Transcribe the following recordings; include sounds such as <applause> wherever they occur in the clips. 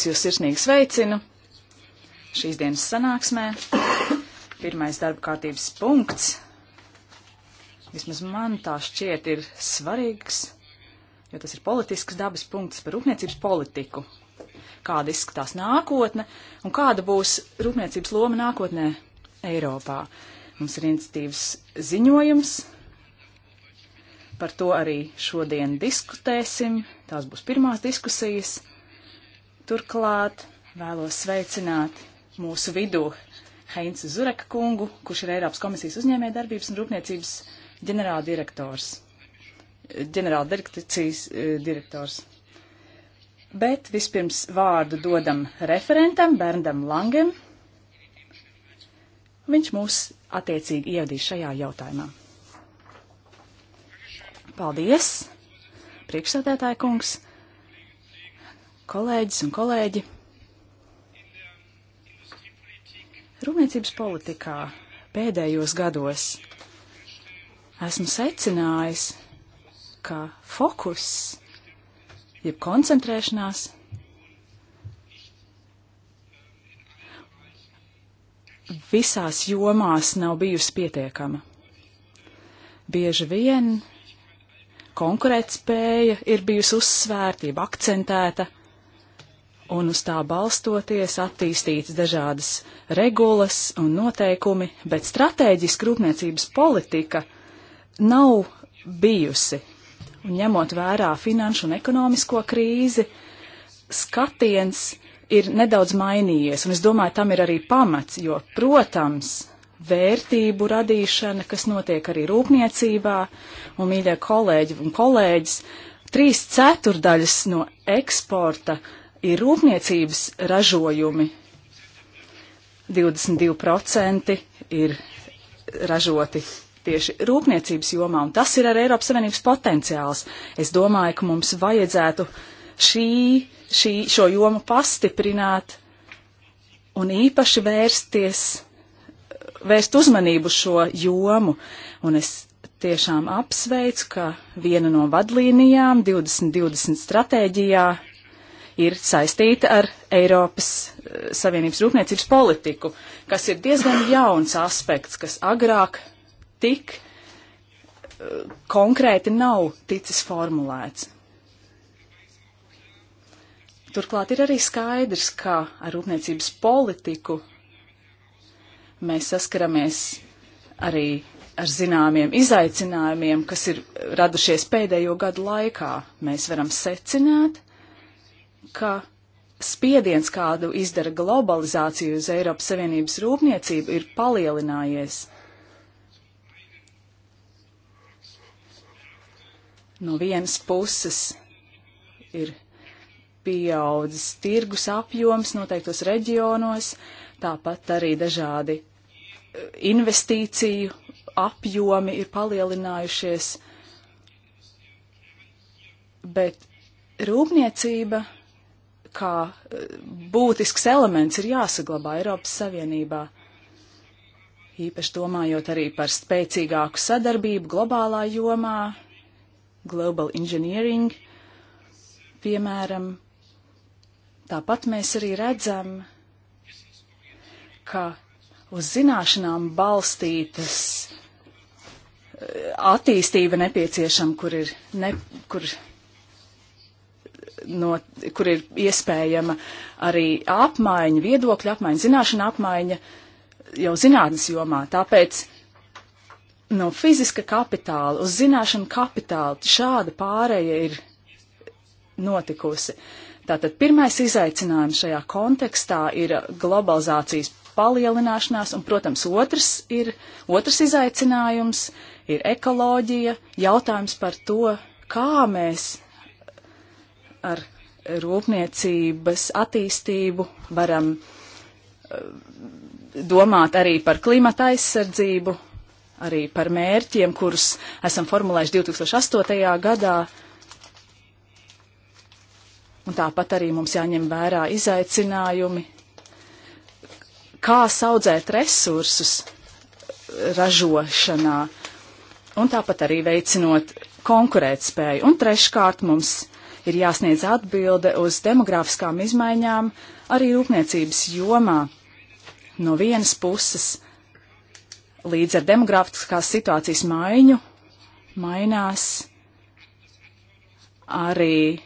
Es jūs sirsnīgi sveicinu šīs dienas sanāksmē. Pirmais darba kārtības punkts, vismaz man tā šķiet, ir svarīgs, jo tas ir politisks dabas punkts par rūpniecības politiku. Kāda izskatās nākotne un kāda būs rūpniecības loma nākotnē Eiropā? Mums ir iniciatīvas ziņojums, par to arī šodien diskutēsim. Tās būs pirmās diskusijas. Turklāt vēlos sveicināt mūsu vidū Heinz Zureka kungu, kurš ir Eiropas komisijas uzņēmē darbības un rūpniecības ģenerāldirektors. Ģenerāldirekcijas e, direktors. Bet vispirms vārdu dodam referentam Berndam Langem. Viņš mūs attiecīgi ievadīs šajā jautājumā. Paldies, priekšsēdētāja kungs! kolēģis un kolēģi. Rūpniecības politikā pēdējos gados esmu secinājis, ka fokus, jeb koncentrēšanās, visās jomās nav bijusi pietiekama. Bieži vien konkurētspēja ir bijusi uzsvērta, jeb akcentēta un uz tā balstoties attīstīts dažādas regulas un noteikumi, bet strateģiska rūpniecības politika nav bijusi. Un ņemot vērā finanšu un ekonomisko krīzi, skatiens ir nedaudz mainījies, un es domāju, tam ir arī pamats, jo, protams, vērtību radīšana, kas notiek arī rūpniecībā, un, mīļie kolēģi un kolēģis, trīs ceturdaļas no eksporta uh, ir rūpniecības ražojumi. 22% ir ražoti tieši rūpniecības jomā, un tas ir arī Eiropas Savienības potenciāls. Es domāju, ka mums vajadzētu šī, šī, šo jomu pastiprināt un īpaši vērsties, vērst uzmanību šo jomu. Un es tiešām apsveicu, ka viena no vadlīnijām 2020 stratēģijā ir saistīta ar Eiropas eh, Savienības rūpniecības politiku, kas ir diezgan jauns aspekts, kas agrāk tik eh, konkrēti nav ticis formulēts. Turklāt ir arī skaidrs, ka ar rūpniecības politiku mēs saskaramies arī ar zināmiem izaicinājumiem, kas ir radušies pēdējo gadu laikā. Mēs varam secināt, ka spiediens, kādu izdara globalizācija uz Eiropas Savienības rūpniecību, ir palielinājies. No vienas puses ir pieaudzis tirgus apjoms noteiktos reģionos, tāpat arī dažādi e, investīciju apjomi ir palielinājušies, bet rūpniecība kā eh, būtisks elements ir jāsaglabā Eiropas Savienībā. Īpaši domājot arī par spēcīgāku sadarbību globālā jomā, global engineering, piemēram. Tāpat mēs arī redzam, ka uz zināšanām balstītas eh, attīstība nepieciešama, kur ir, ne, kur no, kur ir iespējama arī apmaiņa, viedokļa apmaiņa, zināšana apmaiņa jau zinātnes jomā. Tāpēc no fiziska kapitāla uz zināšanu kapitālu šāda pāreja ir notikusi. Tātad pirmais izaicinājums šajā kontekstā ir globalizācijas palielināšanās, un, protams, otrs, ir, otrs izaicinājums ir ekoloģija, jautājums par to, kā mēs ar rūpniecības attīstību varam eh, domāt arī par klimata aizsardzību, arī par mērķiem, kurus esam formulējuši 2008. gadā. Un tāpat arī mums jāņem vērā izaicinājumi, kā saudzēt resursus eh, ražošanā, un tāpat arī veicinot konkurētspēju. Un treškārt mums ir jāsniedz atbilde uz demografiskām izmaiņām arī rūpniecības jomā. No vienas puses, līdz ar demografiskās situācijas maiņu, mainās arī eh,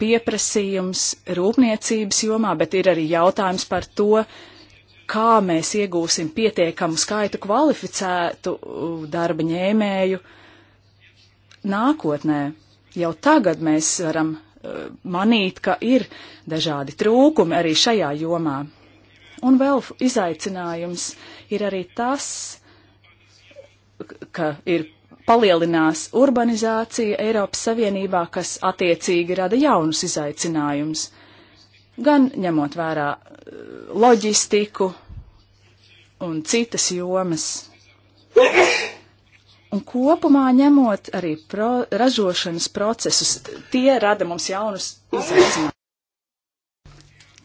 pieprasījums rūpniecības jomā, bet ir arī jautājums par to, kā mēs iegūsim pietiekamu skaitu kvalificētu eh, darba ņēmēju nākotnē jau tagad mēs varam eh, manīt, ka ir dažādi trūkumi arī šajā jomā. Un vēl izaicinājums ir arī tas, ka ir palielinās urbanizācija Eiropas Savienībā, kas attiecīgi rada jaunus izaicinājumus. Gan ņemot vērā eh, loģistiku un citas jomas. Un kopumā ņemot arī pro, ražošanas procesus, tie rada mums jaunus izaicinājumus.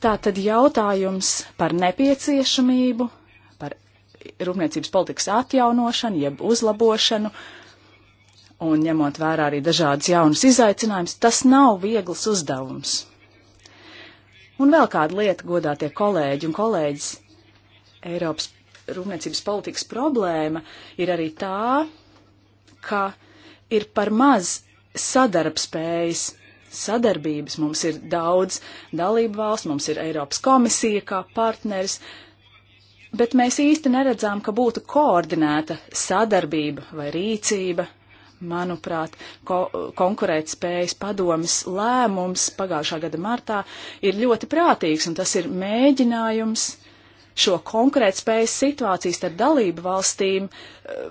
Tā tad jautājums par nepieciešamību, par rūpniecības politikas atjaunošanu, jeb uzlabošanu, un ņemot vērā arī dažādas jaunas izaicinājumus, tas nav viegls uzdevums. Un vēl kāda lieta, godātie kolēģi un kolēģis, Eiropas rūpniecības politikas problēma ir arī tā, ka ir par maz sadarbspējas. Sadarbības mums ir daudz dalību valsts, mums ir Eiropas komisija kā partners, bet mēs īsti neredzām, ka būtu koordinēta sadarbība vai rīcība. Manuprāt, ko konkurētspējas padomas lēmums pagājušā gada martā ir ļoti prātīgs, un tas ir mēģinājums šo konkurētspējas situācijas starp dalību valstīm eh,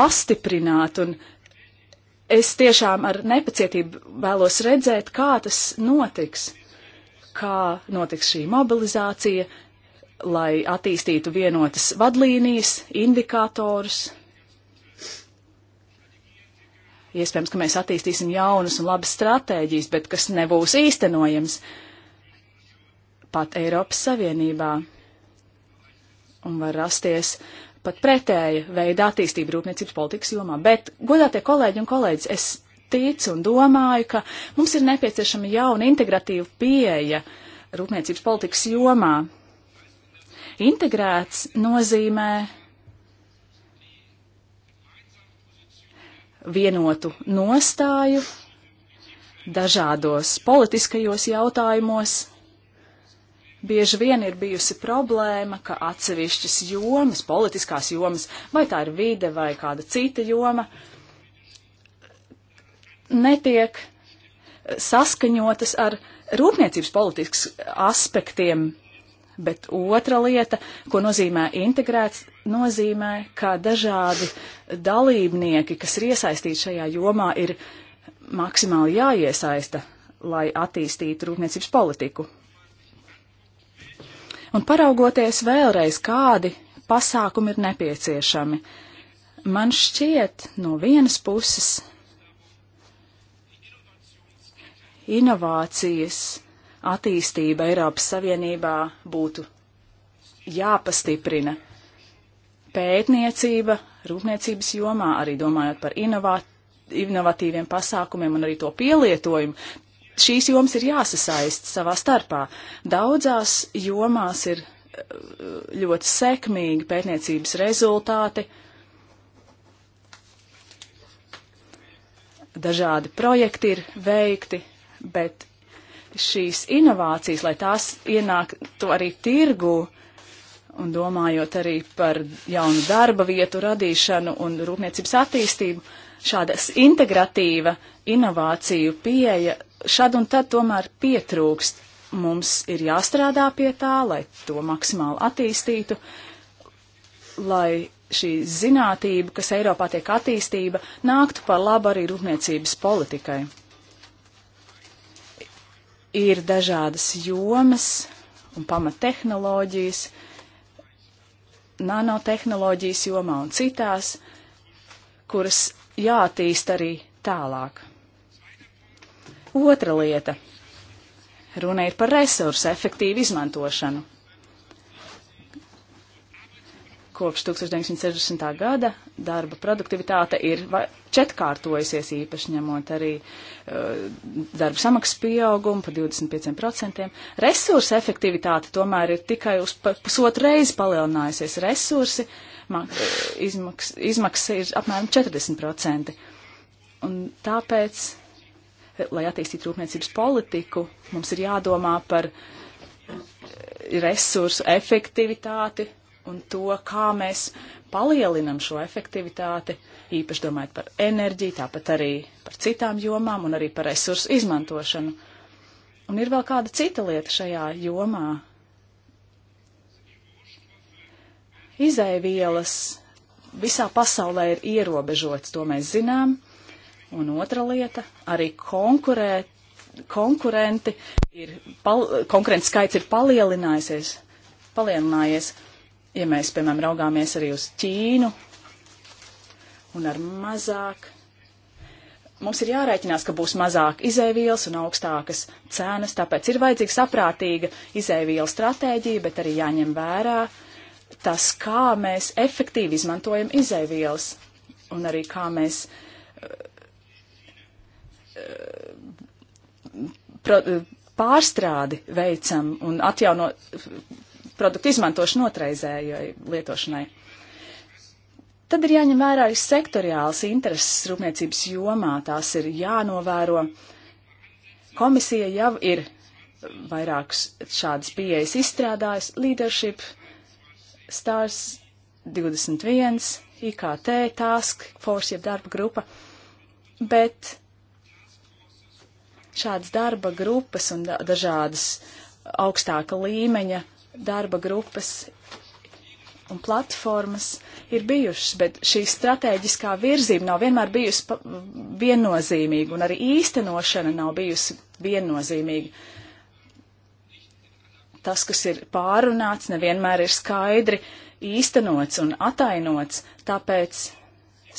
pastiprināt un es tiešām ar nepacietību vēlos redzēt, kā tas notiks, kā notiks šī mobilizācija, lai attīstītu vienotas vadlīnijas, indikātorus. Iespējams, ka mēs attīstīsim jaunas un labas stratēģijas, bet kas nebūs īstenojams pat Eiropas Savienībā un var rasties pat pretēja veida attīstība rūpniecības politikas jomā. Bet, godātie kolēģi un kolēģis, es ticu un domāju, ka mums ir nepieciešama jauna integratīva pieeja rūpniecības politikas jomā. Integrēts nozīmē vienotu nostāju dažādos politiskajos jautājumos, bieži vien ir bijusi problēma, ka atsevišķas jomas, politiskās jomas, vai tā ir vide vai kāda cita joma, netiek eh, saskaņotas ar rūpniecības politikas aspektiem. Bet otra lieta, ko nozīmē integrēts, nozīmē, ka dažādi dalībnieki, kas ir iesaistīti šajā jomā, ir maksimāli jāiesaista, lai attīstītu rūpniecības politiku un paraugoties vēlreiz, kādi pasākumi ir nepieciešami. Man šķiet, no vienas puses, inovācijas attīstība Eiropas Savienībā būtu jāpastiprina. Pētniecība rūpniecības jomā, arī domājot par inovāciju inovatīviem pasākumiem un arī to pielietojumu šīs jomas ir jāsasaist savā starpā. Daudzās jomās ir eh, ļoti sekmīgi pētniecības rezultāti, dažādi projekti ir veikti, bet šīs inovācijas, lai tās ienāktu arī tirgu, un domājot arī par jaunu darba vietu radīšanu un rūpniecības attīstību, uh, šādas integratīva inovāciju pieeja šad un tad tomēr pietrūkst. Mums ir jāstrādā pie tā, lai to maksimāli attīstītu, lai šī zinātība, kas Eiropā tiek attīstība, nāktu par labu arī rūpniecības politikai. Ir dažādas jomas un pamattehnoloģijas, nanotehnoloģijas jomā un citās, kuras jātīst arī tālāk. Otra lieta. Runa ir par resursu efektīvu izmantošanu. Kopš 1960. gada darba produktivitāte ir četkārtojusies, īpaši ņemot arī uh, darba samaksas pieaugumu par 25%. Resursa efektivitāte tomēr ir tikai uz pa, pusotru reizi palielinājusies. Resursi uh, izmaks, izmaksas ir apmēram 40%. Un tāpēc, lai attīstītu rūpniecības politiku, mums ir jādomā par uh, resursu efektivitāti un to, kā mēs palielinam šo efektivitāti, īpaši domājot par enerģiju, tāpat arī par citām jomām un arī par resursu izmantošanu. Un ir vēl kāda cita lieta šajā jomā. Izēvielas visā pasaulē ir ierobežotas, to mēs zinām. Un otra lieta - arī konkurēt, konkurenti ir, pal, konkurents skaits ir palielinājies. palielinājies. Ja mēs, piemēram, raugāmies arī uz Ķīnu un ar mazāk, mums ir jārēķinās, ka būs mazāk izēvielas un augstākas cenas, tāpēc ir vajadzīga saprātīga izēviela stratēģija, bet arī jāņem vērā tas, kā mēs efektīvi izmantojam izēvielas un arī kā mēs uh, uh, pro, uh, pārstrādi veicam un atjaunot produktu izmantošanu otraizējai lietošanai. Tad ir jāņem vērā arī sektoriāls intereses rūpniecības jomā, tās ir jānovēro. Komisija jau ir vairākus šādas pieejas izstrādājis - Leadership, Stars 21, IKT, Task Force, jeb darba grupa, bet šādas darba grupas un dažādas augstāka līmeņa darba grupas un platformas ir bijušas, bet šī strateģiskā virzība nav vienmēr bijusi viennozīmīga, un arī īstenošana nav bijusi viennozīmīga. Tas, kas ir pārunāts, nevienmēr ir skaidri īstenots un atainots, tāpēc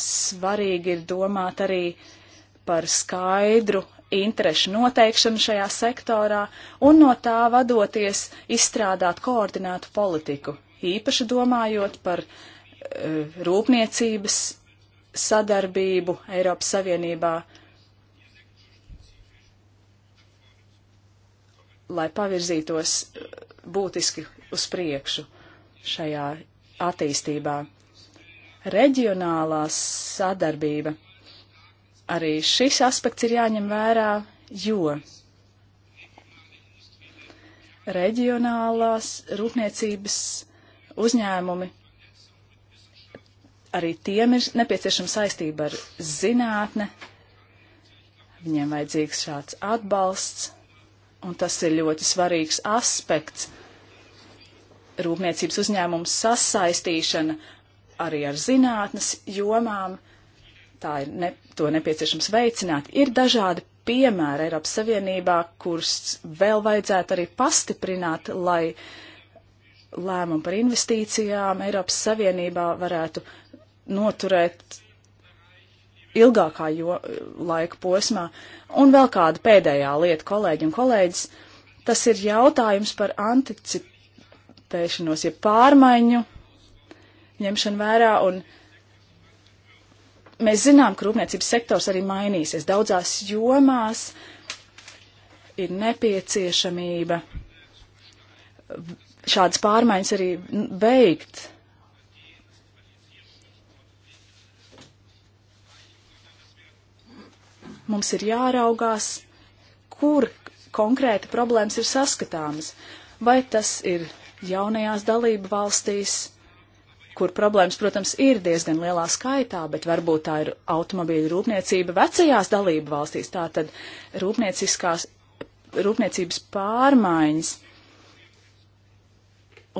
svarīgi ir domāt arī par skaidru interešu noteikšanu šajā sektorā un no tā vadoties izstrādāt koordinētu politiku, īpaši domājot par uh, rūpniecības sadarbību Eiropas Savienībā, lai pavirzītos e, būtiski uz priekšu šajā attīstībā. Reģionālā sadarbība arī šis aspekts ir jāņem vērā, jo reģionālās rūpniecības uzņēmumi arī tiem ir nepieciešama saistība ar zinātne, viņiem vajadzīgs šāds atbalsts, un tas ir ļoti svarīgs aspekts rūpniecības uzņēmumu sasaistīšana arī ar zinātnes jomām, Tā ir ne, to nepieciešams veicināt. Ir dažādi piemēri Eiropas Savienībā, kurus vēl vajadzētu arī pastiprināt, lai lēmumu par investīcijām Eiropas Savienībā varētu noturēt ilgākā jo, laika posmā. Un vēl kāda pēdējā lieta, kolēģi un kolēģis, tas ir jautājums par anticipēšanos, ja pārmaiņu ņemšanu vērā un Mēs zinām, ka rūpniecības sektors arī mainīsies. Daudzās jomās ir nepieciešamība šādas pārmaiņas arī veikt. Mums ir jāraugās, kur konkrēti problēmas ir saskatāmas. Vai tas ir jaunajās dalību valstīs, kur problēmas, protams, ir diezgan lielā skaitā, bet varbūt tā ir automobīļu rūpniecība vecajās dalību valstīs. Tātad rūpnieciskās, rūpniecības pārmaiņas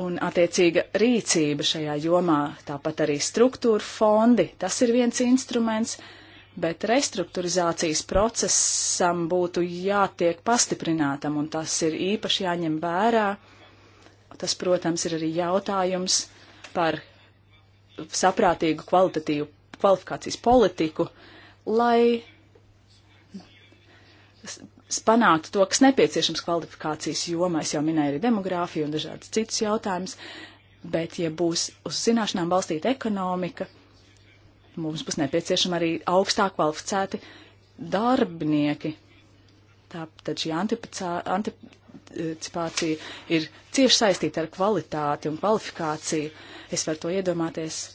un attiecīga rīcība šajā jomā, tāpat arī struktūra fondi, tas ir viens instruments, bet restruktūrizācijas procesam būtu jātiek pastiprinātam, un tas ir īpaši jāņem vērā. Tas, protams, ir arī jautājums par saprātīgu kvalitatīvu kvalifikācijas politiku, lai panāktu to, kas nepieciešams kvalifikācijas jomā. Es jau minēju arī demogrāfiju un dažādas citas jautājumas, bet ja būs uz zināšanām balstīta ekonomika, mums būs nepieciešama arī augstāk kvalificēti darbinieki. Tātad šī antipacā, antip, participācija ir cieši saistīta ar kvalitāti un kvalifikāciju. Es varu to iedomāties.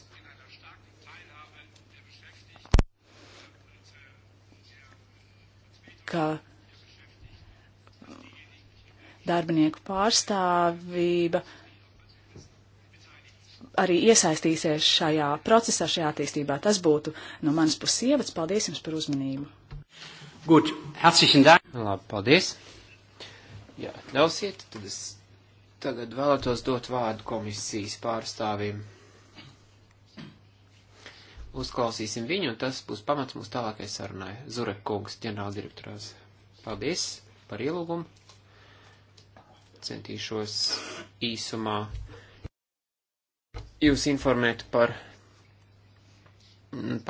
Ka darbinieku pārstāvība arī iesaistīsies šajā procesā, šajā attīstībā. Tas būtu no manas puses ievads. Paldies jums par uzmanību. Gut, herzlichen Dank. Labi, paldies. Ja atļausiet, tad es tagad vēlētos dot vārdu komisijas pārstāvim. Uzklausīsim viņu, un tas būs pamats mūsu tālākai sarunai. Zurek kungs, ģenerāldirektorās. Paldies par ielūgumu. Centīšos īsumā jūs informēt par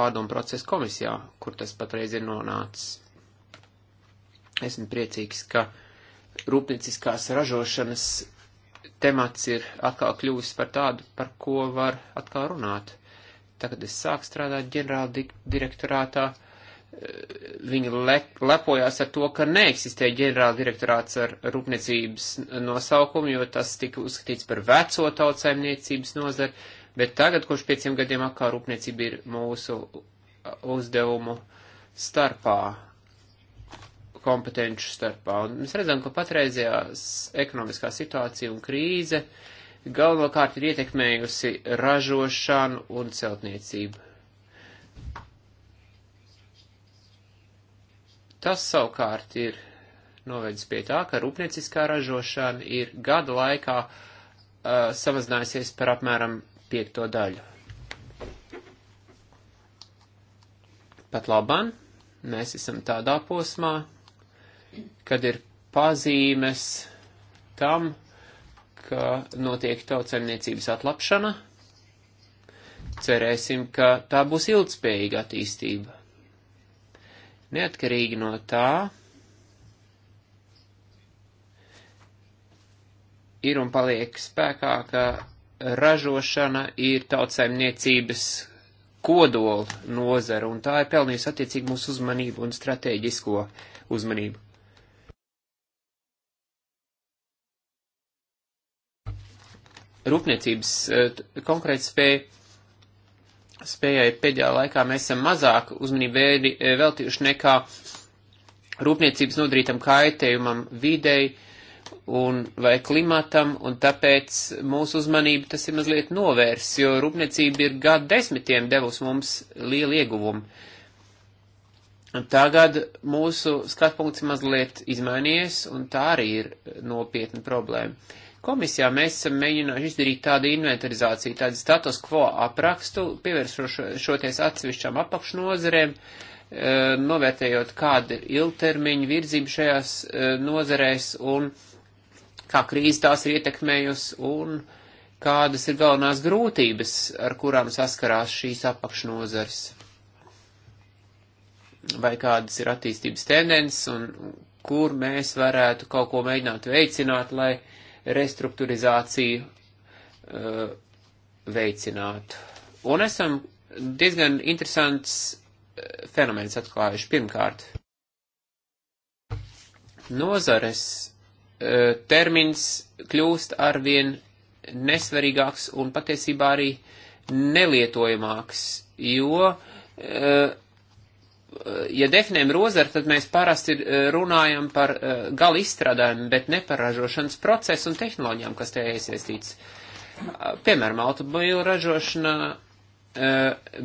pārdomu procesu komisijā, kur tas patreiz ir nonācis. Esmu priecīgs, ka rūpnieciskās ražošanas temats ir atkal kļuvis par tādu, par ko var atkal runāt. Tagad es sāku strādāt ģenerāla direktorātā. Eh, Viņi le, lepojās ar to, ka neeksistē ģenerāla direktorāts ar rūpniecības nosaukumu, jo tas tika uzskatīts par veco tautsaimniecības nozari, bet tagad, kurš pieciem gadiem atkal rūpniecība ir mūsu uzdevumu starpā kompetenču starpā. Un mēs redzam, ka patreizējās ekonomiskā situācija un krīze galvenokārt ir ietekmējusi ražošanu un celtniecību. Tas savukārt ir novedis pie tā, ka rūpnieciskā ražošana ir gada laikā uh, samazinājusies par apmēram piekto daļu. Pat labam, mēs esam tādā posmā, kad ir pazīmes tam, ka notiek tautsaimniecības atlapšana. Cerēsim, ka tā būs ilgspējīga attīstība. Neatkarīgi no tā, ir un paliek spēkā, ka ražošana ir tautsaimniecības kodola nozara, un tā ir pelnījusi attiecīgi mūsu uzmanību un strateģisko uzmanību. rūpniecības e, konkrēta spēja, spējai pēdējā laikā mēs esam mazāk uzmanību e, veltījuši nekā rūpniecības nodarītam kaitējumam videi un vai klimatam, un tāpēc mūsu uzmanību tas ir mazliet novērs, jo rūpniecība ir gadu desmitiem devusi mums lielu ieguvumu. Tagad mūsu skatpunkts mazliet izmainījies, un tā arī ir nopietna problēma. Komisijā mēs esam mēģinājuši izdarīt tādu inventarizāciju, tādu status quo aprakstu, pievēršoties atsevišķām apakšnozerēm, e, novērtējot, kāda ir ilgtermiņa virzība šajās e, nozerēs un kā krīze tās ir ietekmējusi un kādas ir galvenās grūtības, ar kurām saskarās šīs apakšnozars. Vai kādas ir attīstības tendences un kur mēs varētu kaut ko mēģināt veicināt, lai uh, restruktūrizāciju uh, eh, veicinātu. Un esam diezgan interesants eh, fenomens atklājuši. Pirmkārt, nozares uh, termins kļūst arvien nesvarīgāks un patiesībā arī nelietojamāks, jo uh, Eh, ja definējam rozaru, tad mēs parasti eh, runājam par eh, gal izstrādājumu, bet ne par ražošanas procesu un tehnoloģijām, kas tajā iesaistīts. Piemēram, automobīlu ražošanā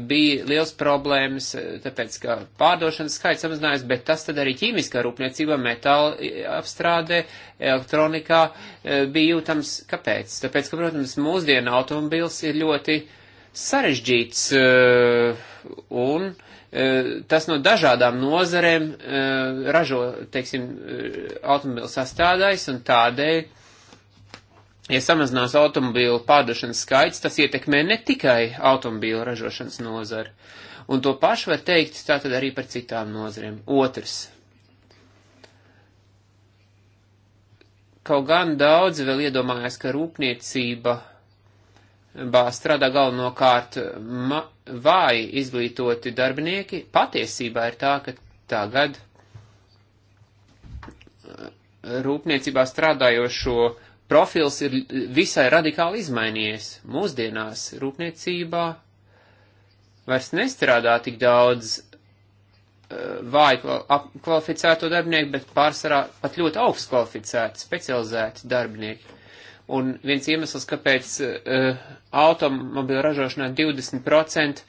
bija liels problēmas, tāpēc, ka pārdošanas skaits samazinājās, bet tas tad arī ķīmiskā rūpniecībā, metāla apstrādē, elektronikā bija jūtams. Kāpēc? Tāpēc, ka, protams, mūsdienu automobīls ir ļoti sarežģīts un uh, E, tas no dažādām nozarēm e, ražo, teiksim, e, automobīlu sastādājs un tādēļ, ja samazinās automobīlu pārdošanas skaits, tas ietekmē ne tikai automobīlu ražošanas nozari. Un to pašu var teikt tātad arī par citām nozarēm. Otrs. Kaut gan daudzi vēl iedomājas, ka rūpniecība darbā strādā galvenokārt vāji izglītoti darbinieki, patiesībā ir tā, ka tagad eh, rūpniecībā strādājošo profils ir visai radikāli izmainījies. Mūsdienās rūpniecībā vairs nestrādā tik daudz eh, vāji kvalificēto darbinieku, bet pārsvarā pat ļoti augstu kvalificēti, specializēti darbinieki. Un viens iemesls, kāpēc uh, eh, automobiļu ražošanā 20%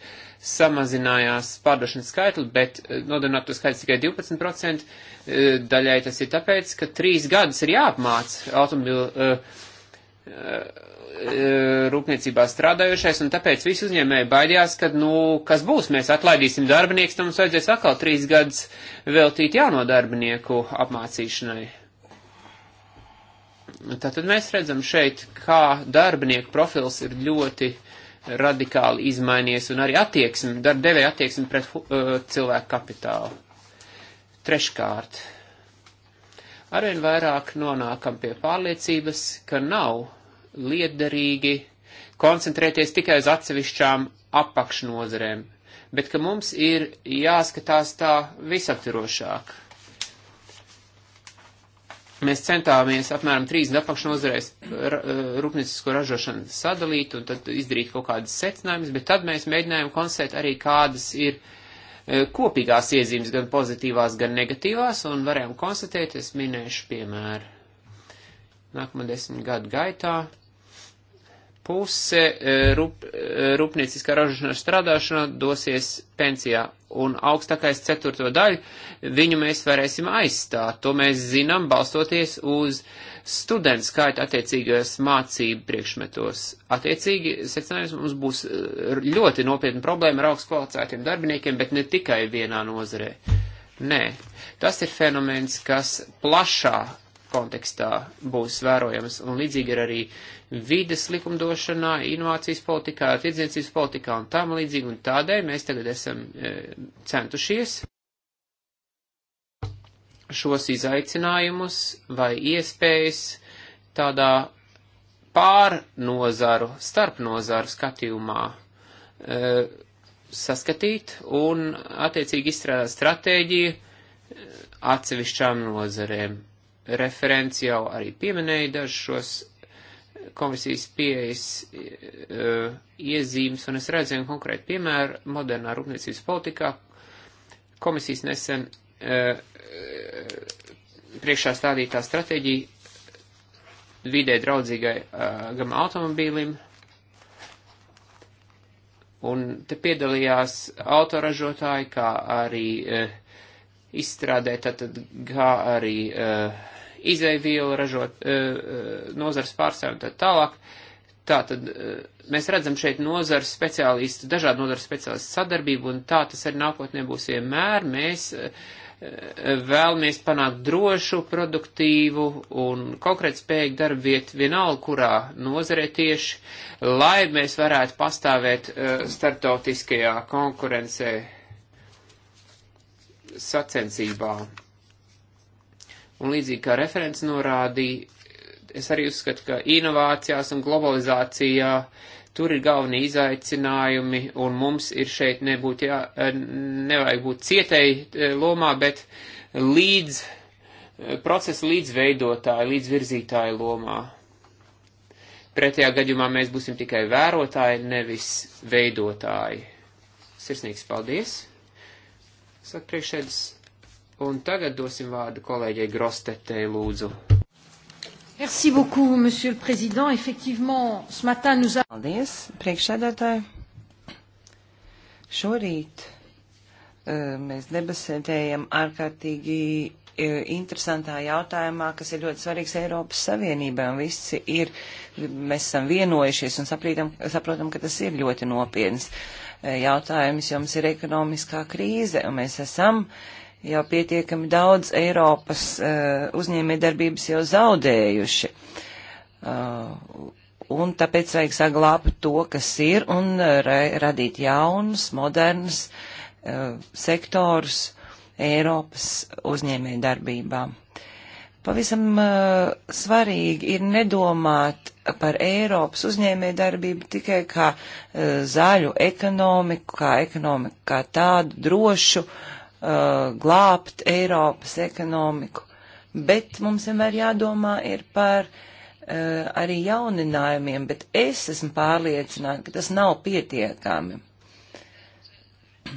samazinājās pārdošanas skaitli, bet uh, eh, nodarbināto skaits tikai 12%, uh, eh, daļai tas ir tāpēc, ka trīs gadus ir jāapmāc automobiļu uh, uh, rūpniecībā strādājušais, un tāpēc visi uzņēmēji baidījās, ka, nu, kas būs, mēs atlaidīsim darbinieks, tam mums vajadzēs atkal trīs gadus veltīt jauno darbinieku apmācīšanai. Tātad mēs redzam šeit, kā darbinieku profils ir ļoti radikāli izmainies un arī attieksme, darbdevēja attieksme pret uh, cilvēku kapitālu. Treškārt, arvien vairāk nonākam pie pārliecības, ka nav liederīgi koncentrēties tikai uz atsevišķām apakšnozerēm, bet ka mums ir jāskatās tā visaptvirošāk mēs centāmies apmēram 30 apakšnozarēs e, rūpniecisko ražošanu sadalīt un tad izdarīt kaut kādas secinājumus, bet tad mēs mēģinājām konstatēt arī, kādas ir e, kopīgās iezīmes, gan pozitīvās, gan negatīvās, un varējām konstatēt, es minēšu piemēru. Nākamā desmit gadu gaitā puse e, rūp, rūpnieciskā ražošanā strādāšanā dosies pensijā un augstākais ceturto daļu, viņu mēs varēsim aizstāt. To mēs zinām, balstoties uz studentu skaitu attiecīgajos mācību priekšmetos. Attiecīgi, secinājums mums būs eh, ļoti nopietna problēma ar augstu kvalificētiem darbiniekiem, bet ne tikai vienā nozarē. Nē, tas ir fenomens, kas plašā kontekstā būs vērojams, un līdzīgi ir arī uh, vides likumdošanā, inovācijas politikā, tirdzniecības politikā un tam līdzīgi, un tādēļ mēs tagad esam e, centušies šos izaicinājumus vai iespējas tādā pārnozaru, starpnozaru skatījumā e, saskatīt un attiecīgi izstrādāt stratēģiju e, atsevišķām nozarēm. Referents jau arī pieminēja dažos komisijas pieejas uh, iezīmes, un es redzēju konkrēti piemēru modernā rūpniecības politikā. Komisijas nesen uh, priekšā stādītā stratēģija vidē draudzīgai uh, gam automobīlim, un te piedalījās autoražotāji, kā arī izstrādē, tad kā arī uh, izēvielu ražot e, e, nozars pārstāvju un tā tālāk. Tātad e, mēs redzam šeit nozars speciālistu, dažādu nozars speciālistu sadarbību, un tā tas arī nākotnē būs vienmēr. Mēs vēlamies panākt drošu, produktīvu un konkrēt spējīgu darbu vietu vienalga, kurā nozarē tieši, lai mēs varētu pastāvēt starptautiskajā konkurencē sacensībā. Un līdzīgi kā referents norādīja, es arī uzskatu, ka inovācijās un globalizācijā tur ir galvenie izaicinājumi, un mums ir šeit nebūt jā, nevajag būt cietēji e, lomā, bet līdz e, procesa līdzveidotāja, līdzvirzītāja lomā. Pretējā gadījumā mēs būsim tikai vērotāji, nevis veidotāji. Sirsnīgs paldies! Saka priekšēdus Un tagad dosim vārdu kolēģei Grostetei lūdzu. Merci beaucoup, monsieur le président. Effectivement, ce matin nous a... Paldies, priekšsēdētāji. Šorīt eh, mēs debesētējam ārkārtīgi eh, interesantā jautājumā, kas ir ļoti svarīgs Eiropas Savienībai, un visi ir, mēs esam vienojušies un saprītam, saprotam, ka tas ir ļoti nopietns eh, jautājums, jo mums ir ekonomiskā krīze, un mēs esam uh, jau pietiekami daudz Eiropas uh, uzņēmējdarbības jau zaudējuši. Uh, un tāpēc vajag saglābt to, kas ir, un eh, ra radīt jaunus, modernus uh, sektorus Eiropas uzņēmējdarbībā. Pavisam uh, svarīgi ir nedomāt par Eiropas uzņēmējdarbību tikai kā uh, zaļu ekonomiku, kā ekonomiku kā tādu drošu, uh, uh, glābt Eiropas ekonomiku, bet mums vienmēr jādomā ir par uh, arī jauninājumiem, bet es esmu pārliecināta, ka tas nav pietiekami, <clears throat>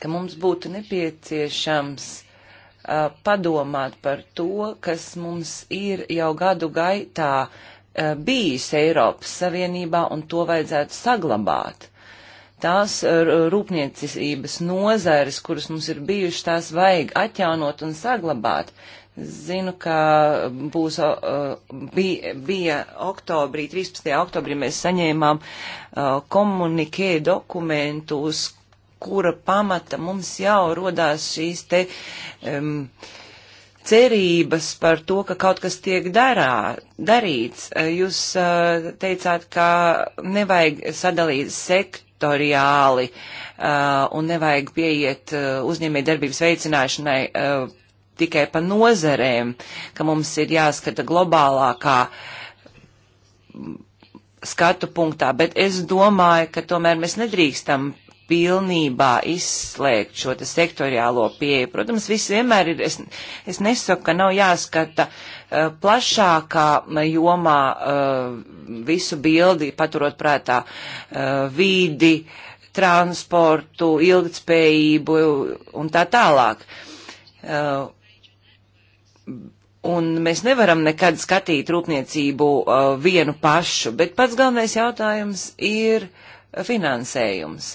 ka mums būtu nepieciešams uh, padomāt par to, kas mums ir jau gadu gaitā uh, bijis Eiropas Savienībā, un to vajadzētu saglabāt tās eh, rūpniecības nozares, kuras mums ir bijušas, tās vajag atjaunot un saglabāt. Zinu, ka būs, bija, bija oktobrī, 13. oktobrī mēs saņēmām komunikē dokumentu, uz kura pamata mums jau rodās šīs te um, cerības par to, ka kaut kas tiek darā, darīts. Jūs uh, teicāt, ka nevajag sadalīt sektu sektoriāli uh, un nevajag pieiet uh, uzņēmē darbības veicināšanai uh, tikai pa nozerēm, ka mums ir jāskata globālākā skatu punktā, bet es domāju, ka tomēr mēs nedrīkstam pilnībā izslēgt šo sektoriālo pieeju. Protams, viss vienmēr ir, es, es nesaku, ka nav jāskata uh, Eh, plašākā jomā eh, visu bildi, paturot prātā eh, vīdi, transportu, ilgtspējību un tā tālāk. Un mēs nevaram nekad skatīt rūpniecību vienu pašu, bet pats galvenais jautājums ir finansējums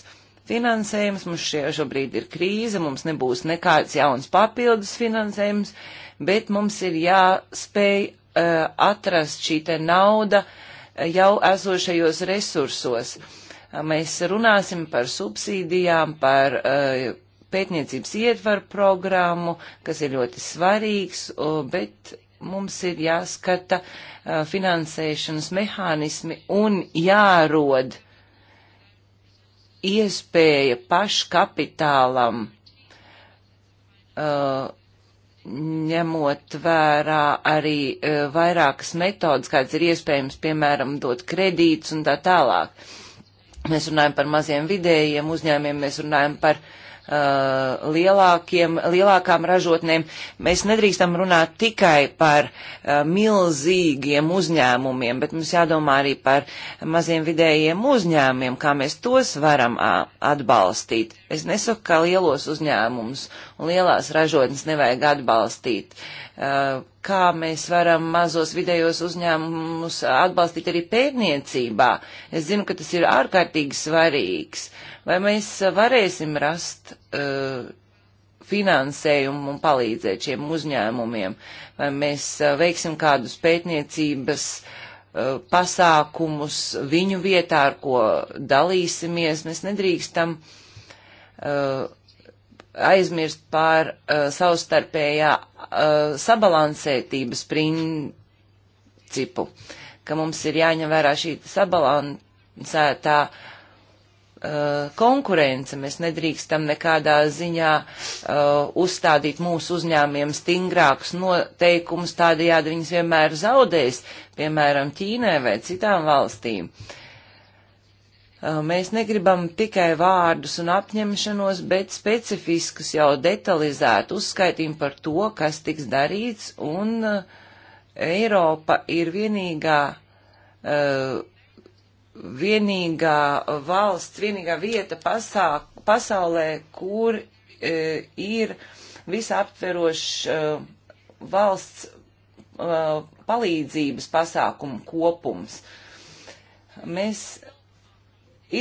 finansējums, mums šie, šobrīd ir krīze, mums nebūs nekāds jauns papildus finansējums, bet mums ir jāspēj uh, atrast šī te nauda jau esošajos resursos. Mēs runāsim par subsīdijām, par uh, pētniecības ietvaru programmu, kas ir ļoti svarīgs, uh, bet mums ir jāskata uh, finansēšanas mehānismi un jārod iespēja paškapitālam uh, ņemot vērā arī e, vairākas metodas, kādas ir iespējams, piemēram, dot kredītus un tā tālāk. Mēs runājam par maziem vidējiem uzņēmiem, mēs runājam par uh, Uh, lielākiem, lielākām ražotnēm. Mēs nedrīkstam runāt tikai par uh, milzīgiem uzņēmumiem, bet mums jādomā arī par maziem vidējiem uzņēmumiem, kā mēs tos varam atbalstīt. Es nesaku, ka lielos uzņēmumus un lielās ražotnes nevajag atbalstīt. Uh, kā mēs varam mazos vidējos uzņēmumus atbalstīt arī pētniecībā? Es zinu, ka tas ir ārkārtīgi svarīgs. Uh, Vai mēs varēsim rast uh, finansējumu un palīdzēt šiem uzņēmumiem? Vai mēs uh, veiksim kādus pētniecības uh, pasākumus viņu vietā, ar ko dalīsimies? Mēs nedrīkstam uh, aizmirst pār uh, savstarpējā uh, sabalansētības principu, ka mums ir jāņem vērā šī sabalansētā uh, Uh, konkurence. Mēs nedrīkstam nekādā ziņā uh, uzstādīt mūsu uzņēmiem stingrākus noteikumus, tādējādi viņas vienmēr zaudēs, piemēram, Ķīnai vai citām valstīm. Uh, mēs negribam tikai vārdus un apņemšanos, bet specifiskus jau detalizētu uzskaitījumu par to, kas tiks darīts, un uh, Eiropa ir vienīgā uh, vienīgā valsts, vienīgā vieta pasā, pasaulē, kur e, ir visaptverošs e, valsts e, palīdzības pasākumu kopums. Mēs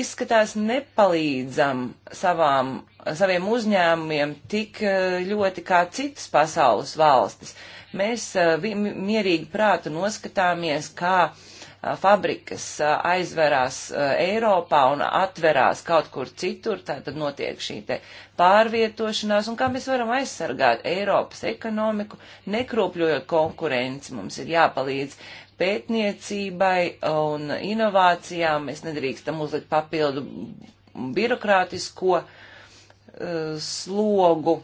izskatās nepalīdzam savām, saviem uzņēmumiem tik e, ļoti kā citas pasaules valstis. Mēs e, mierīgi prātu noskatāmies, kā uh, Eh, fabrikas eh, aizverās eh, Eiropā un atverās kaut kur citur, tātad notiek šī te pārvietošanās, un kā mēs varam aizsargāt Eiropas ekonomiku, nekrūpļojot konkurenci, mums ir jāpalīdz pētniecībai un inovācijām, mēs nedrīkstam uzlikt papildu birokrātisko uh, slogu.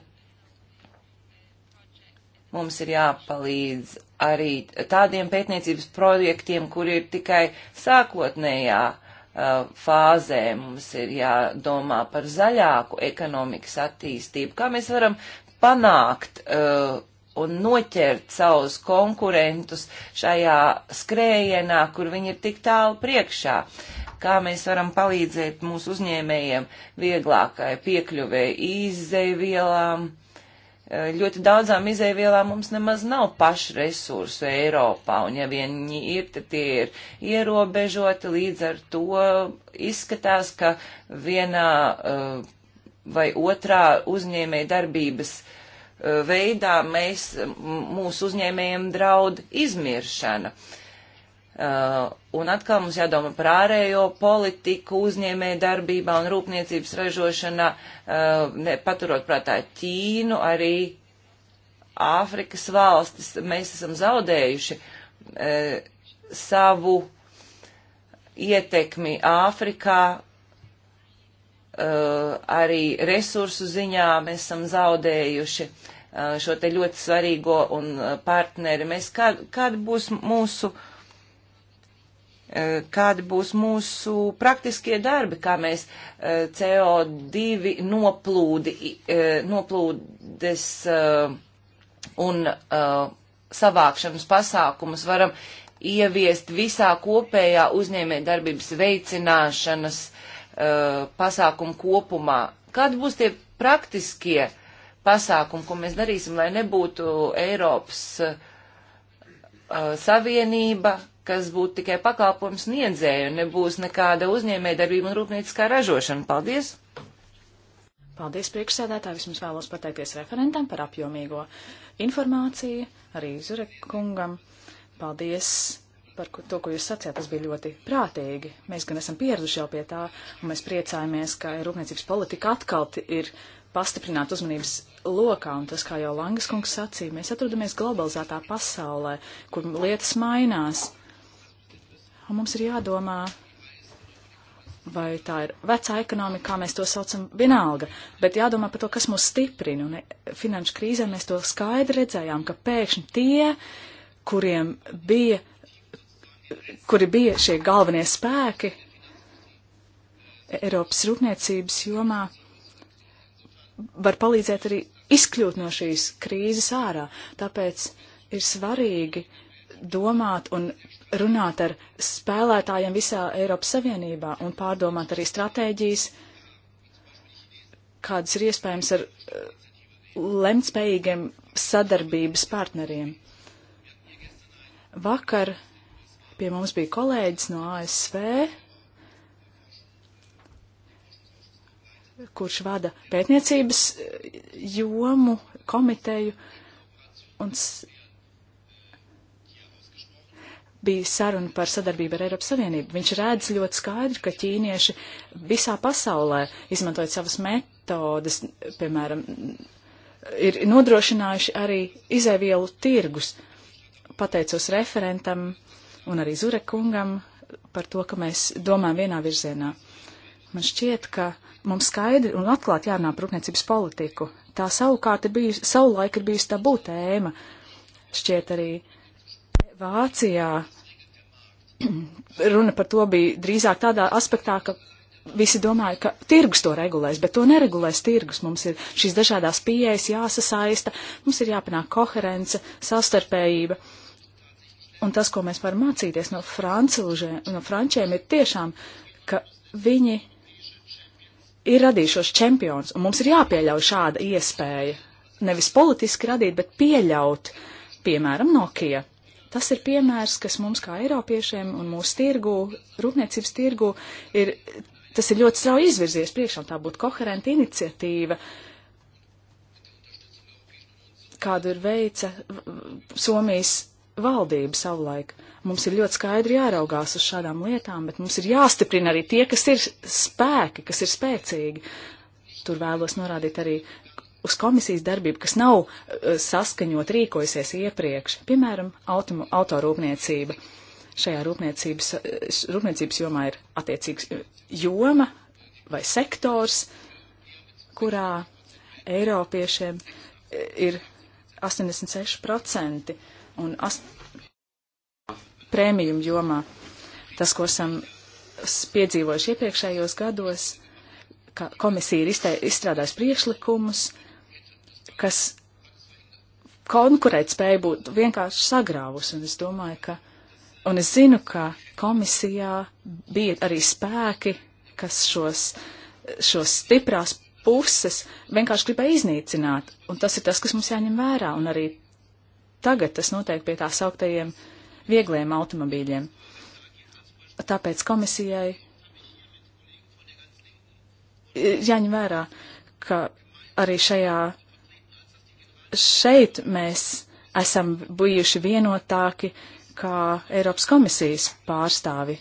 Mums ir jāpalīdz arī tādiem pētniecības projektiem, kur ir tikai sākotnējā uh, fāzē. Mums ir jādomā par zaļāku ekonomikas attīstību, kā mēs varam panākt uh, un noķert savus konkurentus šajā skrējienā, kur viņi ir tik tālu priekšā. Kā mēs varam palīdzēt mūsu uzņēmējiem vieglākai piekļuvēji izdevielām, uh, ļoti daudzām izēvielām mums nemaz nav paši resursu Eiropā, un ja viņi ir, tad tie ir ierobežoti, līdz ar to izskatās, ka vienā uh, vai otrā uzņēmē darbības uh, veidā mēs, mūsu uzņēmējiem draud izmiršana. Uh, Uh, un atkal mums jādomā par ārējo politiku, uzņēmē darbībā un rūpniecības ražošanā, uh, ne, paturot prātā Ķīnu, arī Āfrikas valstis. Mēs esam zaudējuši uh, savu ietekmi Āfrikā, uh, arī resursu ziņā mēs esam zaudējuši uh, šo te ļoti svarīgo un uh, partneri. Mēs, kā, kāda būs mūsu uh, E, kādi būs mūsu praktiskie darbi, kā mēs e, CO2 noplūdi, e, noplūdes un savākšanas pasākumus varam ieviest visā kopējā uzņēmē darbības veicināšanas pasākumu kopumā. Kādi būs tie praktiskie pasākumi, ko mēs darīsim, lai nebūtu Eiropas Savienība, kas būtu tikai pakalpojums niedzēju un nebūs nekāda uzņēmējdarbība un rūpnieciskā ražošana. Paldies! Paldies priekšsēdētāji, vismaz vēlos pateikties referentam par apjomīgo informāciju, arī Zurek kungam. Paldies par to, ko jūs sacījāt, tas bija ļoti prātīgi. Mēs gan esam pieraduši jau pie tā, un mēs priecājamies, ka rūpniecības politika atkal ir pastiprināta uzmanības lokā, un tas, kā jau Langas kungs sacīja, mēs atrodamies globalizētā pasaulē, kur lietas mainās. Un mums ir jādomā, vai tā ir vecā ekonomika, kā mēs to saucam, vienalga, bet jādomā par to, kas mūs stiprina. Un e, finanšu krīzē mēs to skaidri redzējām, ka pēkšņi tie, kuriem bija, kuri bija šie galvenie spēki e, Eiropas rūpniecības jomā, var palīdzēt arī izkļūt no šīs krīzes ārā. Tāpēc ir svarīgi domāt un runāt ar spēlētājiem visā Eiropas Savienībā un pārdomāt arī stratēģijas, kādas ir iespējams ar eh, lemtspējīgiem sadarbības partneriem. Vakar pie mums bija kolēģis no ASV, kurš vada pētniecības eh, jomu komiteju, un bija saruna par sadarbību ar Eiropas Savienību. Viņš redz ļoti skaidri, ka ķīnieši visā pasaulē, izmantojot savas metodas, piemēram, ir nodrošinājuši arī izēvielu tirgus. Pateicos referentam un arī Zurekungam par to, ka mēs domājam vienā virzienā. Man šķiet, ka mums skaidri un atklāti jārunā par rūpniecības politiku. Tā savukārt ir bijusi, savulaik ir bijusi tabū tēma. Šķiet arī Vācijā <clears throat> runa par to bija drīzāk tādā aspektā, ka visi domāja, ka tirgus to regulēs, bet to neregulēs tirgus. Mums ir šīs dažādās pieejas jāsasaista, mums ir jāpanāk koherence, savstarpējība. Un tas, ko mēs varam mācīties no, no frančiem, ir tiešām, ka viņi ir radījušos čempions, un mums ir jāpieļauj šāda iespēja. Nevis politiski radīt, bet pieļaut, piemēram, Nokia Tas ir piemērs, kas mums kā Eiropiešiem un mūsu tirgu, rūpniecības tirgu, ir, tas ir ļoti strauji izvirzies priekšā, tā būtu koherenta iniciatīva, kādu ir veica Somijas valdība savulaik. Mums ir ļoti skaidri jāraugās uz šādām lietām, bet mums ir jāstiprina arī tie, kas ir spēki, kas ir spēcīgi. Tur vēlos norādīt arī uz komisijas darbību, kas nav eh, saskaņot rīkojusies iepriekš, piemēram, automu, autorūpniecība. Šajā rūpniecības, eh, rūpniecības jomā ir attiecīgs eh, joma vai sektors, kurā Eiropiešiem ir 86% un prēmijum jomā. Tas, ko esam piedzīvojuši iepriekšējos gados, ka komisija ir izstrādājusi priekšlikumus, kas konkurētspēju būtu vienkārši sagrāvusi. Un es domāju, ka, un es zinu, ka komisijā bija arī spēki, kas šos, šos stiprās puses vienkārši gribēja iznīcināt. Un tas ir tas, kas mums jāņem vērā. Un arī tagad tas notiek pie tā sauktajiem viegliem automobīļiem. Tāpēc komisijai jāņem vērā, ka arī šajā šeit mēs esam bijuši vienotāki kā Eiropas komisijas pārstāvi.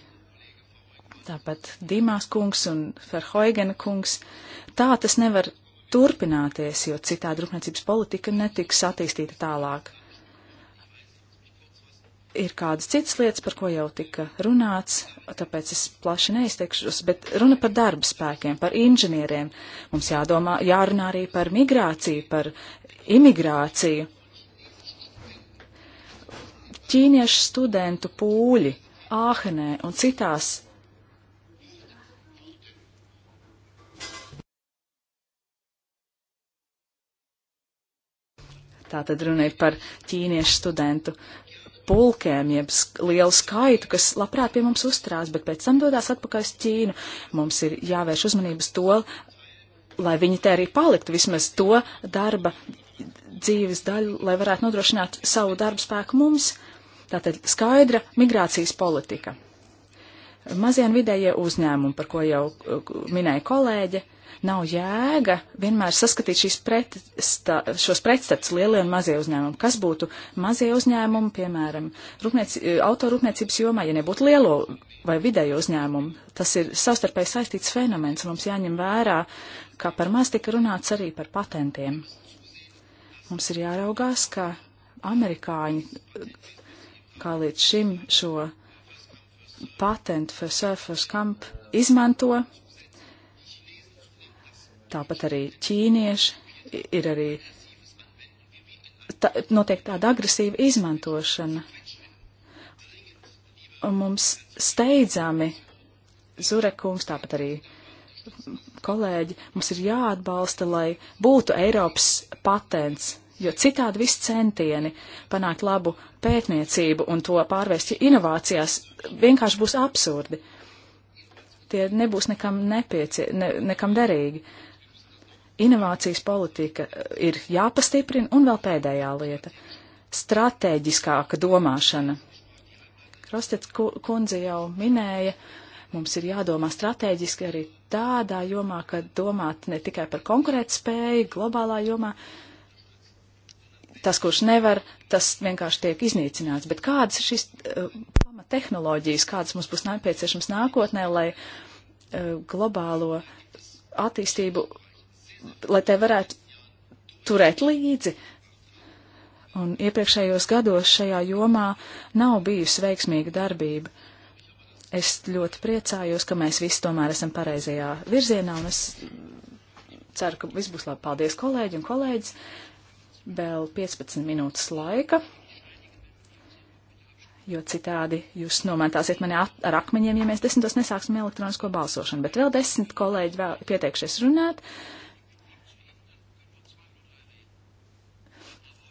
Tāpat Dīmās kungs un Ferhoigena kungs. Tā tas nevar turpināties, jo citādi rūpniecības politika netiks attīstīta tālāk ir kādas citas lietas, par ko jau tika runāts, tāpēc es plaši neizteikšos, bet runa par darba spēkiem, par inženieriem. Mums jādomā, jārunā arī par migrāciju, par imigrāciju. Ķīniešu studentu pūļi Āhenē un citās. Tātad runa ir par ķīniešu studentu uh, pulkiem, jeb lielu skaitu, kas labprāt pie mums uzturās, bet pēc tam dodās atpakaļ uz Ķīnu. Mums ir jāvērš uzmanības to, lai viņi te arī paliktu, vismaz to darba dzīves daļu, lai varētu nodrošināt savu darbu spēku mums. Tātad skaidra migrācijas politika. Mazie un vidējie uzņēmumi, par ko jau uh, minēja kolēģe, nav jēga vienmēr saskatīt pretsta, šos pretstatus lielie un mazie uzņēmumi. Kas būtu mazie uzņēmumi, piemēram, rūpniec, autorūpniecības jomā, ja nebūtu lielo vai vidējo uzņēmumu? Tas ir savstarpēji saistīts fenomens, un mums jāņem vērā, ka par maz tika runāts arī par patentiem. Mums ir jāraugās, ka amerikāņi, kā līdz šim šo patentu for surface camp izmanto, tāpat arī ķīnieši ir arī tā, notiek tāda agresīva izmantošana. Un mums steidzami Zurekums, tāpat arī kolēģi, mums ir jāatbalsta, lai būtu Eiropas patents, jo citādi viss centieni panākt labu pētniecību un to pārvērst inovācijās vienkārši būs absurdi. Tie nebūs nekam, nepiecie, ne, nekam derīgi. Uh, Inovācijas politika eh, ir jāpastiprina, un vēl pēdējā lieta - stratēģiskāka domāšana. Krostets kundze jau minēja, mums ir jādomā strateģiski arī tādā jomā, ka domāt ne tikai par konkurētspēju globālā jomā, tas, kurš nevar, tas vienkārši tiek iznīcināts. Bet kādas ir šīs uh, pamatehnoloģijas, kādas mums būs nepieciešams nākotnē, lai uh, globālo attīstību lai tai varētu turēt līdzi. Un iepriekšējos gados šajā jomā nav bijusi veiksmīga darbība. Es ļoti priecājos, ka mēs visi tomēr esam pareizajā virzienā, un es ceru, ka viss būs labi. Paldies, kolēģi un kolēģis! Vēl 15 minūtes laika, jo citādi jūs nomētāsiet mani ar akmeņiem, ja mēs desmitos nesāksim elektronisko balsošanu. Bet vēl desmit kolēģi vēl pieteikšies runāt. Uh,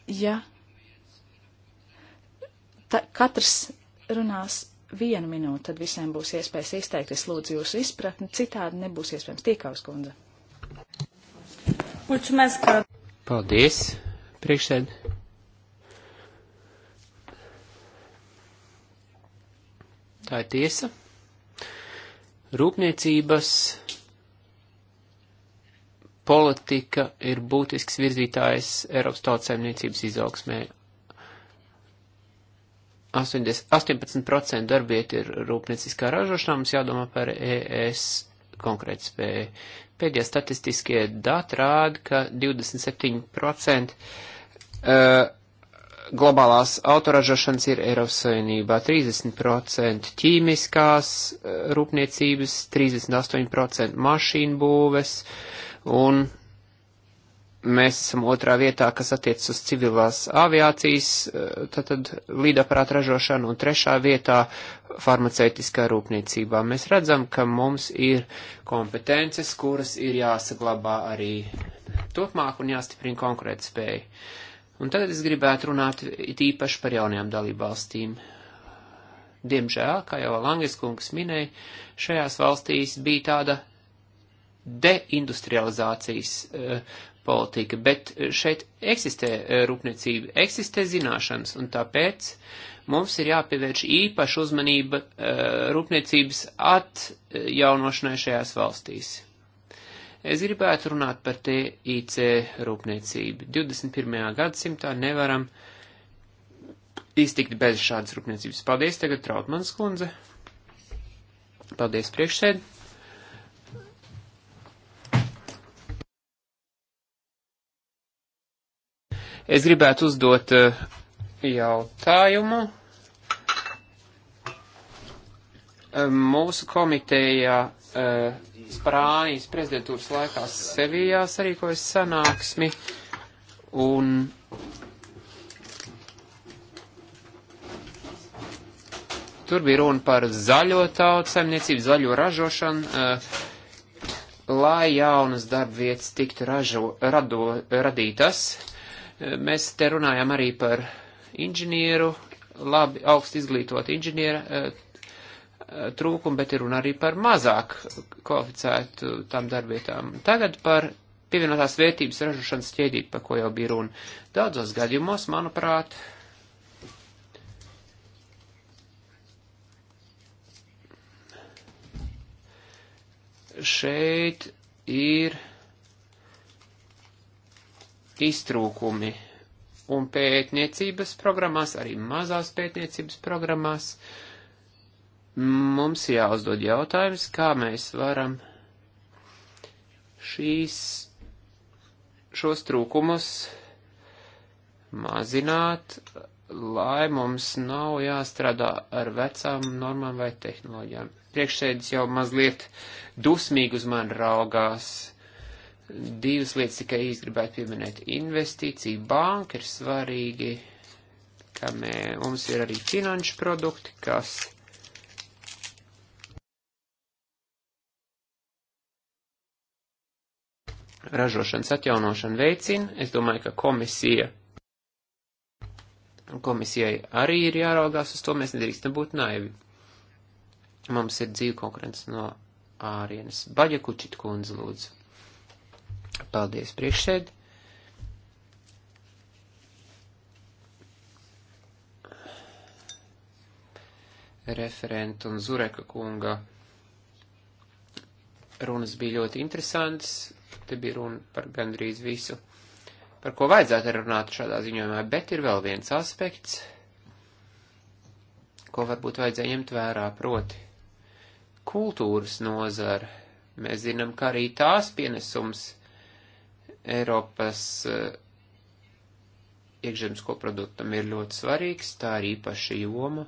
ja ta, katrs runās vienu minūti, tad visiem būs iespējas izteikties. Lūdzu, jūsu izpratni, citādi nebūs iespējams tīkaus kundze. Mulțumesc! Paldies, priekšsēd! Tā ir tiesa. Rūpniecības politika ir būtisks virzītājs Eiropas tautsēmniecības izaugsmē. 80, 18% darbiet ir rūpnieciskā ražošanā, mums jādomā par ES konkrētu spēju. Pēdējie statistiskie dati rāda, ka 27% e, globālās autoražošanas ir Eiropas Savienībā, 30% ķīmiskās e, rūpniecības, 38% mašīnu būves, uh, un mēs esam otrā vietā, kas attiecas uz civilās aviācijas, eh, tātad līdaprāt ražošanu, un trešā vietā farmaceitiskā rūpniecībā. Mēs redzam, ka mums ir kompetences, kuras ir jāsaglabā arī turpmāk un jāstiprina konkurētspēja. Un tagad es gribētu runāt it īpaši par jaunajām dalībvalstīm. Diemžēl, kā jau Langis kungs minēja, šajās valstīs bija tāda deindustrializācijas uh, politika, bet eh, šeit eksistē eh, rūpniecība, eksistē zināšanas, un tāpēc mums ir jāpievērš īpaša uzmanība uh, rūpniecības atjaunošanai šajās valstīs. Es gribētu runāt par TIC rūpniecību. 21. gadsimtā nevaram iztikt bez šādas rūpniecības. Paldies tagad, Trautmanas kundze. Paldies priekšsēdē. Es gribētu uzdot eh, jautājumu. Eh, mūsu komitejā eh, Sprānijas prezidentūras laikā Sevijā sarīkojas sanāksmi un tur bija runa par zaļo tautsaimniecību, zaļo ražošanu, lai jaunas darbvietas tiktu ražo, rado, radītas Mēs te runājam arī par inženieru, labi augstu izglītotu inženieru eh, trūkumu, bet ir runa arī par mazāk kvalificētu tām darbietām. Tagad par pievienotās vērtības ražošanas ķēdīt, par ko jau bija runa. Daudzos gadījumos, manuprāt, šeit ir iztrūkumi. Un pētniecības programmās, arī mazās pētniecības programmās, mums jāuzdod jautājums, kā mēs varam šīs, šos trūkumus mazināt, lai mums nav jāstrādā ar vecām normām vai tehnoloģijām. Priekšsēdis jau mazliet dusmīgi uz mani raugās. Divas lietas tikai īsti gribētu pieminēt. Investīcija banka ir svarīgi, ka mē, mums ir arī finanšu produkti, kas ražošanas atjaunošanu veicina. Es domāju, ka komisija, komisijai arī ir jāraugās uz to, mēs nedrīkstam būt naivi. Mums ir dzīve konkurence no ārienes. Baģa Kučit kundze lūdzu. Paldies, priekšsēdi. referentu un Zureka kunga runas bija ļoti interesants. Te bija runa par gandrīz visu, par ko vajadzētu runāt šādā ziņojumā, bet ir vēl viens aspekts, ko varbūt vajadzēja ņemt vērā, proti kultūras nozara. Mēs zinām, ka arī tās pienesums Eiropas eh, iekšzemes koproduktam ir ļoti svarīgs, tā ir īpaša joma.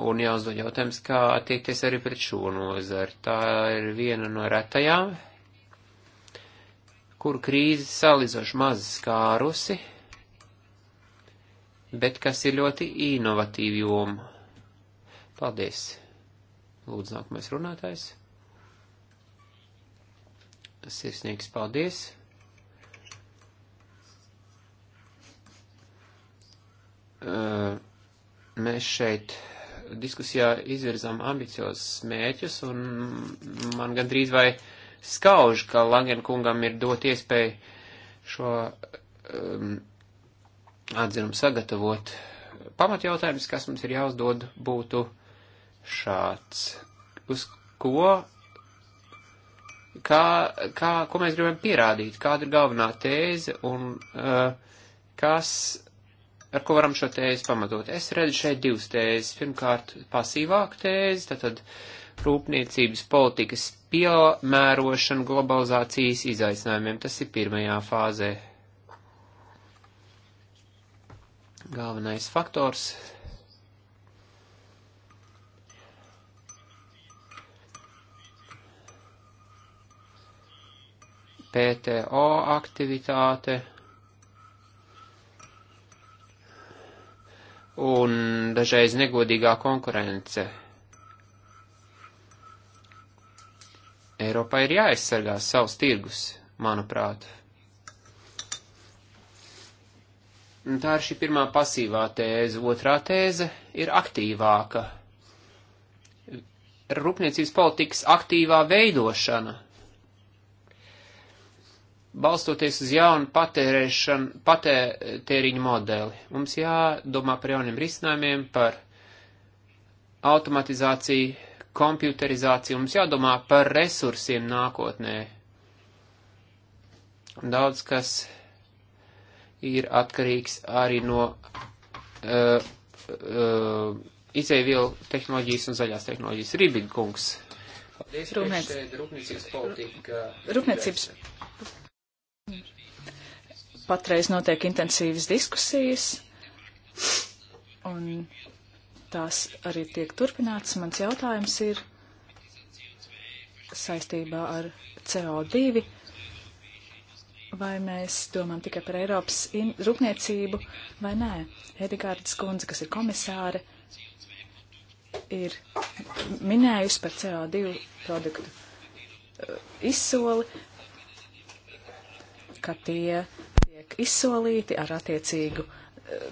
Un jāuzdod jautājums, kā attiekties arī pret šo nozari. Tā ir viena no retajām, kur krīze salīdzoši maz skārusi, bet kas ir ļoti inovatīva joma. Paldies! Lūdzu, nākamais runātājs. Sirsnīgs paldies. Mēs šeit diskusijā izvirzām ambiciozus mērķus, un man gandrīz vai skauž, ka Langenkungam ir dot iespēju šo um, atzinumu sagatavot. Pamatjautājums, kas mums ir jāuzdod, būtu šāds. Uz ko, kā, kā, ko mēs gribam pierādīt, kāda ir galvenā tēze un uh, kas, ar ko varam šo tēzi pamatot. Es redzu šeit divas tēzes. Pirmkārt, pasīvāku tēzi, tātad rūpniecības politikas piemērošana globalizācijas izaicinājumiem. Tas ir pirmajā fāzē. Galvenais faktors PTO aktivitāte. Un dažreiz negodīgā konkurence. Eiropā ir jāaizsargā savs tirgus, manuprāt. Un tā ir šī pirmā pasīvā tēze. Otrā tēze ir aktīvāka. Rūpniecības politikas aktīvā veidošana balstoties uz jaunu patēriņu modeli. Mums jādomā par jauniem risinājumiem, par automatizāciju, komputerizāciju, mums jādomā par resursiem nākotnē. Daudz kas ir atkarīgs arī no uh, uh, izēvielu tehnoloģijas un zaļās tehnoloģijas. Rībīgkungs. Paldies, Rūpniecības politika. Rūpniecības Patreiz notiek intensīvas diskusijas, un tās arī tiek turpinātas. Mans jautājums ir saistībā ar CO2. Vai mēs domājam tikai par Eiropas rūpniecību vai nē? Edegārdas kundze, kas ir komisāre, ir minējusi par CO2 produktu eh, izsoli, ka tie tiek izsolīti ar attiecīgu eh,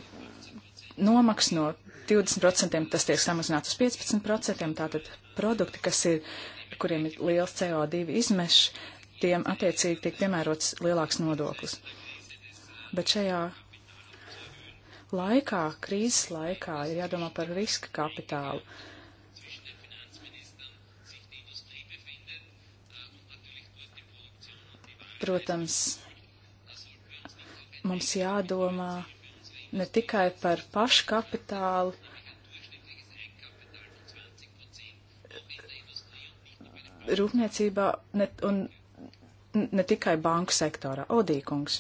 nomaks no 20%, tas tiek samazināts uz 15%, tātad produkti, kas ir, kuriem ir liels CO2 izmešs, tiem attiecīgi tiek piemērots lielāks nodoklis. Bet šajā laikā, krīzes laikā, ir jādomā par riska kapitālu. Protams, mums jādomā ne tikai par paškapitālu, rūpniecībā ne, un ne tikai banku sektorā. Odīkungs.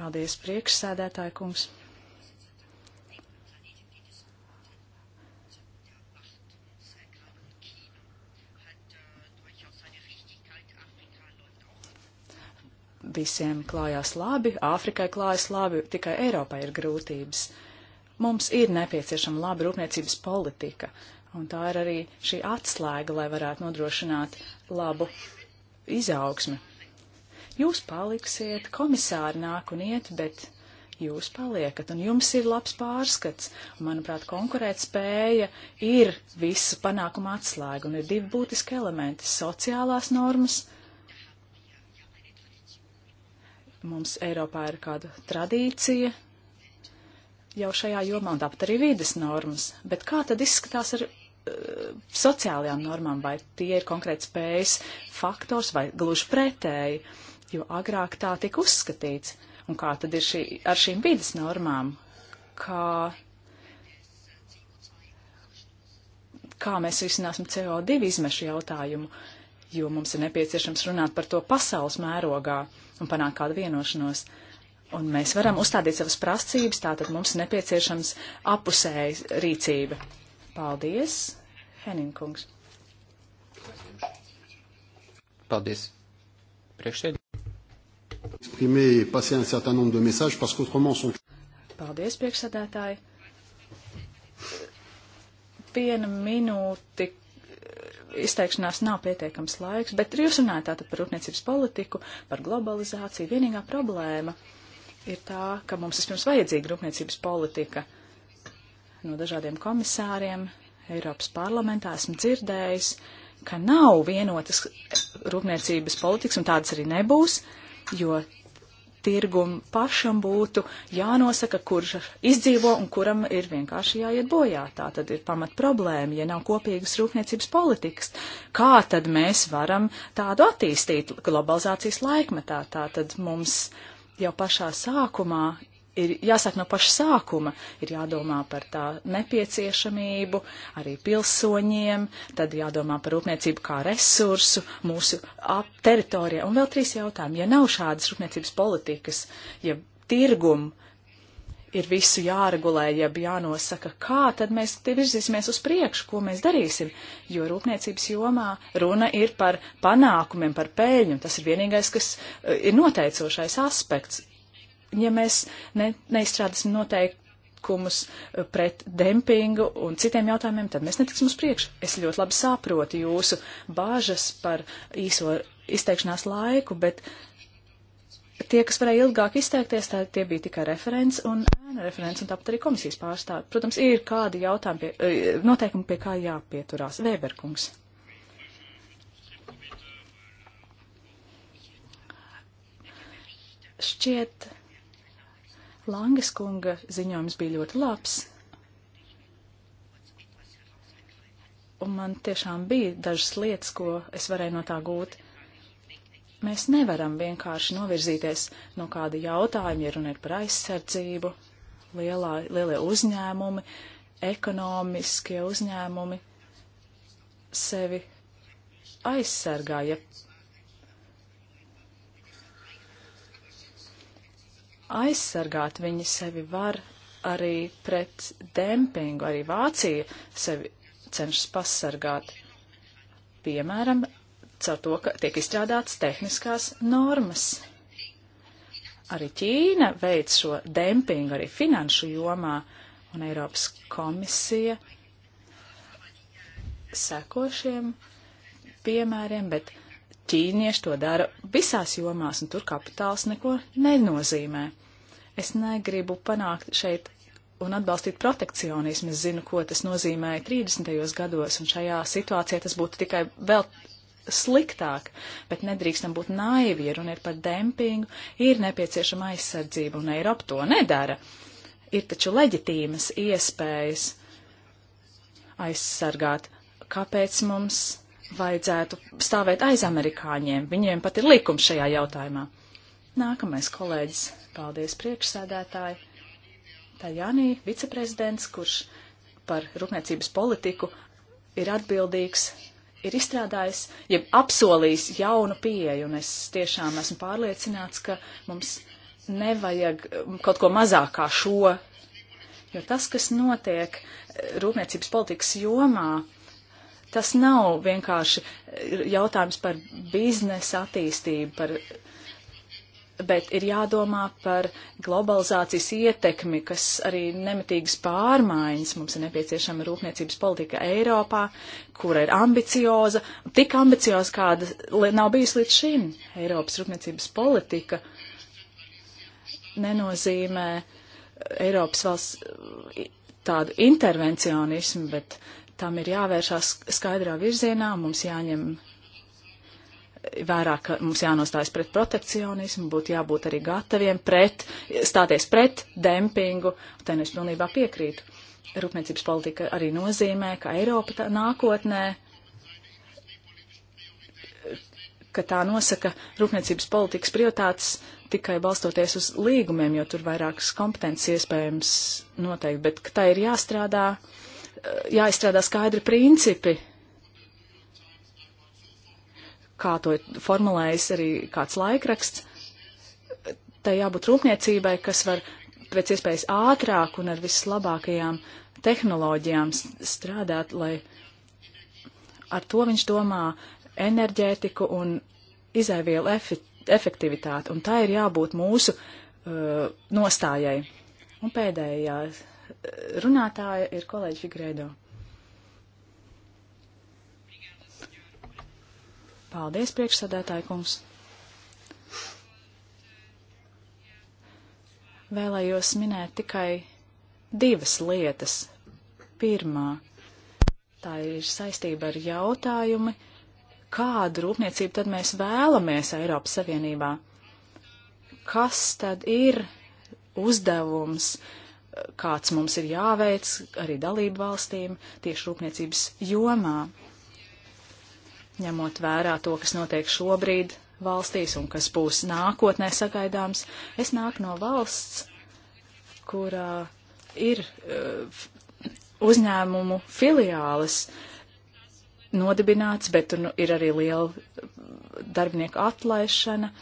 Paldies, priekšsēdētāja kungs. visiem klājās labi, Āfrikai klājas labi, tikai Eiropai ir grūtības. Mums ir nepieciešama laba rūpniecības politika, un tā ir arī šī atslēga, lai varētu nodrošināt labu izaugsmi. Jūs paliksiet, komisāri nāk un iet, bet jūs paliekat, un jums ir labs pārskats. Un, manuprāt, konkurētspēja ir visu panākumu atslēga, un ir divi būtiski elementi - sociālās normas Mums Eiropā ir kāda tradīcija jau šajā jomā, un tāpat arī vīdes normas. Bet kā tad izskatās ar eh, sociālajām normām, vai tie ir konkrēti spējas faktors vai gluži pretēji, jo agrāk tā tika uzskatīts. Un kā tad ir šī, ar šīm vidas normām? Kā, kā mēs risināsim CO2 izmešu jautājumu, jo mums ir nepieciešams runāt par to pasaules mērogā. Uh, un panākt kādu vienošanos. Un mēs varam uzstādīt savas prasības, tātad mums nepieciešams apusējas rīcība. Paldies, Heninkungs. Paldies. Priekšsēdē. Exprimer et passer un certain nombre de messages parce qu'autrement son. Paldies, priekšsēdētāji. Viena minūte izteikšanās nav pietiekams laiks, bet jūs runājat tātad par rūpniecības politiku, par globalizāciju. Vienīgā problēma ir tā, ka mums vispirms vajadzīga rūpniecības politika no dažādiem komisāriem. Eiropas parlamentā esmu dzirdējis, ka nav vienotas rūpniecības politikas, un tādas arī nebūs, jo tirgum pašam būtu jānosaka, kurš izdzīvo un kuram ir vienkārši jāiet bojā. Tā tad ir pamat problēma, ja nav kopīgas rūpniecības politikas. Kā tad mēs varam tādu attīstīt globalizācijas laikmetā? Tā tad mums jau pašā sākumā ir jāsāk no paša sākuma, ir jādomā par tā nepieciešamību arī pilsoņiem, tad jādomā par rūpniecību kā resursu mūsu teritorijā. Un vēl trīs jautājumi. Ja nav šādas rūpniecības politikas, ja tirgumu ir visu jāregulē, jeb jānosaka, kā tad mēs virzīsimies uz priekšu, ko mēs darīsim, jo rūpniecības jomā runa ir par panākumiem, par pēļņu, tas ir vienīgais, kas eh, ir noteicošais aspekts ja mēs ne, neizstrādāsim noteikumus eh, pret dempingu un citiem jautājumiem, tad mēs netiksim uz priekšu. Es ļoti labi saprotu jūsu bāžas par īso izteikšanās laiku, bet tie, kas varēja ilgāk izteikties, tā, tie bija tikai referents un ēna referents un tāpat arī komisijas pārstāvi. Protams, ir kādi jautājumi, pie, eh, noteikumi, pie kā jāpieturās. Vēberkungs. Šķiet, Langas kunga ziņojums bija ļoti labs. Un man tiešām bija dažas lietas, ko es varēju no tā gūt. Mēs nevaram vienkārši novirzīties no kāda jautājuma, ja runa ir par aizsardzību, lielā, lielie uzņēmumi, ekonomiskie uzņēmumi sevi aizsargā, ja aizsargāt, viņi sevi var arī pret dempingu, arī Vācija sevi cenšas pasargāt. Piemēram, caur to, ka tiek izstrādātas tehniskās normas. Arī Ķīna veic šo dempingu arī finanšu jomā, un Eiropas komisija seko šiem piemēriem, bet ķīnieši to dara visās jomās, un tur kapitāls neko nenozīmē. Es negribu panākt šeit un atbalstīt protekcionismu. Es zinu, ko tas nozīmēja 30. gados, un šajā situācijā tas būtu tikai vēl sliktāk, bet nedrīkstam būt naivi, ja runa ir par dempingu, ir nepieciešama aizsardzība, un Eiropa to nedara. Ir taču leģitīmas iespējas aizsargāt. Kāpēc mums vajadzētu stāvēt aiz amerikāņiem? Viņiem pat ir likums šajā jautājumā. Nākamais kolēģis. Paldies priekšsēdētāji. Tā Janī, viceprezidents, kurš par rūpniecības politiku ir atbildīgs, ir izstrādājis, jeb apsolījis jaunu pieeju, un es tiešām esmu pārliecināts, ka mums nevajag kaut ko mazāk kā šo, jo tas, kas notiek eh, rūpniecības politikas jomā, tas nav vienkārši eh, jautājums par biznesa attīstību, par bet ir jādomā par globalizācijas ietekmi, kas arī nemitīgas pārmaiņas. Mums ir nepieciešama rūpniecības politika Eiropā, kura ir ambicioza, tik ambicioza, kāda nav bijusi līdz šim. Eiropas rūpniecības politika nenozīmē Eiropas valsts tādu intervencionismu, bet tam ir jāvēršās skaidrā virzienā, mums jāņem vērā, ka mums jānostājas pret protekcionismu, būtu jābūt arī gataviem pret, stāties pret dempingu, te es pilnībā piekrītu. Rūpniecības politika arī nozīmē, ka Eiropa tā, nākotnē, ka tā nosaka rūpniecības politikas prioritātes tikai balstoties uz līgumiem, jo tur vairākas kompetences iespējams noteikti, bet ka tā ir jāstrādā, jāizstrādā skaidri principi kā to formulējis arī kāds laikraksts, tai jābūt rūpniecībai, kas var pēc iespējas ātrāk un ar vislabākajām tehnoloģijām strādāt, lai ar to viņš domā enerģētiku un izēvielu efektivitāti, un tā ir jābūt mūsu uh, nostājai. Un pēdējā uh, runātāja ir kolēģi Figredo. Paldies, priekšsēdētāji kungs! Vēlējos minēt tikai divas lietas. Pirmā - tā ir saistība ar jautājumi, kādu rūpniecību tad mēs vēlamies Eiropas Savienībā? Kas tad ir uzdevums, kāds mums ir jāveic arī dalību valstīm tieši rūpniecības jomā? ņemot vērā to, kas notiek šobrīd valstīs un kas būs nākotnē sagaidāms. Es nāku no valsts, kurā ir uh, uzņēmumu filiāles nodibināts, bet nu, ir arī liela uh, darbinieku atlaišana,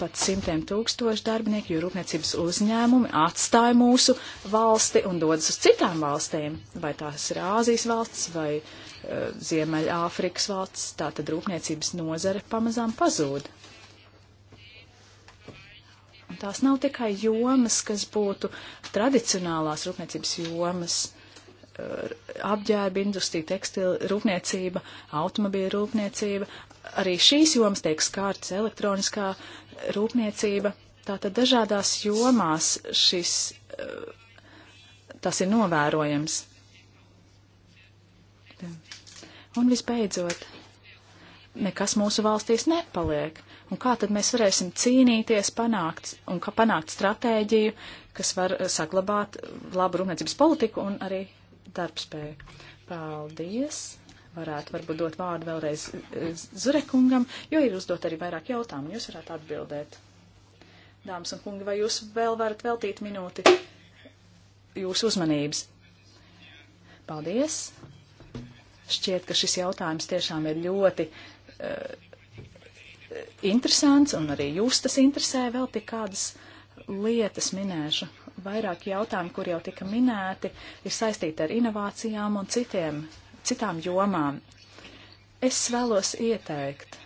pat simtiem tūkstoši darbinieku, jo rūpniecības uzņēmumi atstāja mūsu valsti un dodas uz citām valstīm, vai tās ir Āzijas valsts vai uh, Eh, Ziemeļāfrikas valsts, tātad rūpniecības nozare pamazām pazūd. Un tās nav tikai jomas, kas būtu tradicionālās rūpniecības jomas, eh, apģērba industrija, tekstila rūpniecība, automobīļa rūpniecība, arī šīs jomas tiek skārtas elektroniskā rūpniecība. Tātad dažādās jomās šis, eh, tas ir novērojams. Un visbeidzot, nekas mūsu valstīs nepaliek. Un kā tad mēs varēsim cīnīties, panākt, un kā panākt stratēģiju, kas var eh, saglabāt labu rūpniecības politiku un arī darbspēju? Paldies! Varētu varbūt dot vārdu vēlreiz eh, Zurekungam, jo ir uzdot arī vairāk jautājumu, jūs varētu atbildēt. Dāmas un kungi, vai jūs vēl varat veltīt minūti jūsu uzmanības? Paldies! Šķiet, ka šis jautājums tiešām ir ļoti uh, interesants, un arī jūs tas interesē vēl tik kādas lietas minēšu. Vairāk jautājumu, kur jau tika minēti, ir saistīti ar inovācijām un citiem, citām jomām. Es vēlos ieteikt,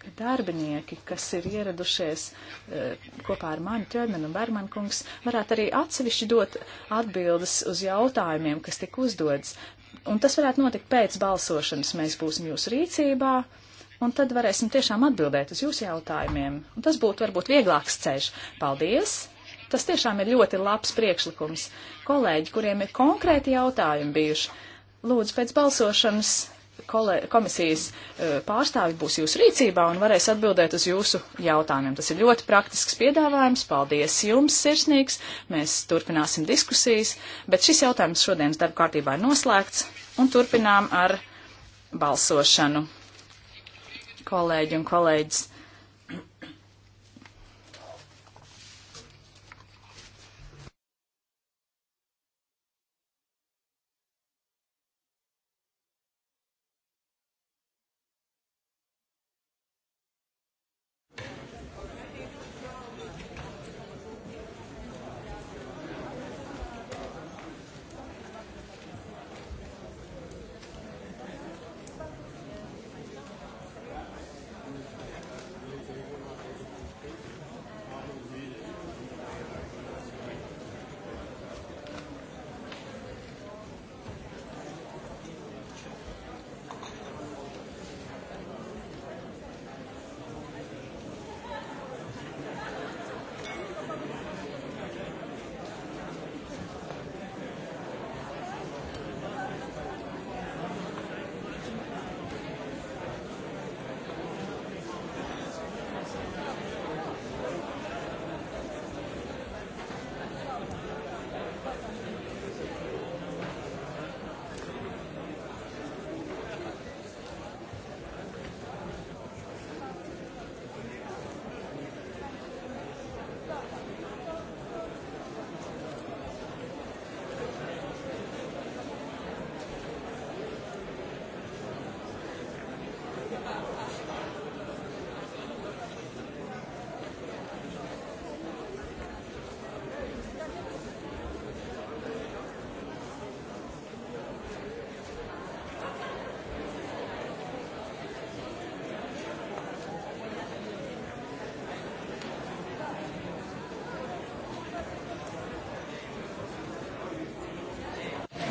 ka darbinieki, kas ir ieradušies uh, kopā ar mani, Tjodmen un Bermankungs, varētu arī atsevišķi dot atbildes uz jautājumiem, kas tik uzdodas. Un tas varētu notikt pēc balsošanas. Mēs būsim jūsu rīcībā, un tad varēsim tiešām atbildēt uz jūsu jautājumiem. Un tas būtu varbūt vieglāks ceļš. Paldies! Tas tiešām ir ļoti labs priekšlikums. Kolēģi, kuriem ir konkrēti jautājumi bijuši, lūdzu pēc balsošanas kolē, komisijas e, pārstāvi būs jūsu rīcībā un varēs atbildēt uz jūsu jautājumiem. Tas ir ļoti praktisks piedāvājums. Paldies jums, sirsnīgs. Mēs turpināsim diskusijas, bet šis jautājums šodienas darba kārtībā ir noslēgts un turpinām ar balsošanu. Kolēģi un kolēģis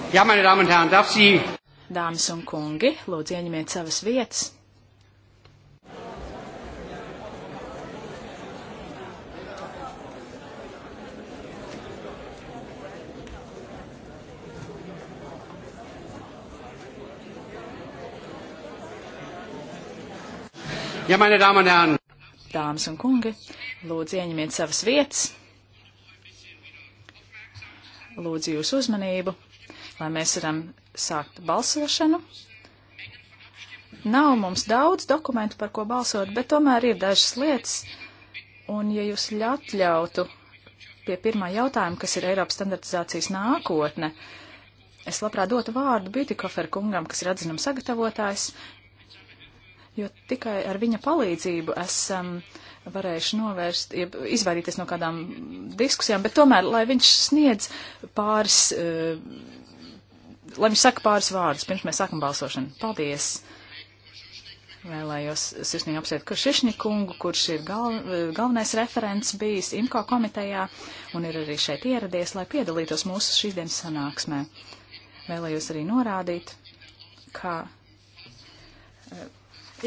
Jā, mani dāmas un herri, darf Sie. Dāmas un kungi, lūdzu ieņemiet savas vietas. Ja, meine Damen und Herren. Dāmas un kungi, lūdzu ieņemiet savas vietas. Lūdzu jūsu uzmanību lai mēs varam sākt balsošanu. Nav mums daudz dokumentu, par ko balsot, bet tomēr ir dažas lietas. Un, ja jūs atļautu pie pirmā jautājuma, kas ir Eiropas standartizācijas nākotne, es labprāt dotu vārdu Bitikoferu kungam, kas ir atzinam sagatavotājs, jo tikai ar viņa palīdzību esam varējuši novērst, izvairīties no kādām diskusijām, bet tomēr, lai viņš sniedz pāris uh, lai viņš saka pāris vārdus, pirms mēs sākam balsošanu. Paldies! Vēlējos sirsnīgi apsveikt Kuršišņi kungu, kurš ir gal, galvenais referents bijis IMKO komitejā un ir arī šeit ieradies, lai piedalītos mūsu šīs dienas sanāksmē. Vēlējos arī norādīt, ka eh,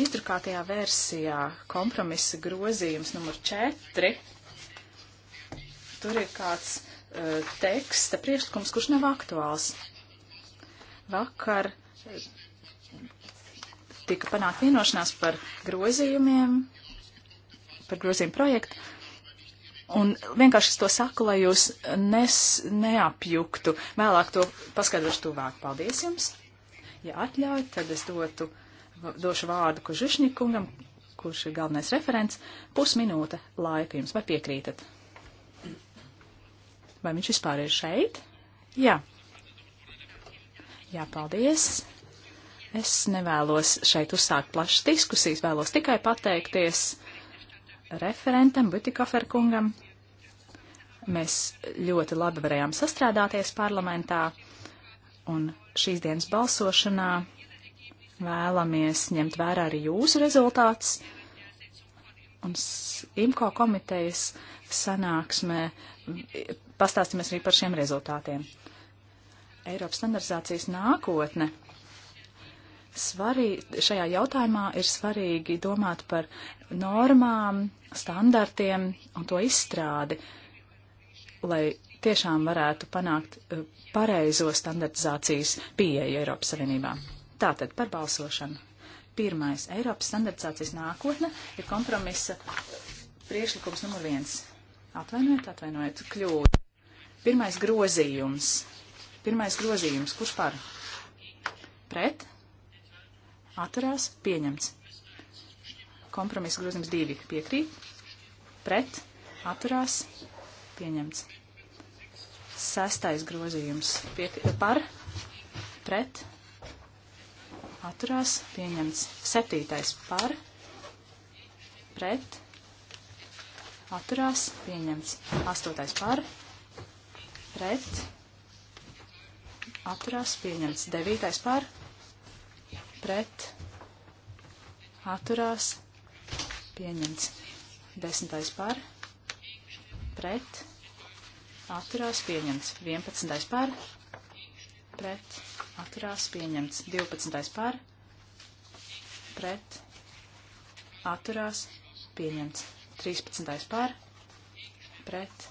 izdrukātajā versijā kompromisa grozījums numur 4, tur ir kāds uh, teksta priekšlikums, kurš nav aktuāls vakar tika panākt vienošanās par grozījumiem, par grozījumu projektu. Un vienkārši es to saku, lai jūs nes, neapjuktu. Vēlāk to paskaidrošu tuvāk. Paldies jums! Ja atļaujat, tad es dotu, došu vārdu Kožišņikungam, kurš ir galvenais referents. Pusminūte laika jums, vai piekrītat? Vai viņš vispār ir šeit? Jā. Jā, paldies. Es nevēlos šeit uzsākt plašas diskusijas, vēlos tikai pateikties referentam Butikoferkungam. Mēs ļoti labi varējām sastrādāties parlamentā, un šīs dienas balsošanā vēlamies ņemt vērā arī jūsu rezultāts. Un IMCO komitejas sanāksmē pastāstīsimies arī par šiem rezultātiem. Eiropas standartizācijas nākotne. Svarī, šajā jautājumā ir svarīgi domāt par normām, standartiem un to izstrādi, lai tiešām varētu panākt eh, pareizo standartizācijas pieeju Eiropas Savienībā. Tātad par balsošanu. Pirmais - Eiropas standartizācijas nākotne ir kompromisa priekšlikums numur viens. Atvainojiet, atvainojiet, kļūda. Pirmais grozījums Pirmais grozījums. Kurš par? Pret? Atturās? Pieņemts. Kompromisa grozījums divi. Piekrīt? Pret? Atturās? Pieņemts. Sestais grozījums. Piek par? Pret? Atturās? Pieņemts. Septītais. Par? Pret? Atturās? Pieņemts. Astotais. Par? Pret? atturās pieņemts. 9. par pret atturās pieņemts. 10. par pret atturās pieņemts. 11. par pret atturās pieņemts. 12. par pret atturās pieņemts. 13. par pret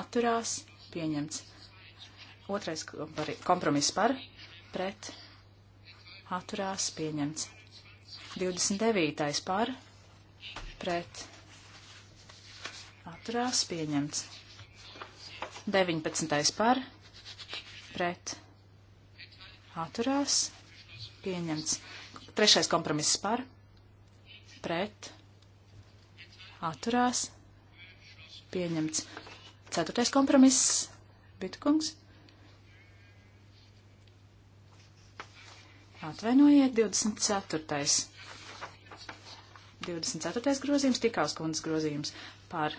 atturās pieņemts. Otrais kompromiss par, pret, atturās, pieņemts. 29. par, pret, atturās, pieņemts. 19. par, pret, atturās, pieņemts. Trešais kompromiss par, pret, atturās, pieņemts. Ceturtais kompromiss, Bitkungs. Atvainojiet, 24. 24. grozījums, tikās kundas grozījums par.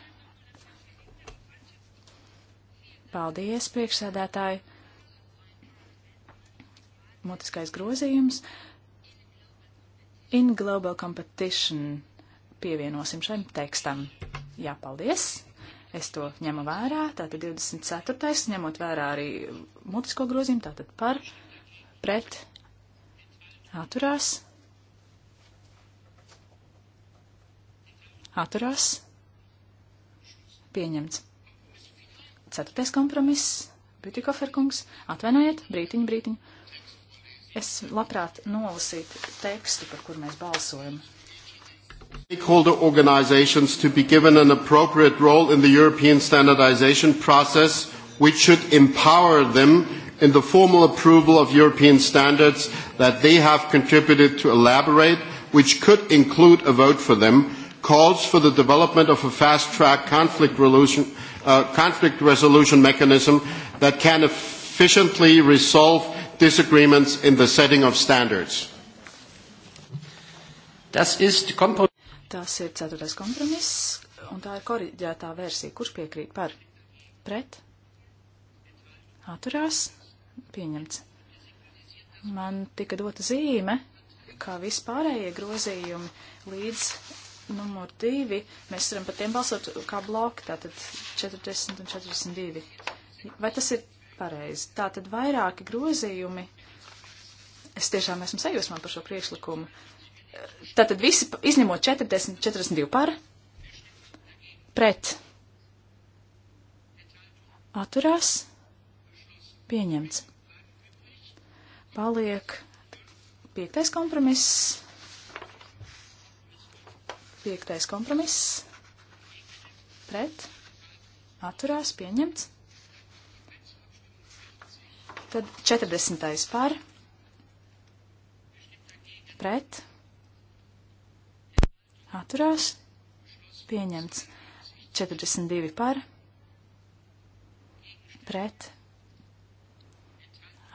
Paldies, priekšsēdētāji. Mutiskais grozījums. In Global Competition pievienosim šim tekstam. Jā, paldies. Es to ņemu vērā, tātad 24. ņemot vērā arī mutisko grozījumu, tātad par, pret, atturās, atturās, pieņemts. Ceturtais kompromiss, Bütikoferkungs, atvainojiet, brītiņu, brītiņu. Es labprāt nolasītu tekstu, par kur mēs balsojam. Stakeholder organizations to be given an appropriate role in the European standardization process, which should empower them in the formal approval of European standards that they have contributed to elaborate, which could include a vote for them, calls for the development of a fast-track conflict, resolution, uh, conflict resolution mechanism that can efficiently resolve disagreements in the setting of standards. Das ist Kompromiss. Tas ir ceturtais kompromiss, un tā ir koriģētā versija. Kurš piekrīt par? Pret? Atturās? pieņemts. Man tika dota zīme, kā vispārējie grozījumi līdz numur divi. Mēs varam par tiem balsot kā bloku, tātad 40 un 42. Vai tas ir pareizi? Tātad vairāki grozījumi. Es tiešām esmu sajūsmā par šo priekšlikumu. Tātad visi izņemot 40, 42 par, pret, atturās, Pieņemts. Paliek piektais kompromiss. Piektais kompromiss. Pret. Atturās. Pieņemts. Tad 40. par. Pret. Atturās. Pieņemts. 42 par. Pret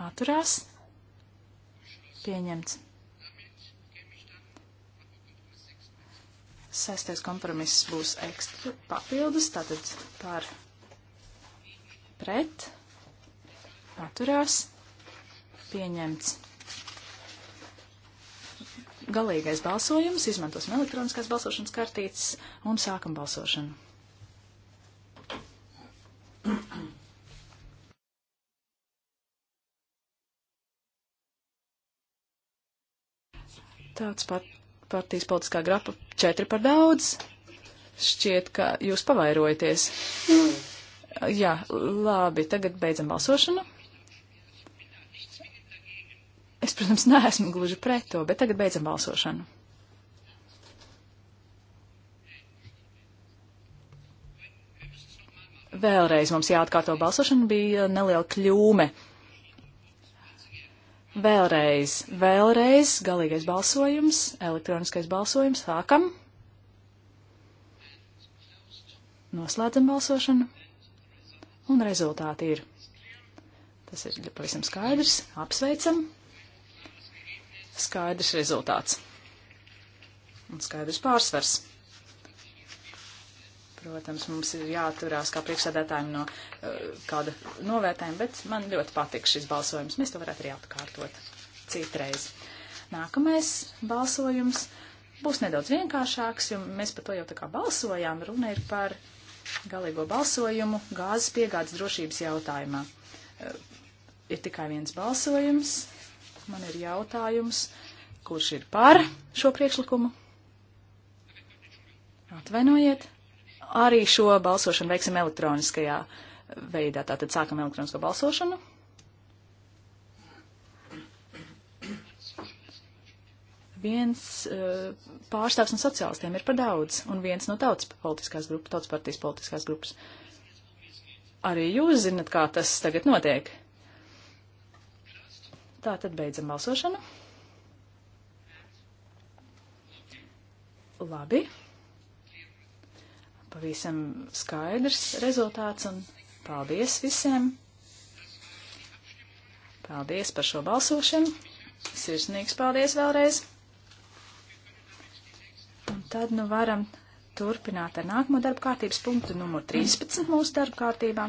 atturās, pieņemts. Sestais kompromiss būs ekstra papildus, tātad par pret, atturās, pieņemts. Galīgais balsojums, izmantosim elektroniskās balsošanas kartītes un sākam balsošanu. Tāds pat partijas politiskā grapa četri par daudz. Šķiet, ka jūs pavairojaties. Jā, labi, tagad beidzam balsošanu. Es, protams, neesmu gluži pret to, bet tagad beidzam balsošanu. Vēlreiz mums jāatkārto balsošana bija neliela kļūme. Vēlreiz, vēlreiz, galīgais balsojums, elektroniskais balsojums, sākam. Noslēdzam balsošanu. Un rezultāti ir. Tas ir pavisam skaidrs. Apsveicam. Skaidrs rezultāts. Un skaidrs pārsvars. Protams, mums ir jāturās kā priekšsēdētājiem no uh, kāda novērtējuma, bet man ļoti patīk šis balsojums. Mēs to varētu arī atkārtot citreiz. Nākamais balsojums būs nedaudz vienkāršāks, jo mēs par to jau tā kā balsojām. Runa ir par galīgo balsojumu gāzes piegādes drošības jautājumā. Uh, ir tikai viens balsojums. Man ir jautājums, kurš ir par šo priekšlikumu? Atvainojiet! Arī šo balsošanu veiksim elektroniskajā veidā. Tātad sākam elektronisko balsošanu. Viens uh, pārstāvs no sociālistiem ir par daudz, un viens no tautas politiskās grupas, tautas partijas politiskās grupas. Arī jūs zinat, kā tas tagad notiek. Tā tad beidzam balsošanu. Labi pavisam skaidrs rezultāts un paldies visiem. Paldies par šo balsošanu. Sirsnīgs paldies vēlreiz. Un tad nu varam turpināt ar nākamo darba kārtības punktu, numur 13 mūsu darba kārtībā.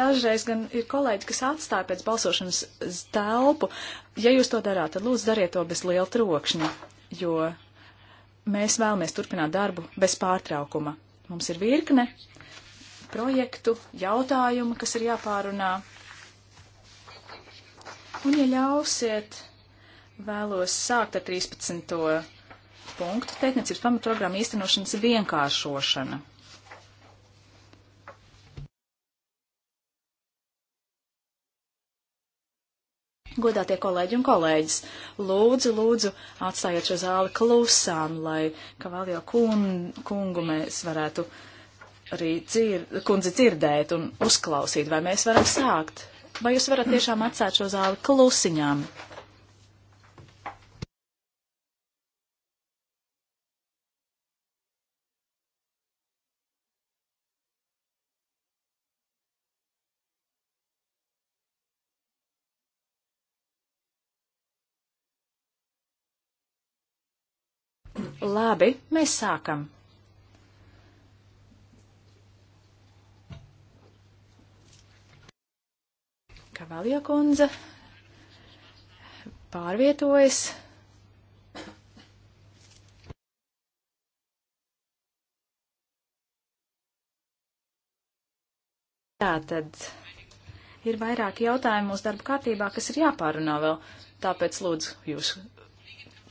Dažreiz gan ir kolēģi, kas atstāja pēc balsošanas telpu. Ja jūs to darāt, tad lūdzu dariet to bez liela trokšņa, jo mēs vēlamies turpināt darbu bez pārtraukuma. Mums ir virkne projektu, jautājumu, kas ir jāpārunā. Un, ja ļausiet, vēlos sākt ar 13. punktu - pētniecības pamatprogramma īstenošanas vienkāršošana. Godātie kolēģi un kolēģis, lūdzu, lūdzu, atstājiet šo zāli klusām, lai Kavaljo kungu mēs varētu arī dzir kundzi dzirdēt un uzklausīt, vai mēs varam sākt. Vai jūs varat tiešām atstāt šo zāli klusiņām? Labi, mēs sākam. Kavalija kundze pārvietojas. Tātad ir vairāki jautājumi mūsu darba kārtībā, kas ir jāpārunā vēl. Tāpēc lūdzu jūsu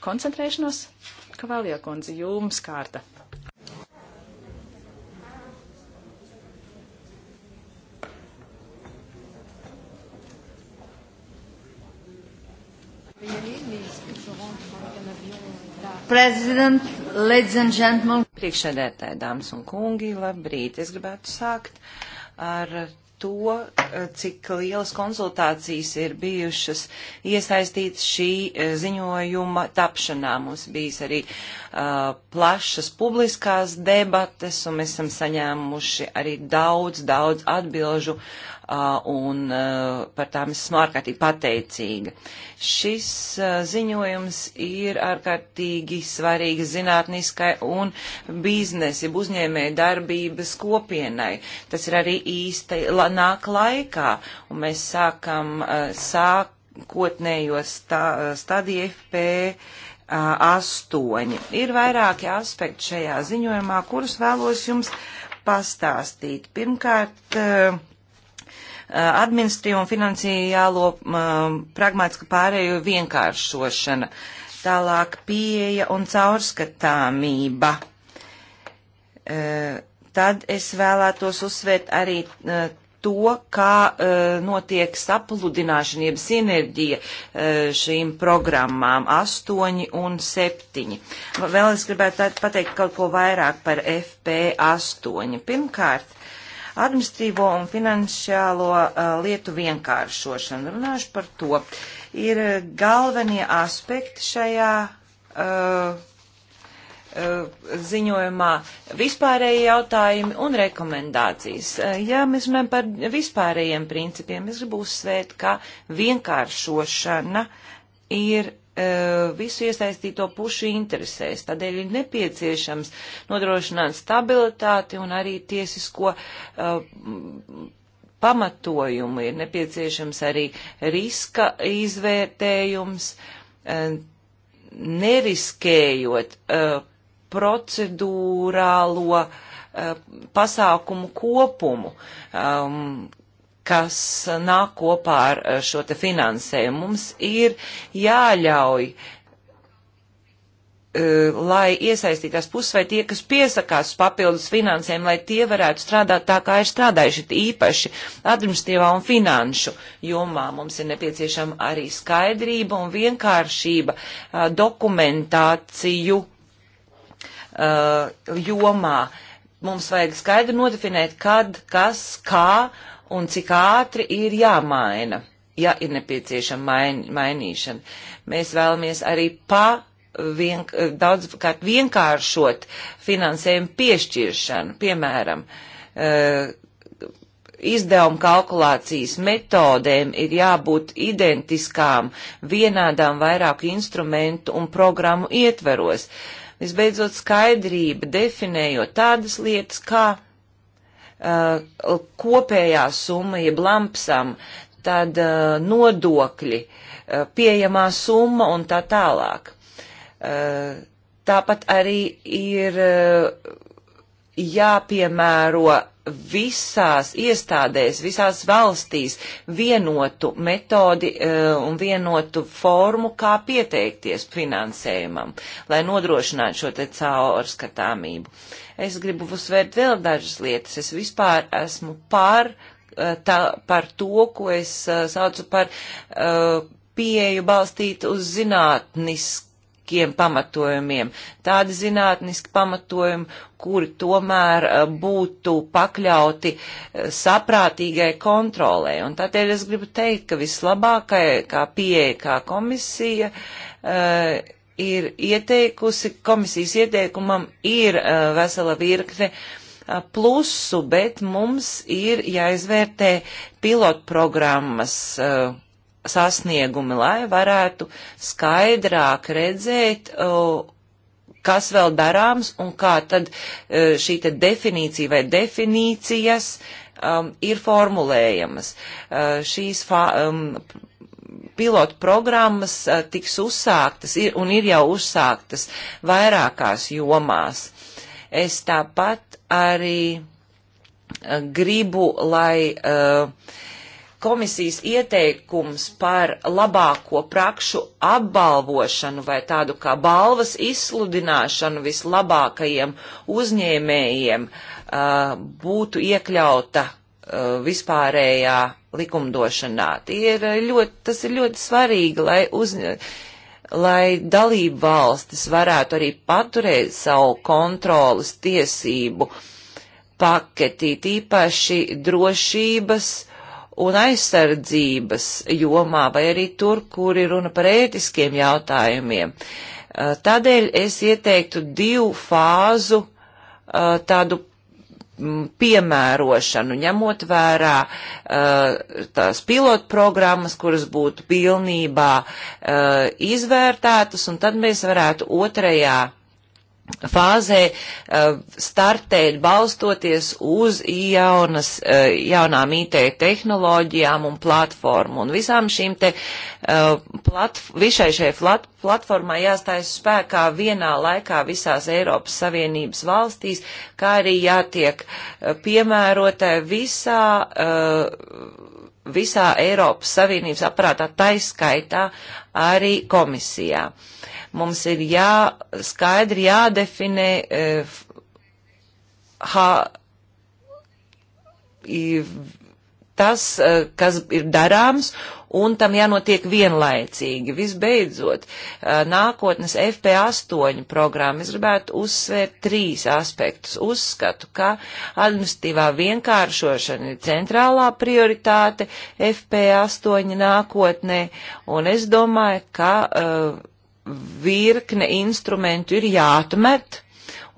koncentrēšanos. Kavaljo kundze, jums kārta. Priekšsēdētāji, dāmas un kungi, labrīt! Es gribētu sākt ar to, eh, cik lielas konsultācijas ir bijušas iesaistītas šī eh, ziņojuma tapšanā. Mums bijis arī uh, plašas publiskās debates, un mēs esam saņēmuši arī daudz, daudz atbilžu un par tām esmu ārkārtīgi pateicīga. Šis ziņojums ir ārkārtīgi svarīgi zinātniskai un biznesi, uzņēmēja darbības kopienai. Tas ir arī īsti nāk laikā, un mēs sākam sākotnējo stā, stadiju FP. Astoņi. Ir vairāki aspekti šajā ziņojumā, kurus vēlos jums pastāstīt. Pirmkārt, uh, Eh, administrīvo un finansiālo eh, pragmātisku pārēju vienkāršošana, tālāk pieeja un caurskatāmība. Eh, tad es vēlētos uzsvērt arī to, kā uh, notiek sapludināšana, jeb sinerģija uh, šīm programmām 8 un 7. Vēl es gribētu pateikt kaut ko vairāk par FP8. Pirmkārt, administrīvo un finansiālo uh, lietu vienkāršošanu. Runāšu par to. Ir uh, galvenie aspekti šajā uh, uh, ziņojumā vispārēji jautājumi un rekomendācijas. Uh, ja mēs runājam par vispārējiem principiem, es gribu uzsvērt, ka vienkāršošana ir E, visu iesaistīto pušu interesēs. Tādēļ ir nepieciešams nodrošināt stabilitāti un arī tiesisko uh, pamatojumu. Ir nepieciešams arī riska izvērtējums, uh, neriskējot uh, procedūrālo pasākumu kopumu, um, kas nāk kopā ar šo te finansējumu. Mums ir jāļauj, e, lai iesaistītās puses vai tie, kas piesakās papildus finansēm, lai tie varētu strādāt tā, kā ir strādājuši īpaši administratīvā un finanšu jomā. Mums ir nepieciešama arī skaidrība un vienkāršība e, dokumentāciju e, jomā. Mums vajag skaidri nodefinēt, kad, kas, kā un cik ātri ir jāmaina, ja ir nepieciešama main, mainīšana. Mēs vēlamies arī pa vien, daudzkārt vienkāršot finansējumu piešķiršanu, piemēram, eh, izdevumu kalkulācijas metodēm ir jābūt identiskām, vienādām vairāku instrumentu un programmu ietveros. Visbeidzot, skaidrība definējot tādas lietas kā uh, kopējā summa, jeb lampsam, tad uh, nodokļi, uh, pieejamā summa un tā tālāk. Uh, tāpat arī ir uh, jāpiemēro visās iestādēs, visās valstīs vienotu metodi uh, un vienotu formu, kā pieteikties finansējumam, lai nodrošinātu šo te caurskatāmību. Es gribu uzsvērt vēl dažas lietas. Es vispār esmu par, uh, tā, par to, ko es uh, saucu par pieeju balstīt uz zinātnisku zinātniskiem pamatojumiem. Tādi zinātniski pamatojumi, kuri tomēr eh, būtu pakļauti eh, saprātīgai kontrolē. Un tādēļ es gribu teikt, ka vislabākai, kā pieeja, kā komisija, uh, ir ieteikusi, komisijas ieteikumam ir uh, vesela virkne uh, plusu, bet mums ir jāizvērtē pilotprogrammas. Uh, sasniegumi, lai varētu skaidrāk redzēt, kas vēl darāms un kā tad e, šī te definīcija vai definīcijas um, ir formulējamas. Uh, šīs fa, um, pilotu programmas uh, tiks uzsāktas ir, un ir jau uzsāktas vairākās jomās. Es tāpat arī uh, gribu, lai uh, komisijas ieteikums par labāko prakšu apbalvošanu vai tādu kā balvas izsludināšanu vislabākajiem uzņēmējiem uh, būtu iekļauta uh, vispārējā likumdošanā. Tie ir ļoti, tas ir ļoti svarīgi, lai uzņēmēji lai dalību valstis varētu arī paturēt savu kontrolas tiesību paketī, tīpaši drošības un aizsardzības jomā, vai arī tur, kur ir runa par ētiskiem jautājumiem. Uh, tādēļ es ieteiktu divu fāzu uh, tādu mm, piemērošanu, ņemot vērā uh, tās pilotprogrammas, kuras būtu pilnībā izvērtētas, un tad mēs varētu otrajā fāzē eh, startēt balstoties uz jaunas, eh, jaunām IT tehnoloģijām un platformu. Un visām šīm te eh, platf visai šai plat platformai jāstājas spēkā vienā laikā visās Eiropas Savienības valstīs, kā arī jātiek piemērotai visā, visā Eiropas Savienības aparātā, taiskaitā arī komisijā. Uh, Mums ir jā, skaidri jādefinē eh, ha, i, tas, eh, kas ir darāms, un tam jānotiek vienlaicīgi. Visbeidzot, eh, nākotnes FP8 programma es gribētu uzsvērt trīs aspektus. Uzskatu, ka administratīvā vienkāršošana ir centrālā prioritāte FP8 nākotnē, un es domāju, ka uh, virkne instrumentu ir jāatmet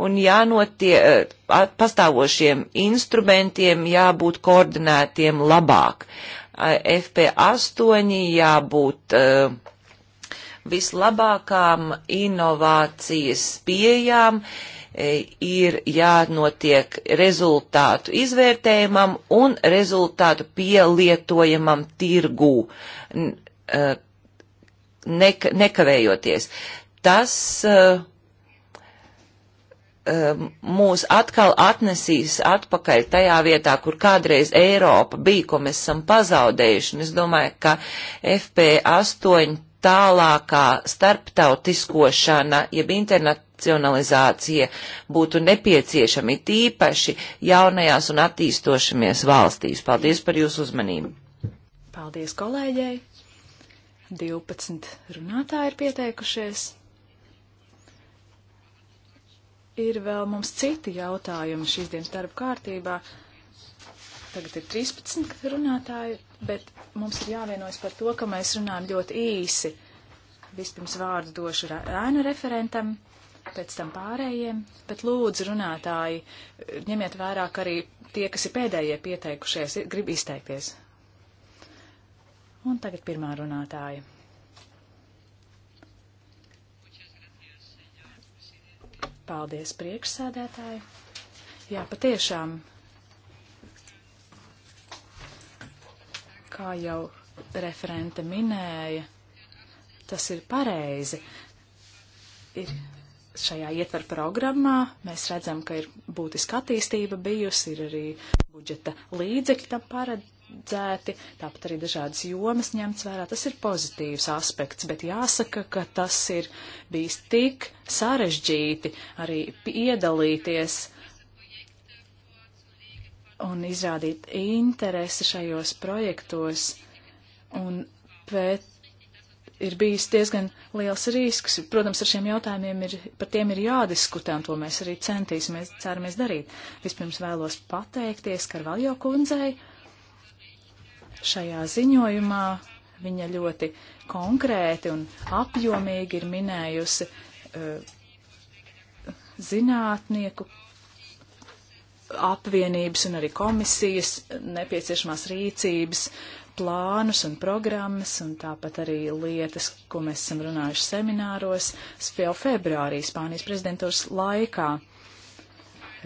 un jānotie, eh, pastāvošiem instrumentiem jābūt koordinētiem labāk. FP8 jābūt uh, vislabākām inovācijas pieejām, e, ir jānotiek rezultātu izvērtējumam un rezultātu pielietojamam tirgū. Uh, nek nekavējoties. Tas uh, mūs atkal atnesīs atpakaļ tajā vietā, kur kādreiz Eiropa bija, ko mēs esam pazaudējuši. Un es domāju, ka FP8 tālākā starptautiskošana, jeb internacionalizācija būtu nepieciešami tīpaši jaunajās un attīstošamies valstīs. Paldies par jūsu uzmanību. Paldies kolēģei! 12 runātāji ir pieteikušies. Ir vēl mums citi jautājumi šīs dienas darba kārtībā. Tagad ir 13 runātāji, bet mums ir jāvienojas par to, ka mēs runājam ļoti īsi. Vispirms vārdu došu ēnu referentam, pēc tam pārējiem, bet lūdzu runātāji, ņemiet vairāk arī tie, kas ir pēdējie pieteikušies, grib izteikties. Un tagad pirmā runātāja. Paldies, priekšsēdētāji. Jā, patiešām, kā jau referente minēja, tas ir pareizi. Ir šajā ietver programmā mēs redzam, ka ir būtiska attīstība bijusi, ir arī budžeta līdzekļi tam pared, paredzēti, tāpat arī dažādas jomas ņemts vērā. Tas ir pozitīvs aspekts, bet jāsaka, ka tas ir bijis tik sarežģīti arī piedalīties un izrādīt interesi šajos projektos. Un pēc ir bijis diezgan liels risks. Protams, ar šiem jautājumiem ir, par tiem ir jādiskutē, un to mēs arī centīsimies, ceramies darīt. Vispirms vēlos pateikties Karvaljo kundzei Šajā ziņojumā viņa ļoti konkrēti un apjomīgi ir minējusi uh, zinātnieku apvienības un arī komisijas nepieciešamās rīcības plānus un programmas, un tāpat arī lietas, ko mēs esam runājuši semināros, jau februārī Spānijas prezidentūras laikā.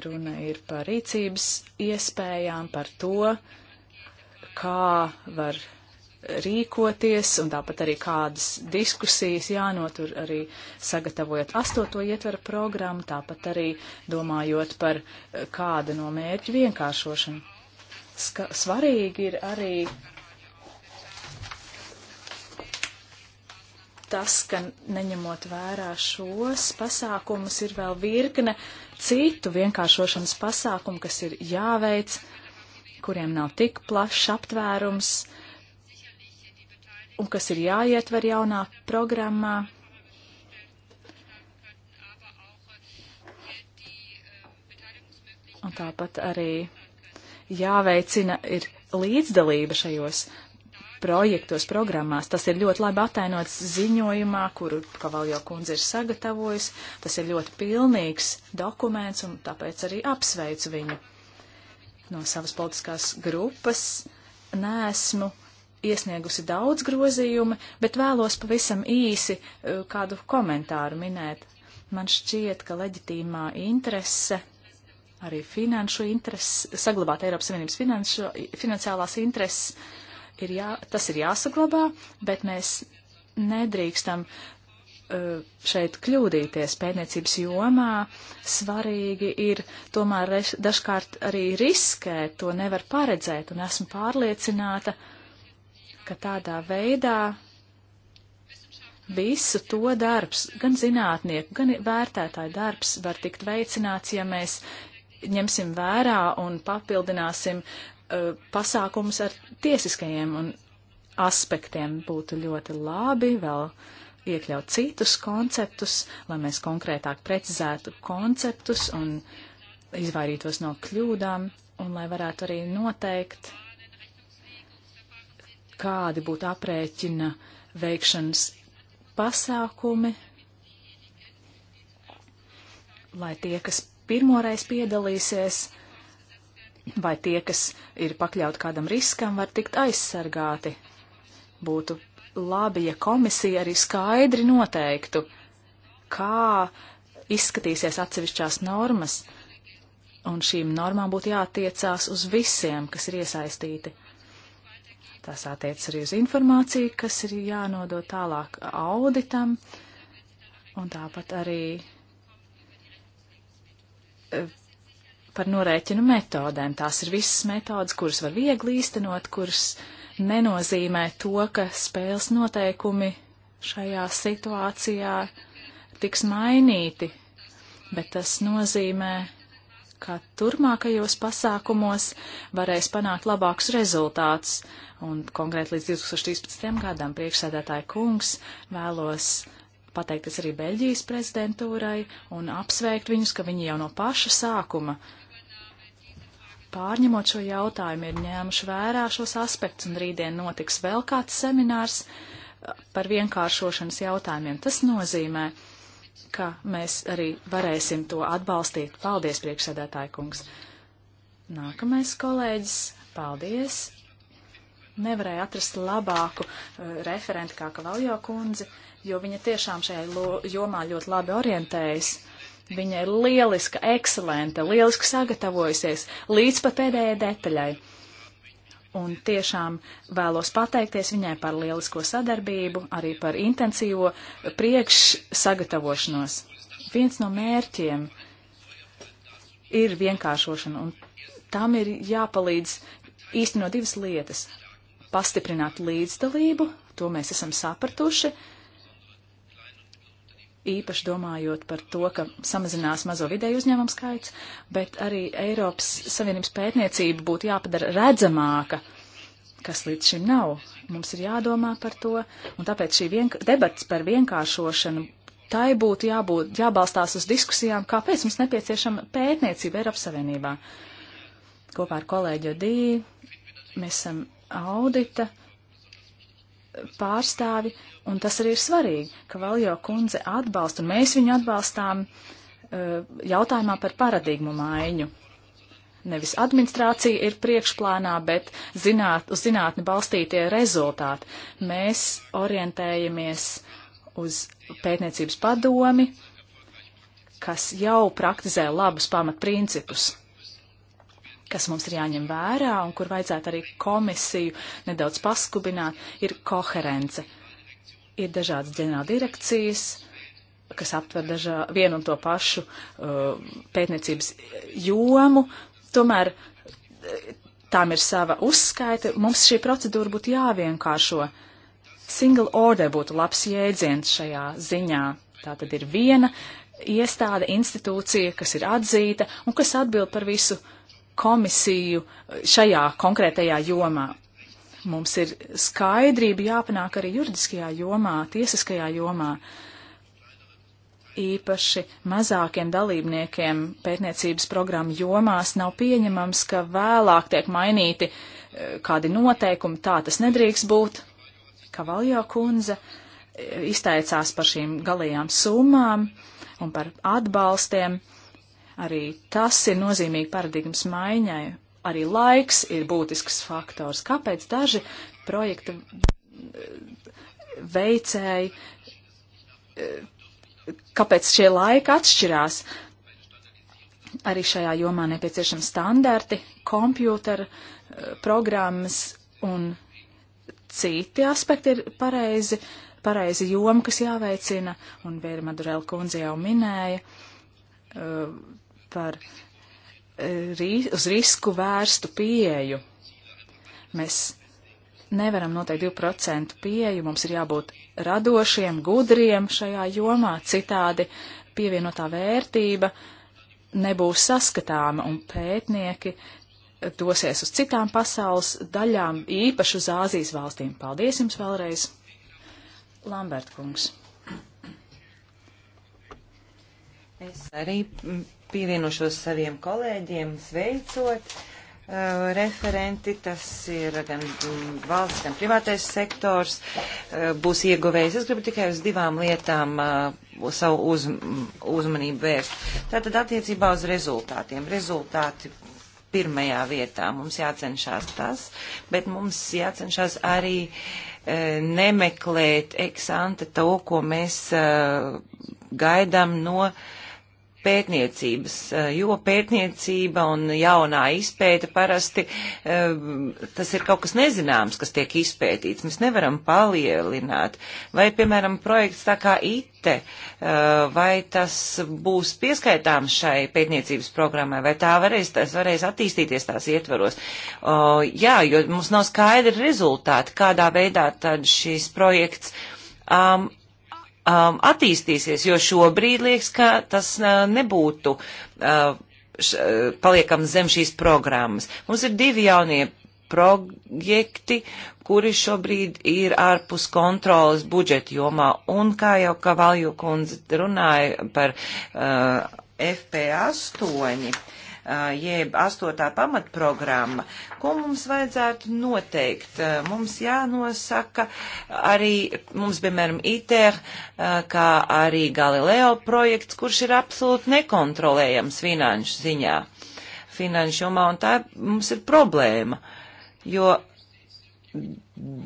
Runa ir par rīcības iespējām, par to, uh, kā var rīkoties un tāpat arī kādas diskusijas jānotur arī sagatavojot astoto ietveru programmu, tāpat arī domājot par eh, kādu no mērķu vienkāršošanu. Ska svarīgi ir arī tas, ka neņemot vērā šos pasākumus, ir vēl virkne citu vienkāršošanas pasākumu, kas ir jāveic. Uh, kuriem nav tik plašs aptvērums un kas ir jāietver jaunā programmā. Un tāpat arī jāveicina ir līdzdalība šajos projektos, programmās. Tas ir ļoti labi atainots ziņojumā, kuru Kavaljo kundze ir sagatavojusi. Tas ir ļoti pilnīgs dokuments, un tāpēc arī apsveicu viņu no savas politiskās grupas nesmu iesniegusi daudz grozījumu, bet vēlos pavisam īsi e, kādu komentāru minēt. Man šķiet, ka leģitīmā interese, arī finanšu interese, saglabāt Eiropas Savienības finanšu, finansiālās intereses, ir jā, tas ir jāsaglabā, bet mēs nedrīkstam Eh, šeit kļūdīties pētniecības jomā. Svarīgi ir tomēr reš, dažkārt arī riskēt, to nevar paredzēt, un esmu pārliecināta, ka tādā veidā visu to darbs, gan zinātnieku, gan vērtētāju darbs var tikt veicināts, ja mēs ņemsim vērā un papildināsim uh, pasākumus ar tiesiskajiem un aspektiem būtu ļoti labi vēl uh, iekļaut citus konceptus, lai mēs konkrētāk precizētu konceptus un izvairītos no kļūdām, un lai varētu arī noteikt, kādi būtu aprēķina veikšanas pasākumi, lai tie, kas pirmoreiz piedalīsies, vai tie, kas ir pakļauti kādam riskam, var tikt aizsargāti. Būtu labi, ja komisija arī skaidri noteiktu, kā izskatīsies atsevišķās normas, un šīm normām būtu jātiecās uz visiem, kas ir iesaistīti. Tas attiec arī uz informāciju, kas ir jānodod tālāk auditam, un tāpat arī e, par norēķinu metodēm. Tās ir visas metodas, kuras var viegli īstenot, kuras uh, nenozīmē to, ka spēles noteikumi šajā situācijā tiks mainīti, bet tas nozīmē, ka turpmākajos pasākumos varēs panākt labākus rezultātus. Un konkrēti līdz 2013. gadam priekšsēdētāja kungs vēlos pateikties arī Beļģijas prezidentūrai un apsveikt viņus, ka viņi jau no paša sākuma uh, pārņemot šo jautājumu, ir ņēmuši vērā šos aspektus, un rītdien notiks vēl kāds seminārs uh, par vienkāršošanas jautājumiem. Tas nozīmē, ka mēs arī varēsim to atbalstīt. Paldies, priekšsēdētāji kungs! Nākamais kolēģis, paldies! Nevarēja atrast labāku uh, referentu kā Kavaljo kundzi, jo viņa tiešām šajā jomā ļoti labi orientējas. Viņa ir lieliska, ekscelenta, lieliski sagatavojusies līdz pat pēdējai detaļai. Un tiešām vēlos pateikties viņai par lielisko sadarbību, arī par intensīvo priekšsagatavošanos. Viens no mērķiem ir vienkāršošana, un tam ir jāpalīdz īstenot divas lietas. Pastiprināt līdzdalību, to mēs esam sapratuši, uh, īpaši domājot par to, ka samazinās mazo vidēju uzņēmumu skaits, bet arī Eiropas Savienības pētniecība būtu jāpadara redzamāka, kas līdz šim nav. Mums ir jādomā par to, un tāpēc šī vienk debats par vienkāršošanu. Tai būtu jābūt, jābalstās uz diskusijām, kāpēc mums nepieciešama pētniecība Eiropas Savienībā. Kopā ar kolēģi Dī mēs esam audita uh, pārstāvi, un tas arī ir svarīgi, ka Valjo kundze atbalsta, un mēs viņu atbalstām uh, jautājumā par paradigmu maiņu. Nevis administrācija ir priekšplānā, bet zināt, uz zinātni balstītie rezultāti. Mēs orientējamies uz pētniecības padomi, kas jau praktizē labus pamatprincipus kas mums ir jāņem vērā un kur vajadzētu arī komisiju nedaudz paskubināt, ir koherence. Ir dažādas ģenerāldirekcijas, kas aptver dažā, vienu un to pašu uh, pētniecības jomu, tomēr uh, tām ir sava uzskaita. Mums šī procedūra būtu jāvienkāršo. Single order būtu labs jēdziens šajā ziņā. Tā tad ir viena iestāde, institūcija, kas ir atzīta un kas atbild par visu uh, komisiju šajā konkrētajā jomā. Mums ir skaidrība jāpanāk arī juridiskajā jomā, tiesiskajā jomā. Īpaši mazākiem dalībniekiem pētniecības programmu jomās nav pieņemams, ka vēlāk tiek mainīti eh, kādi noteikumi, tā tas nedrīkst būt. Kavaljā kundze eh, izteicās par šīm galējām summām un par atbalstiem. Uh, Arī tas ir nozīmīgi paradigmas maiņai. Arī laiks ir būtisks faktors. Kāpēc daži projekta eh, veicēji, eh, kāpēc šie laiki atšķirās? Arī šajā jomā nepieciešami standarti, kompjūtera eh, programmas un citi aspekti ir pareizi, pareizi joma, kas jāveicina, un Vēra Madurēla kundze jau minēja, par eh, uz risku vērstu pieeju. Mēs nevaram noteikt 2% pieeju, mums ir jābūt radošiem, gudriem šajā jomā, citādi pievienotā vērtība nebūs saskatāma un pētnieki dosies uz citām pasaules daļām, īpaši uz Āzijas valstīm. Paldies jums vēlreiz, Lambert kungs. Es arī pievienošos saviem kolēģiem, sveicot uh, referenti, tas ir gan mm, valsts, gan privātais sektors, uh, būs ieguvējis. Es gribu tikai uz divām lietām uh, savu uz, uzmanību vērst. Tātad attiecībā uz rezultātiem. Rezultāti pirmajā vietā mums jācenšās tas, bet mums jācenšās arī uh, nemeklēt eksante to, ko mēs uh, gaidām no uh, pētniecības, eh, jo pētniecība un jaunā izpēta parasti eh, tas ir kaut kas nezināms, kas tiek izpētīts. Mēs nevaram palielināt. Vai, piemēram, projekts tā kā ITE, eh, vai tas būs pieskaitāms šai pētniecības programmai, vai tā varēs, tas varēs attīstīties tās ietvaros. Jā, jo mums nav skaidri rezultāti, kādā veidā tad šis projekts um, um, attīstīsies, jo šobrīd liekas, ka tas uh, nebūtu uh, š, uh, paliekams zem šīs programmas. Mums ir divi jaunie projekti, kuri šobrīd ir ārpus kontrolas budžeta jomā. Un kā jau Kavalju kundze runāja par uh, FP8, jeb astotā pamatprogramma, ko mums vajadzētu noteikt. Mums jānosaka arī, mums, piemēram, ITER, kā arī Galileo projekts, kurš ir absolūti nekontrolējams finanšu ziņā, finanšu jomā, un tā mums ir problēma, jo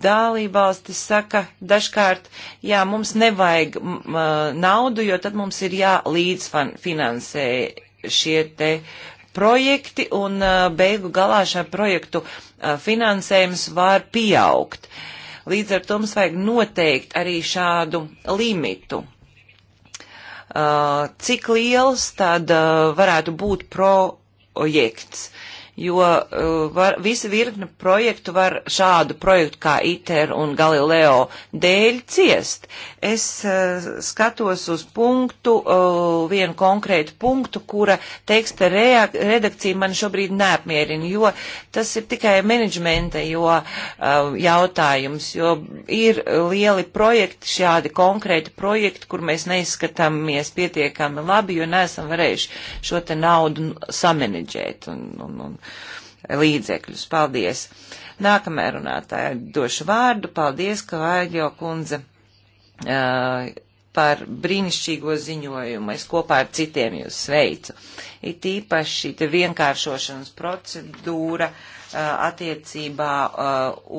dalībvalstis saka dažkārt, jā, mums nevajag m, naudu, jo tad mums ir jālīdzfinansē šie te projekti un uh, beigu galā šā projektu uh, finansējums var pieaugt. Līdz ar to mums vajag noteikt arī šādu limitu. Uh, cik liels tad varētu būt projekts? jo uh, var, visa virkne projektu var šādu projektu kā ITER un Galileo dēļ ciest. Es uh, skatos uz punktu, uh, vienu konkrētu punktu, kura teksta redakcija man šobrīd neapmierina, jo tas ir tikai menedžmenta jo, jautājums, jo ir lieli projekti, šādi konkrēti projekti, kur mēs neizskatāmies pietiekami labi, jo neesam varējuši šo te naudu samanedžēt un, un, un līdzekļus. Paldies! Nākamajā runātājā došu vārdu. Paldies, ka Vaļo kundze par brīnišķīgo ziņojumu. Es kopā ar citiem jūs sveicu. It īpaši šī te vienkāršošanas procedūra attiecībā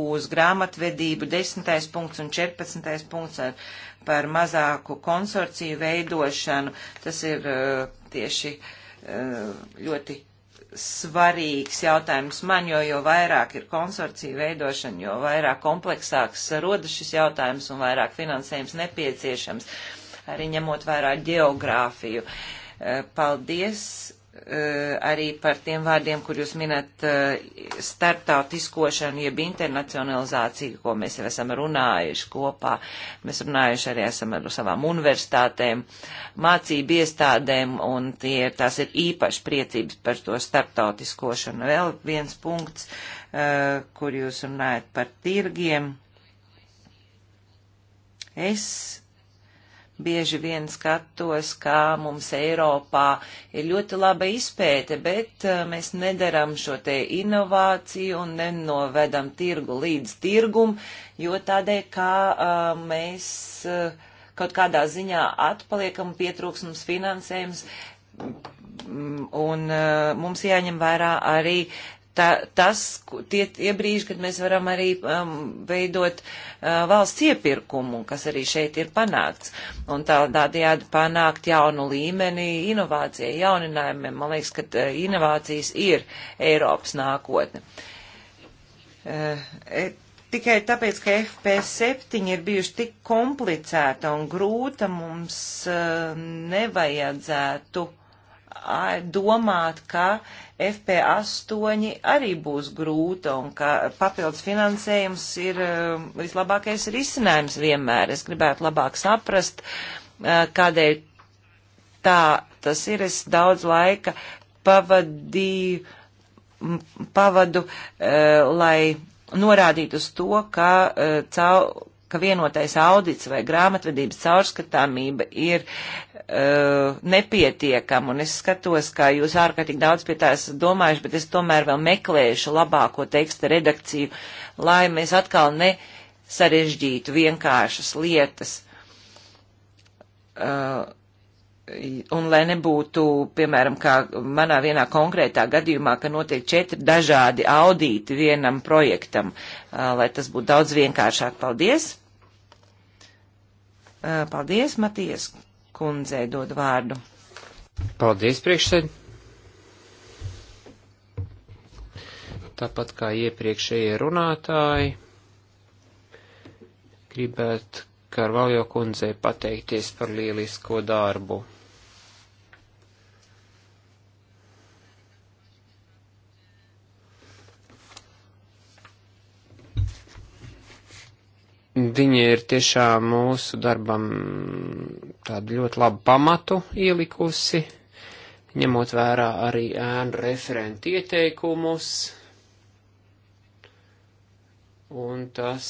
uz grāmatvedību 10. punkts un 14. punkts par mazāku konsorciju veidošanu. Tas ir tieši ļoti svarīgs jautājums man, jo, jo vairāk ir konsorcija veidošana, jo vairāk kompleksāks rodas šis jautājums un vairāk finansējums nepieciešams, arī ņemot vairāk geogrāfiju. Eh, paldies Eh, arī par tiem vārdiem, kur jūs minat eh, starptautiskošanu, jeb internacionalizāciju, ko mēs jau esam runājuši kopā. Mēs runājuši arī esam ar savām universitātēm, mācību iestādēm, un tie, tās ir īpaši priecības par to starptautiskošanu. Vēl viens punkts, eh, kur jūs runājat par tirgiem. Es bieži vien skatos, kā mums Eiropā ir ļoti laba izpēte, bet eh, mēs nedaram šo te inovāciju un nenovedam tirgu līdz tirgum, jo tādēļ, kā uh, eh, mēs uh, kaut kādā ziņā atpaliekam, pietrūks mums finansējums. Mm, un uh, mums jāņem vērā arī ta, tas, tie, tie brīži, kad mēs varam arī um, veidot uh, valsts iepirkumu, kas arī šeit ir panākts. Un tādējādi panākt jaunu līmeni inovācijai, jauninājumiem. Man liekas, ka uh, inovācijas ir Eiropas nākotne. Uh, e, tikai tāpēc, ka FP7 ir bijuši tik komplicēta un grūta, mums uh, nevajadzētu. Uh, domāt, ka FP8 arī būs grūta un ka papildus finansējums ir um, vislabākais risinājums vienmēr. Es gribētu labāk saprast, uh, kādēļ tā tas ir. Es daudz laika pavadīju, pavadu, uh, lai norādītu uz to, ka uh, caur ka vienotais audits vai grāmatvedības caurskatāmība ir uh, nepietiekama, un es skatos, ka jūs ārkārtīgi daudz pie tā esat domājuši, bet es tomēr vēl meklēšu labāko teksta redakciju, lai mēs atkal nesarežģītu vienkāršas lietas. Uh, un lai nebūtu, piemēram, kā manā vienā konkrētā gadījumā, ka notiek četri dažādi audīti vienam projektam, uh, lai tas būtu daudz vienkāršāk. Paldies! Eh, paldies, Matijas kundzei dod vārdu. Paldies, priekšsēd. Tāpat kā iepriekšējie runātāji, gribētu Karvaljo kundzei pateikties par lielisko darbu. Viņi ir tiešām mūsu darbam tādu ļoti labu pamatu ielikusi, ņemot vērā arī ēnu referentu ieteikumus. Un tas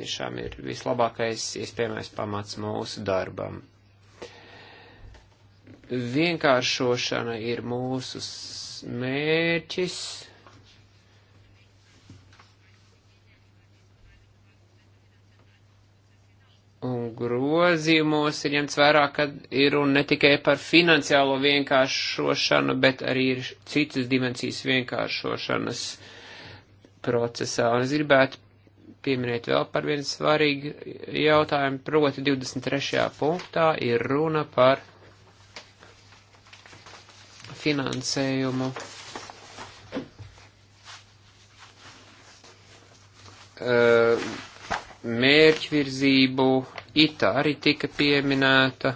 tiešām ir vislabākais iespējamais pamats mūsu darbam. Vienkāršošana ir mūsu mērķis Un grozījumos ir ņemts vērā, ka ir un ne tikai par finansiālo vienkāršošanu, bet arī ir citas dimensijas vienkāršošanas procesā. Un es gribētu pieminēt vēl par vienu svarīgu jautājumu, proti 23. punktā ir runa par finansējumu. Uh, mērķvirzību, itā arī tika pieminēta,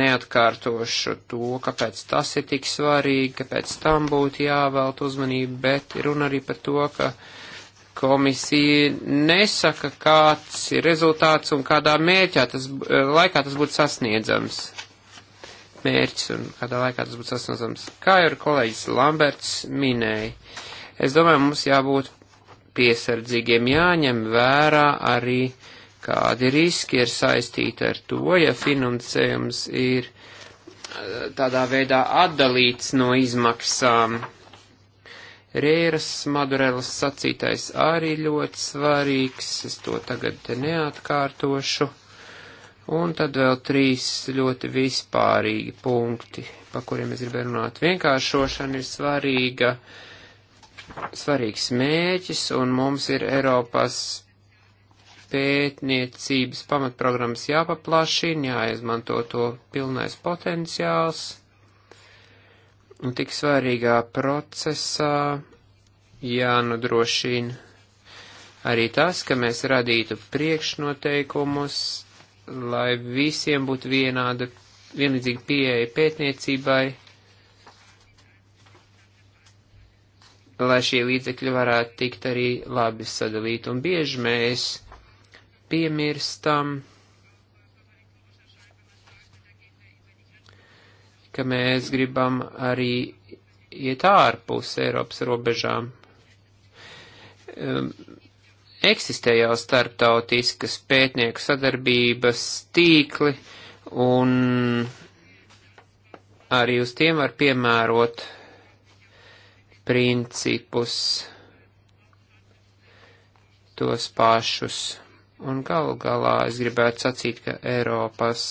neatkārtošu to, kāpēc tas ir tik svarīgi, kāpēc tam būtu jāvēlt uzmanību, bet runa arī par to, ka komisija nesaka, kāds ir rezultāts un kādā mērķā tas, laikā tas būtu sasniedzams mērķis un kādā laikā tas būtu sasniedzams. Kā jau kolēģis Lamberts minēja, es domāju, mums jābūt piesardzīgiem jāņem vērā arī, kādi riski ir saistīti ar to, ja finansējums ir eh, tādā veidā atdalīts no izmaksām. Rēras Madurelas sacītais arī ļoti svarīgs, es to tagad te neatkārtošu. Un tad vēl trīs ļoti vispārīgi punkti, pa kuriem es gribēju runāt. Vienkāršošana ir svarīga. Uh, svarīgs mēķis, un mums ir Eiropas pētniecības pamatprogrammas jāpaplašina, jāizmanto to pilnais potenciāls. Un tik svarīgā procesā jānodrošina arī tas, ka mēs radītu priekšnoteikumus, lai visiem būtu vienāda, vienlīdzīga pieeja pētniecībai lai šie līdzekļi varētu tikt arī labi sadalīt. Un bieži mēs piemirstam, ka mēs gribam arī iet ārpus Eiropas robežām. Um, eksistē jau starptautiskas pētnieku sadarbības tīkli, un arī uz tiem var piemērot principus, tos pašus. Un galu galā es gribētu sacīt, ka Eiropas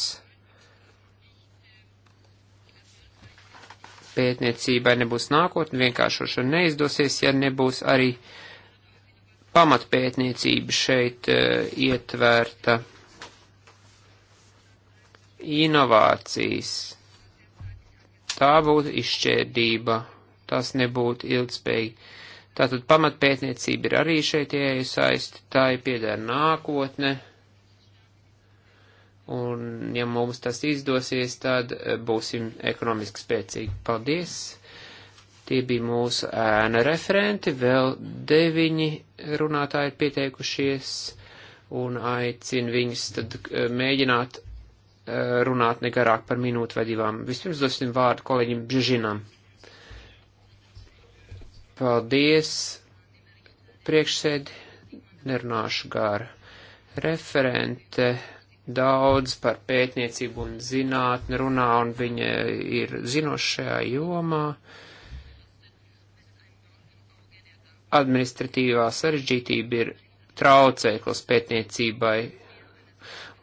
pētniecībai nebūs nākotne, vienkāršošana neizdosies, ja nebūs arī pamatpētniecība šeit uh, e, ietvērta inovācijas. Tā būtu izšķērdība tas nebūtu ilgspējīgi. Tātad pamatpētniecība ir arī šeit iesaist, tā ir piedēra nākotne, un ja mums tas izdosies, tad eh, būsim ekonomiski spēcīgi. Paldies! Tie bija mūsu ēna referenti, vēl deviņi runātāji ir pieteikušies, un aicinu viņus tad eh, mēģināt eh, runāt negarāk par minūtu vai divām. Vispirms dosim vārdu kolēģim Bžežinam. Paldies, priekšsēdi, nerunāšu gāra. Referente daudz par pētniecību un zinātni runā, un viņa ir zinošajā jomā. Administratīvā sarežģītība ir traucēklis pētniecībai,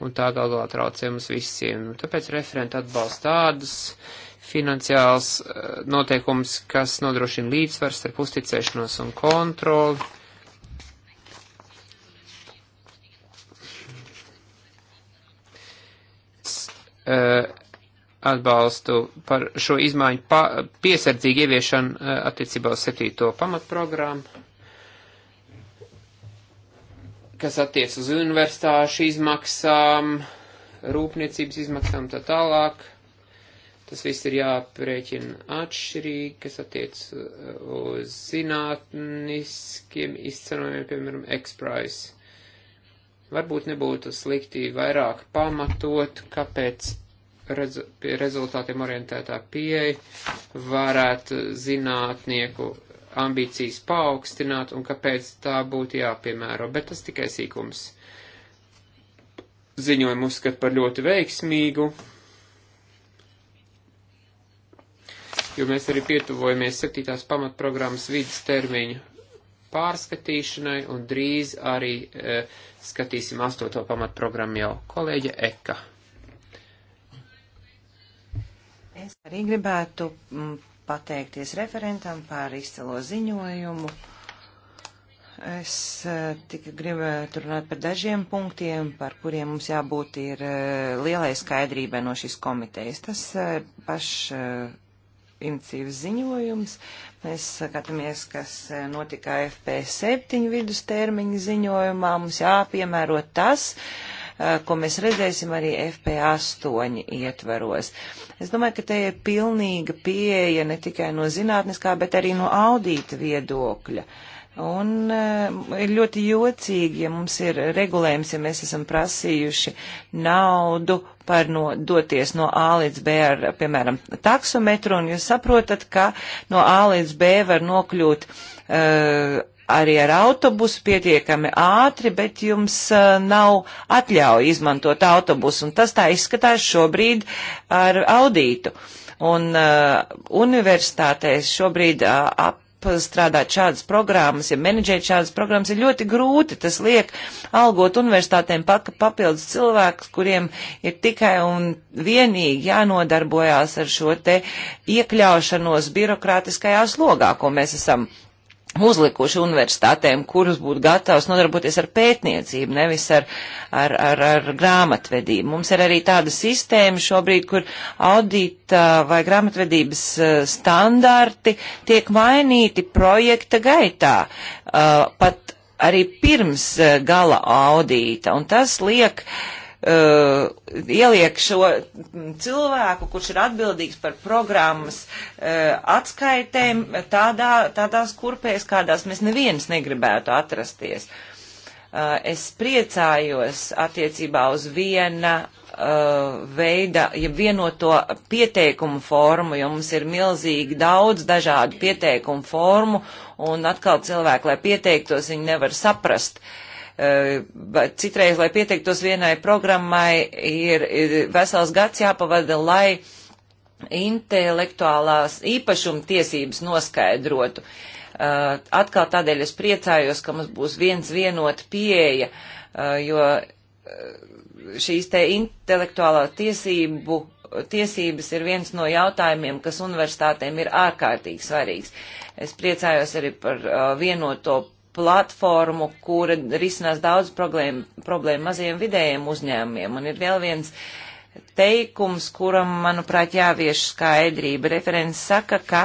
un tā galvā traucē mums visiem. Tāpēc referenti atbalsta tādus uh, finansiāls eh, noteikums, kas nodrošina līdzsvars starp uzticēšanos un kontroli. Eh, atbalstu par šo izmaiņu pa, piesardzīgu ieviešanu eh, attiecībā uz septīto pamatprogrammu, kas attiec uz universitāšu izmaksām, rūpniecības izmaksām tā tālāk. Tas viss ir jāprēķina atšķirīgi, kas attiec uh, uz zinātniskiem izcenojumiem, piemēram, X-Price. Varbūt nebūtu slikti vairāk pamatot, kāpēc redz, pie rezultātiem orientētā pieeja varētu zinātnieku ambīcijas paaugstināt un kāpēc tā būtu jāpiemēro, bet tas tikai sīkums. Ziņojumu uzskat par ļoti veiksmīgu, jo mēs arī pietuvojamies septītās pamatprogrammas vidas termiņu pārskatīšanai un drīz arī e, skatīsim astoto pamatprogrammu jau kolēģa Eka. Es arī gribētu pateikties referentam par izcelo ziņojumu. Es e, tikai gribētu runāt par dažiem punktiem, par kuriem mums jābūt ir e, lielai skaidrībai no šīs komitejas. Tas e, paš iniciatīvas ziņojums. Mēs skatāmies, kas e, notika FP7 vidustermiņa ziņojumā. Mums jāpiemēro tas, e, ko mēs redzēsim arī FP8 ietvaros. Es domāju, ka te ir pilnīga pieeja ne tikai no zinātniskā, bet arī no audīta viedokļa. Uh, Un eh, ir ļoti jocīgi, ja mums ir regulējums, ja mēs esam prasījuši naudu par no, doties no A līdz B ar, piemēram, taksometru, un jūs saprotat, ka no A līdz B var nokļūt uh, arī ar autobusu pietiekami ātri, bet jums uh, nav atļauja izmantot autobusu, un tas tā izskatās šobrīd ar audītu. Un uh, universitātēs šobrīd uh, ap strādāt šādas programmas, ja menedžēt šādas programmas ir ļoti grūti. Tas liek algot universitātēm pat papildus cilvēkus, kuriem ir tikai un vienīgi jānodarbojās ar šo te iekļaušanos birokrātiskajā slogā, ko mēs esam uzlikuši universitātēm, kuras būtu gatavas nodarboties ar pētniecību, nevis ar, ar, ar, ar grāmatvedību. Mums ir arī tāda sistēma šobrīd, kur audita vai grāmatvedības standarti tiek mainīti projekta gaitā, pat arī pirms gala audīta, un tas liek uh, uh, ieliek šo cilvēku, kurš ir atbildīgs par programmas uh, atskaitēm, tādā, tādās kurpēs, kādās mēs neviens negribētu atrasties. Uh, es priecājos attiecībā uz viena uh, veida, ja vienoto pieteikumu formu, jo mums ir milzīgi daudz dažādu pieteikumu formu, un atkal cilvēki, lai pieteiktos, viņi nevar saprast, uh, bet eh, citreiz, lai pieteiktos vienai programmai, ir, ir vesels gads jāpavada, lai intelektuālās īpašuma tiesības noskaidrotu. Eh, atkal tādēļ es priecājos, ka mums būs viens vienota pieeja, eh, jo šīs te intelektuālā tiesību, tiesības ir viens no jautājumiem, kas universitātēm ir ārkārtīgi svarīgs. Es priecājos arī par vienoto platformu, kura risinās daudz problēmu, problēmu maziem vidējiem uzņēmumiem. Un ir vēl viens teikums, kuram, manuprāt, jāvieš skaidrība. Referents saka, ka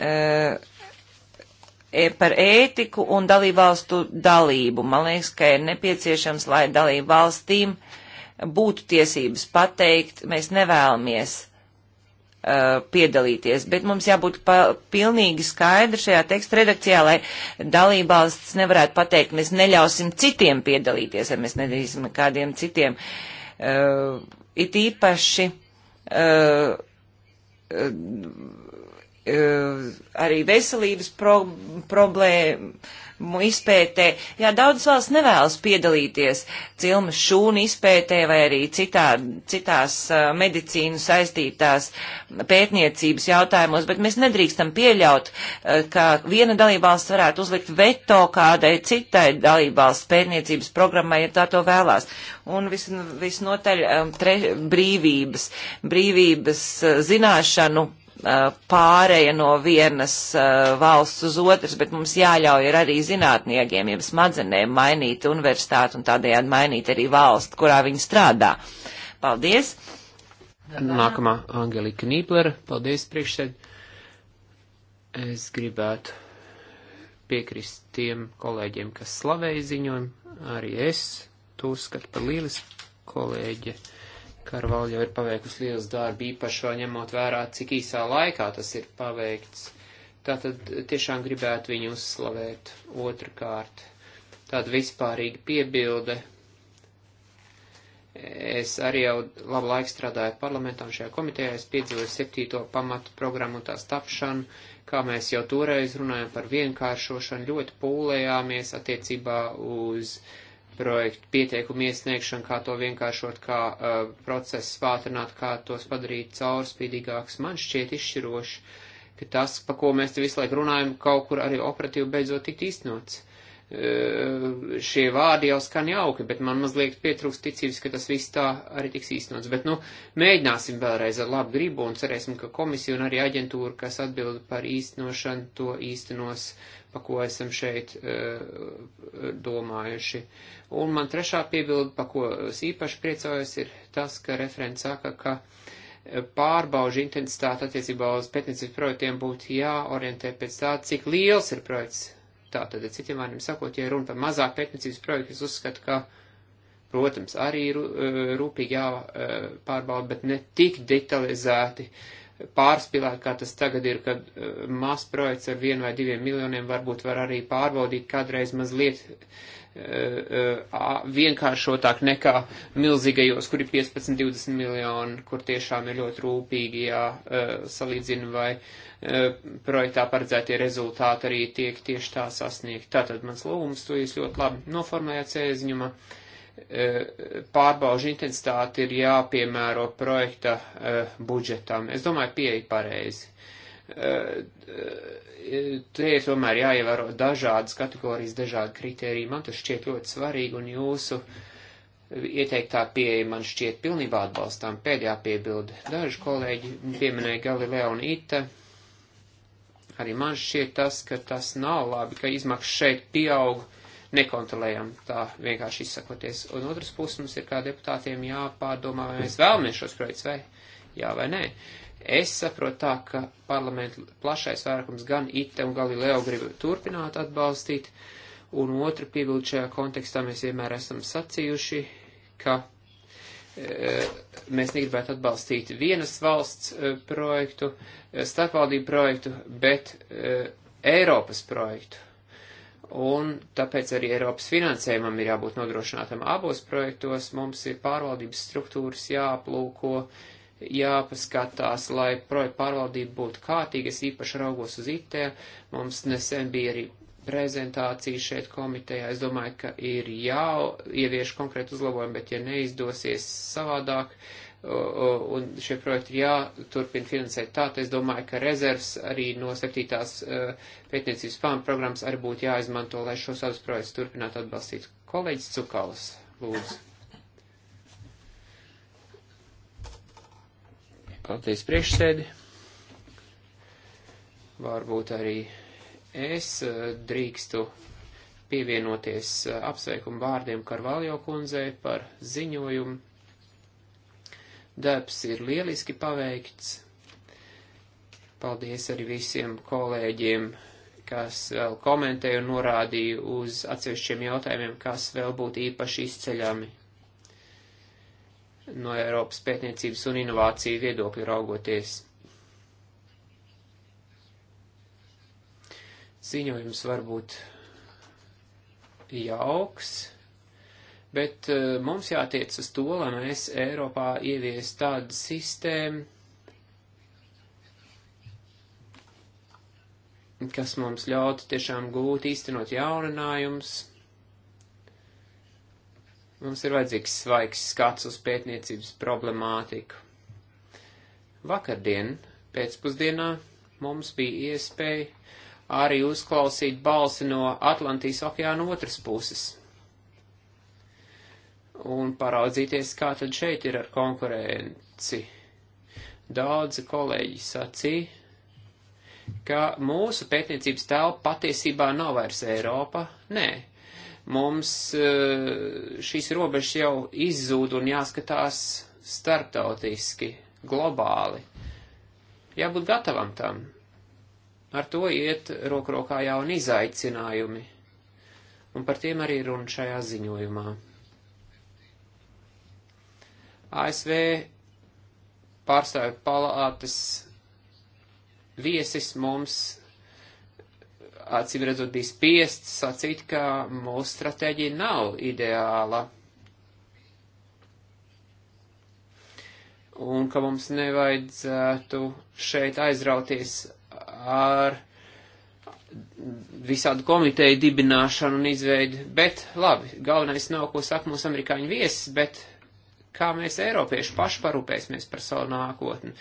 eh, e, par ētiku un dalībvalstu dalību. Man liekas, ka ir nepieciešams, lai dalībvalstīm būtu tiesības pateikt, mēs nevēlamies Uh, piedalīties, bet mums jābūt pa, pilnīgi skaidri šajā teksta redakcijā, lai dalībvalsts nevarētu pateikt, mēs neļausim citiem piedalīties, vai mēs nedarīsim kādiem citiem. Uh, it īpaši uh, uh, uh, arī veselības pro, problēma izpētē. Jā, daudzas valsts nevēlas piedalīties cilmes šūnu izpētē vai arī citā, citās uh, medicīnu saistītās pētniecības jautājumos, bet mēs nedrīkstam pieļaut, uh, ka viena dalībvalsts varētu uzlikt veto kādai citai dalībvalsts pētniecības programmai, ja tā to vēlās. Un vis, visnotaļ um, tre, brīvības, brīvības uh, zināšanu pāreja no vienas valsts uz otras, bet mums jāļauj arī zinātniekiem, jeb smadzenēm mainīt universitāti un tādējādi mainīt arī valstu, kurā viņi strādā. Paldies! Nākamā Angelika Nīplera. Paldies, priekšsēd. Es gribētu piekrist tiem kolēģiem, kas slavēja ziņojumu. Arī es to uzskatu par lielisku kolēģi. Uh, Karvalja ir paveikusi liels darbu, īpaši vēl ņemot vērā, cik īsā laikā tas ir paveikts. Tātad tiešām gribētu viņu uzslavēt otrkārt. Tāda vispārīga piebilde. Es arī jau labu laiku strādāju parlamentā un šajā komitejā es piedzīvoju septīto pamatu programmu un tās tapšanu, kā mēs jau toreiz runājam par vienkāršošanu, ļoti pūlējāmies attiecībā uz uh, projektu pieteikumu iesniegšanu, kā to vienkāršot, kā uh, procesus pātrināt, kā tos padarīt caurspīdīgāks, man šķiet izšķiroši, ka tas, pa ko mēs te visu laiku runājam, kaut kur arī operatīvi beidzot tikt īstenots. Uh, šie vārdi jau skan jauki, bet man mazliet pietrūkst ticības, ka tas viss tā arī tiks īstenots. Bet, nu, mēģināsim vēlreiz ar labu gribu un cerēsim, ka komisija un arī aģentūra, kas atbild par īstenošanu, to īstenos pa ko esam šeit e, domājuši. Un man trešā piebilda, pa ko es īpaši priecājos, ir tas, ka referents saka, ka pārbaužu intensitāte attiecībā uz pētniecības projektiem būtu jāorientē pēc tā, cik liels ir projekts. Tātad, citiem vārdiem sakot, ja runa par mazāk pētniecības projektu, es uzskatu, ka, protams, arī e, rūpīgi jāpārbauda, bet ne tik detalizēti pārspīlēt, kā tas tagad ir, kad uh, eh, mās projekts ar vienu vai diviem miljoniem varbūt var arī pārbaudīt kādreiz mazliet uh, uh, vienkāršotāk nekā milzīgajos, kur ir 15-20 miljoni, kur tiešām ir ļoti rūpīgi jāsalīdzina vai projektā paredzētie rezultāti arī tiek tieši tā sasniegt. Tātad mans lūgums, to jūs ļoti labi noformējāt sēziņumā. Uh, E, pārbaužu intensitāti ir jāpiemēro projekta e, budžetam. Es domāju, pieeja pareizi. Tie e, ir tomēr jāievēro dažādas kategorijas, dažādi kriteriji. Man tas šķiet ļoti svarīgi, un jūsu ieteiktā pieeja man šķiet pilnībā atbalstām. Pēdējā piebilde. Daži kolēģi pieminēja Galileo un Ita. Arī man šķiet tas, ka tas nav labi, ka izmaksas šeit pieauga nekontrolējam, tā vienkārši izsakoties. Un otrs puses mums ir kā deputātiem jāpārdomā, vai mēs vēlamies šos projektus vai jā vai nē. Es saprotu tā, ka parlamentu plašais vairākums gan ITE un Galileo grib turpināt atbalstīt, un otru piebildu šajā kontekstā mēs vienmēr esam sacījuši, ka e, mēs negribētu atbalstīt vienas valsts e, projektu, e, starpvaldību projektu, bet e, Eiropas projektu un tāpēc arī Eiropas finansējumam ir jābūt nodrošinātam abos projektos. Mums ir pārvaldības struktūras jāaplūko, jāpaskatās, lai projektu pārvaldība būtu kārtīga. Es īpaši raugos uz IT. Mums nesen bija arī prezentācija šeit komitejā. Es domāju, ka ir jāievieš konkrēti uzlabojumi, bet ja neizdosies savādāk, uh, un šie projekti ir jāturpina finansēt tā, es domāju, ka rezervs arī no septītās e, pētniecības plāna programmas arī būtu jāizmanto, lai šos abus projektus turpinātu atbalstīt. Kolēģis Cukalas, lūdzu. Paldies priekšsēdi. Varbūt arī es e, drīkstu pievienoties e, apsveikumu vārdiem Karvaljo kundzei par ziņojumu Darbs ir lieliski paveikts. Paldies arī visiem kolēģiem, kas vēl komentēja un norādīja uz atsevišķiem jautājumiem, kas vēl būtu īpaši izceļami no Eiropas pētniecības un inovāciju viedokļa raugoties. Ziņojums varbūt jauks bet eh, mums jātiec uz to, lai mēs Eiropā ievies tādu sistēmu, kas mums ļautu tiešām gūt īstenot jauninājumus. Mums ir vajadzīgs svaigs skats uz pētniecības problemātiku. Vakardien pēcpusdienā mums bija iespēja arī uzklausīt balsi no Atlantijas okeāna otras puses un paraudzīties, kā tad šeit ir ar konkurenci. Daudzi kolēģi sacīja, ka mūsu pētniecības telpa patiesībā nav vairs Eiropa. Nē, mums eh, šīs robežas jau izzūd un jāskatās starptautiski, globāli. Jābūt gatavam tam. Ar to iet roku rokā jauni izaicinājumi. Un par tiem arī runa šajā ziņojumā. ASV pārstāvju palātes viesis mums, acīm redzot, bija spiests sacīt, ka mūsu stratēģija nav ideāla. Un ka mums nevajadzētu šeit aizrauties ar visādu komiteju dibināšanu un izveidu, bet labi, galvenais nav, ko saka mūsu amerikāņu viesis, bet kā mēs Eiropieši paši parūpēsimies par savu nākotni.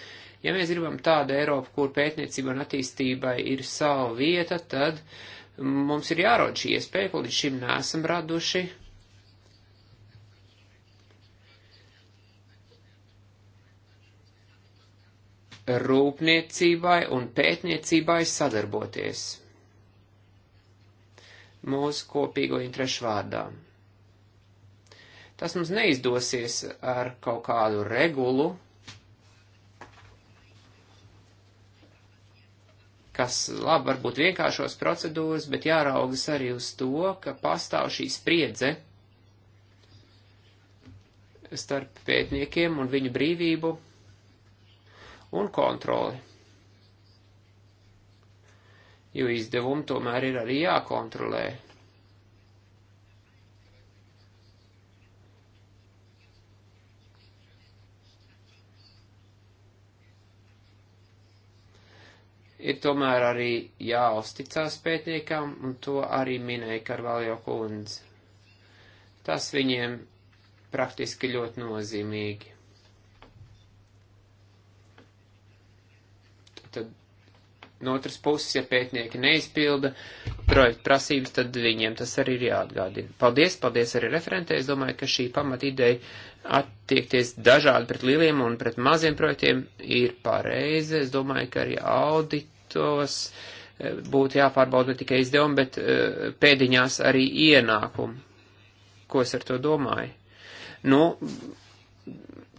Ja mēs gribam tādu Eiropu, kur pētniecība un attīstībai ir sava vieta, tad mums ir jārod šī iespēja, ko līdz šim nesam raduši. Rūpniecībai un pētniecībai sadarboties mūsu kopīgo interešu vārdām. Tas mums neizdosies ar kaut kādu regulu, kas labi varbūt vienkāršos procedūras, bet jāraugas arī uz to, ka pastāv šī spriedze starp pētniekiem un viņu brīvību un kontroli. Jo izdevumi tomēr ir arī jākontrolē. ir tomēr arī jāuzticās pētniekam, un to arī minēja Karvaljo kundze. Tas viņiem praktiski ļoti nozīmīgi. No otras puses, ja pētnieki neizpilda projektu prasības, tad viņiem tas arī ir jāatgādina. Paldies, paldies arī referentē. Es domāju, ka šī pamat ideja attiekties dažādi pret lieliem un pret maziem projektiem ir pareize. Es domāju, ka arī auditos eh, būtu jāpārbauda ne tikai izdevumi, bet eh, pēdiņās arī ienākumi. Ko es ar to domāju? Nu,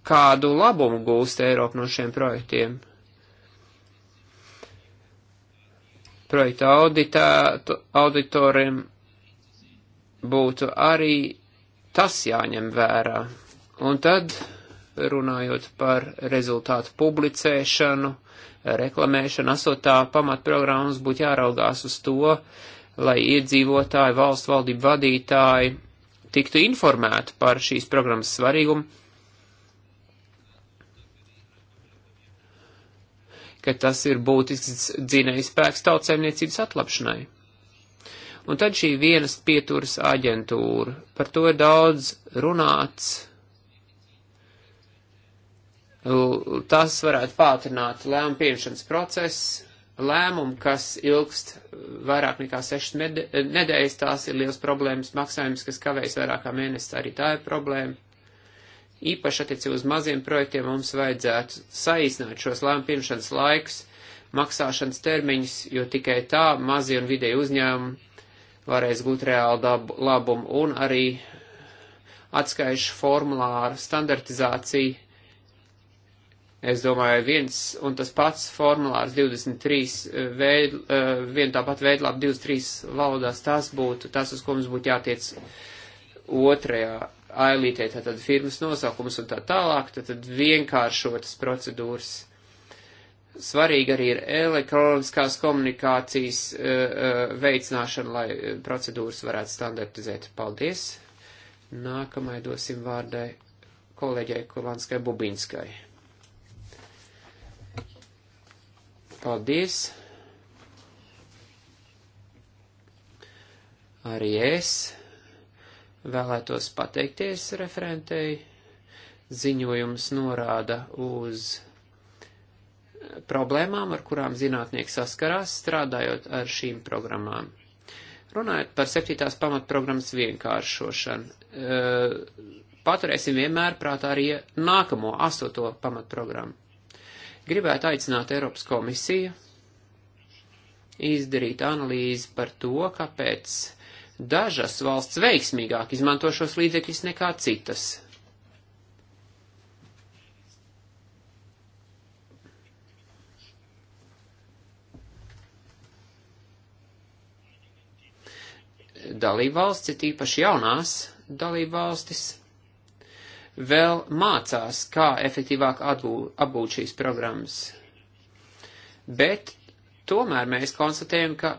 kādu labumu gūst Eiropa no šiem projektiem? projekta auditā, auditoriem būtu arī tas jāņem vērā. Un tad, runājot par rezultātu publicēšanu, reklamēšanu, asotā pamatprogrammas būtu jāraugās uz to, lai iedzīvotāji, valsts valdību vadītāji tiktu informēti par šīs programmas svarīgumu ka tas ir būtisks dzinējs spēks tautsēmniecības atlapšanai. Un tad šī vienas pieturas aģentūra, par to ir daudz runāts. Tas varētu pātrināt lēmumu pieņemšanas procesu, lēmumu, kas ilgst vairāk nekā sešas nedēļas, tās ir liels problēmas, maksājums, kas kavējas vairāk kā mēnesis, arī tā ir problēma. Īpaši attiecībā uz maziem projektiem mums vajadzētu saīsināt šos lēmumu pieņemšanas laikus, maksāšanas termiņus, jo tikai tā mazie un vidēji uzņēmumi varēs gūt reālu dabu, labumu un arī atskaišu formulāru standartizāciju. Es domāju, viens un tas pats formulārs 23 eh, veid, eh, vien tāpat veidlāp 23 valodās, tas būtu tas, uz ko mums būtu jātiec otrajā ailītē, tātad firmas nosaukums un tā tālāk, tātad vienkāršotas procedūras. Svarīgi arī ir elektroniskās komunikācijas uh, veicināšana, lai procedūras varētu standartizēt. Paldies! Nākamai dosim vārdai kolēģei Kulanskai Bubinskai. Paldies! Arī es Vēlētos pateikties referentei. Ziņojums norāda uz problēmām, ar kurām zinātnieki saskarās, strādājot ar šīm programmām. Runājot par septītās pamatprogrammas vienkāršošanu, eh, paturēsim vienmēr prātā arī nākamo astoto pamatprogrammu. Gribētu aicināt Eiropas komisiju izdarīt analīzi par to, kāpēc Dažas valsts veiksmīgāk izmanto šos līdzekļus nekā citas. Dalībvalsts, tīpaši jaunās dalībvalstis, vēl mācās, kā efektīvāk apgūt šīs programmas. Bet tomēr mēs konstatējam, ka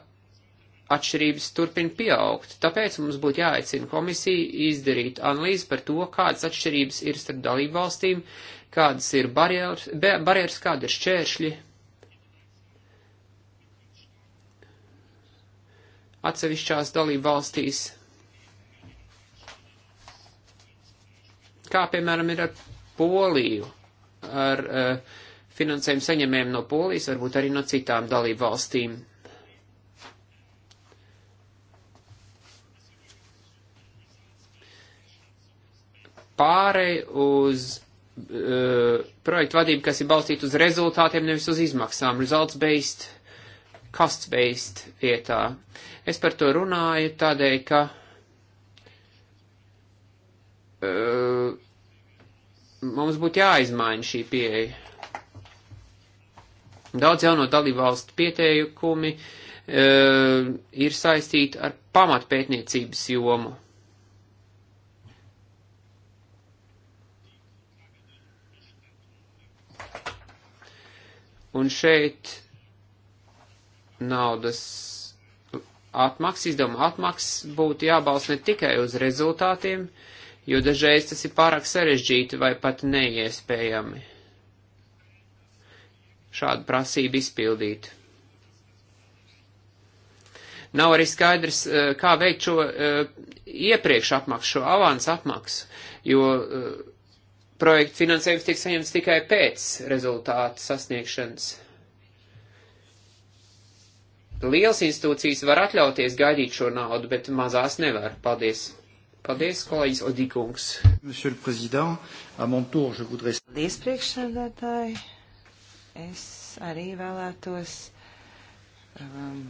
atšķirības turpina pieaugt. Tāpēc mums būtu jāaicina komisija izdarīt analīzi par to, kādas atšķirības ir starp dalību valstīm, kādas ir barjeras, barjeras kāda ir šķēršļi. Atsevišķās dalību valstīs. Kā piemēram ir ar Poliju, ar uh, finansējumu saņemējiem no Polijas, varbūt arī no citām dalību valstīm pārei uz uh, projektu vadību, kas ir balstīta uz rezultātiem, nevis uz izmaksām, results-based, cost-based vietā. Es par to runāju tādēļ, ka uh, mums būtu jāizmaina šī pieeja. Daudz jauno dalībvalstu pieteikumi uh, ir saistīti ar pamatpētniecības jomu Un šeit naudas atmaksas, izdevuma atmaksas būtu jābalsta ne tikai uz rezultātiem, jo dažreiz tas ir pārāk sarežģīti vai pat neiespējami šādu prasību izpildīt. Nav arī skaidrs, eh, kā veikt šo eh, iepriekš apmaksu, šo avans apmaksu, jo eh, projekta finansējums tiek saņemts tikai pēc rezultātu sasniegšanas. Liels institūcijas var atļauties gaidīt šo naudu, bet mazās nevar. Paldies! Paldies, kolēģis Odikungs! Voudrais... Paldies, priekšsēdētāji! Es arī vēlētos um,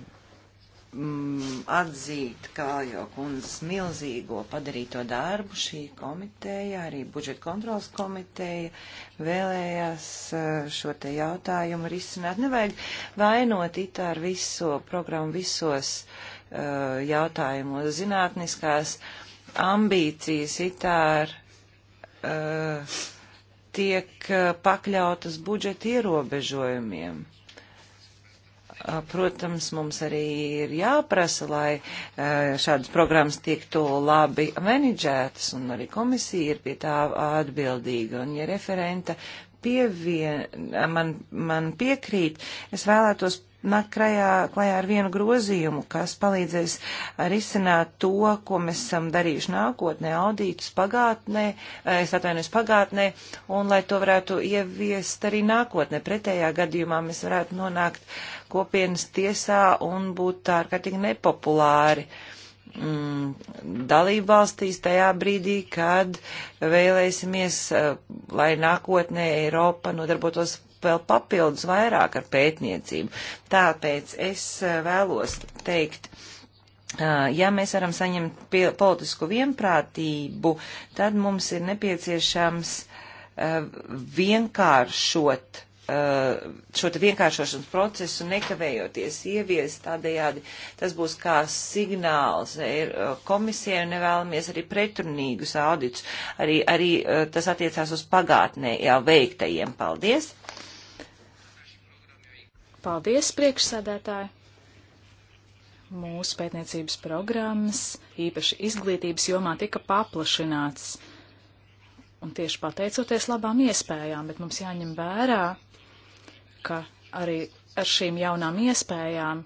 mm, atzīt, kā jau kundzes milzīgo padarīto darbu šī komiteja, arī budžeta kontrolas komiteja vēlējās eh, šo te jautājumu risināt. Nevajag vainot it ar viso programmu visos uh, jautājumos zinātniskās ambīcijas it ar. Uh, eh, tiek pakļautas budžeta ierobežojumiem. Uh, protams, mums arī ir jāprasa, lai e, šādas programmas tiktu labi menedžētas, un arī komisija ir pie tā atbildīga. Un, ja referenta pievien, man, man piekrīt, es vēlētos nāk krajā, klajā ar vienu grozījumu, kas palīdzēs risināt to, ko mēs esam darījuši nākotnē, audītus pagātnē, e, es atvainojos pagātnē, un lai to varētu ieviest arī nākotnē. Pretējā gadījumā mēs varētu nonākt uh, kopienas tiesā un būt ārkārtīgi nepopulāri mm, dalību valstīs tajā brīdī, kad vēlēsimies, eh, lai nākotnē Eiropa nodarbotos vēl papildus vairāk ar pētniecību. Tāpēc es eh, vēlos teikt, eh, ja mēs varam saņemt politisku vienprātību, tad mums ir nepieciešams vienkāršot Uh, šo te vienkāršošanas procesu nekavējoties ievies tādējādi. Tas būs kā signāls e, uh, komisijai un nevēlamies arī pretrunīgus audits. Arī, arī uh, tas attiecās uz pagātnē jau veiktajiem. Paldies! Paldies, priekšsēdētāji! Mūsu pētniecības programmas, īpaši izglītības jomā, tika paplašināts. Un tieši pateicoties labām iespējām, bet mums jāņem vērā, ka arī ar šīm jaunām iespējām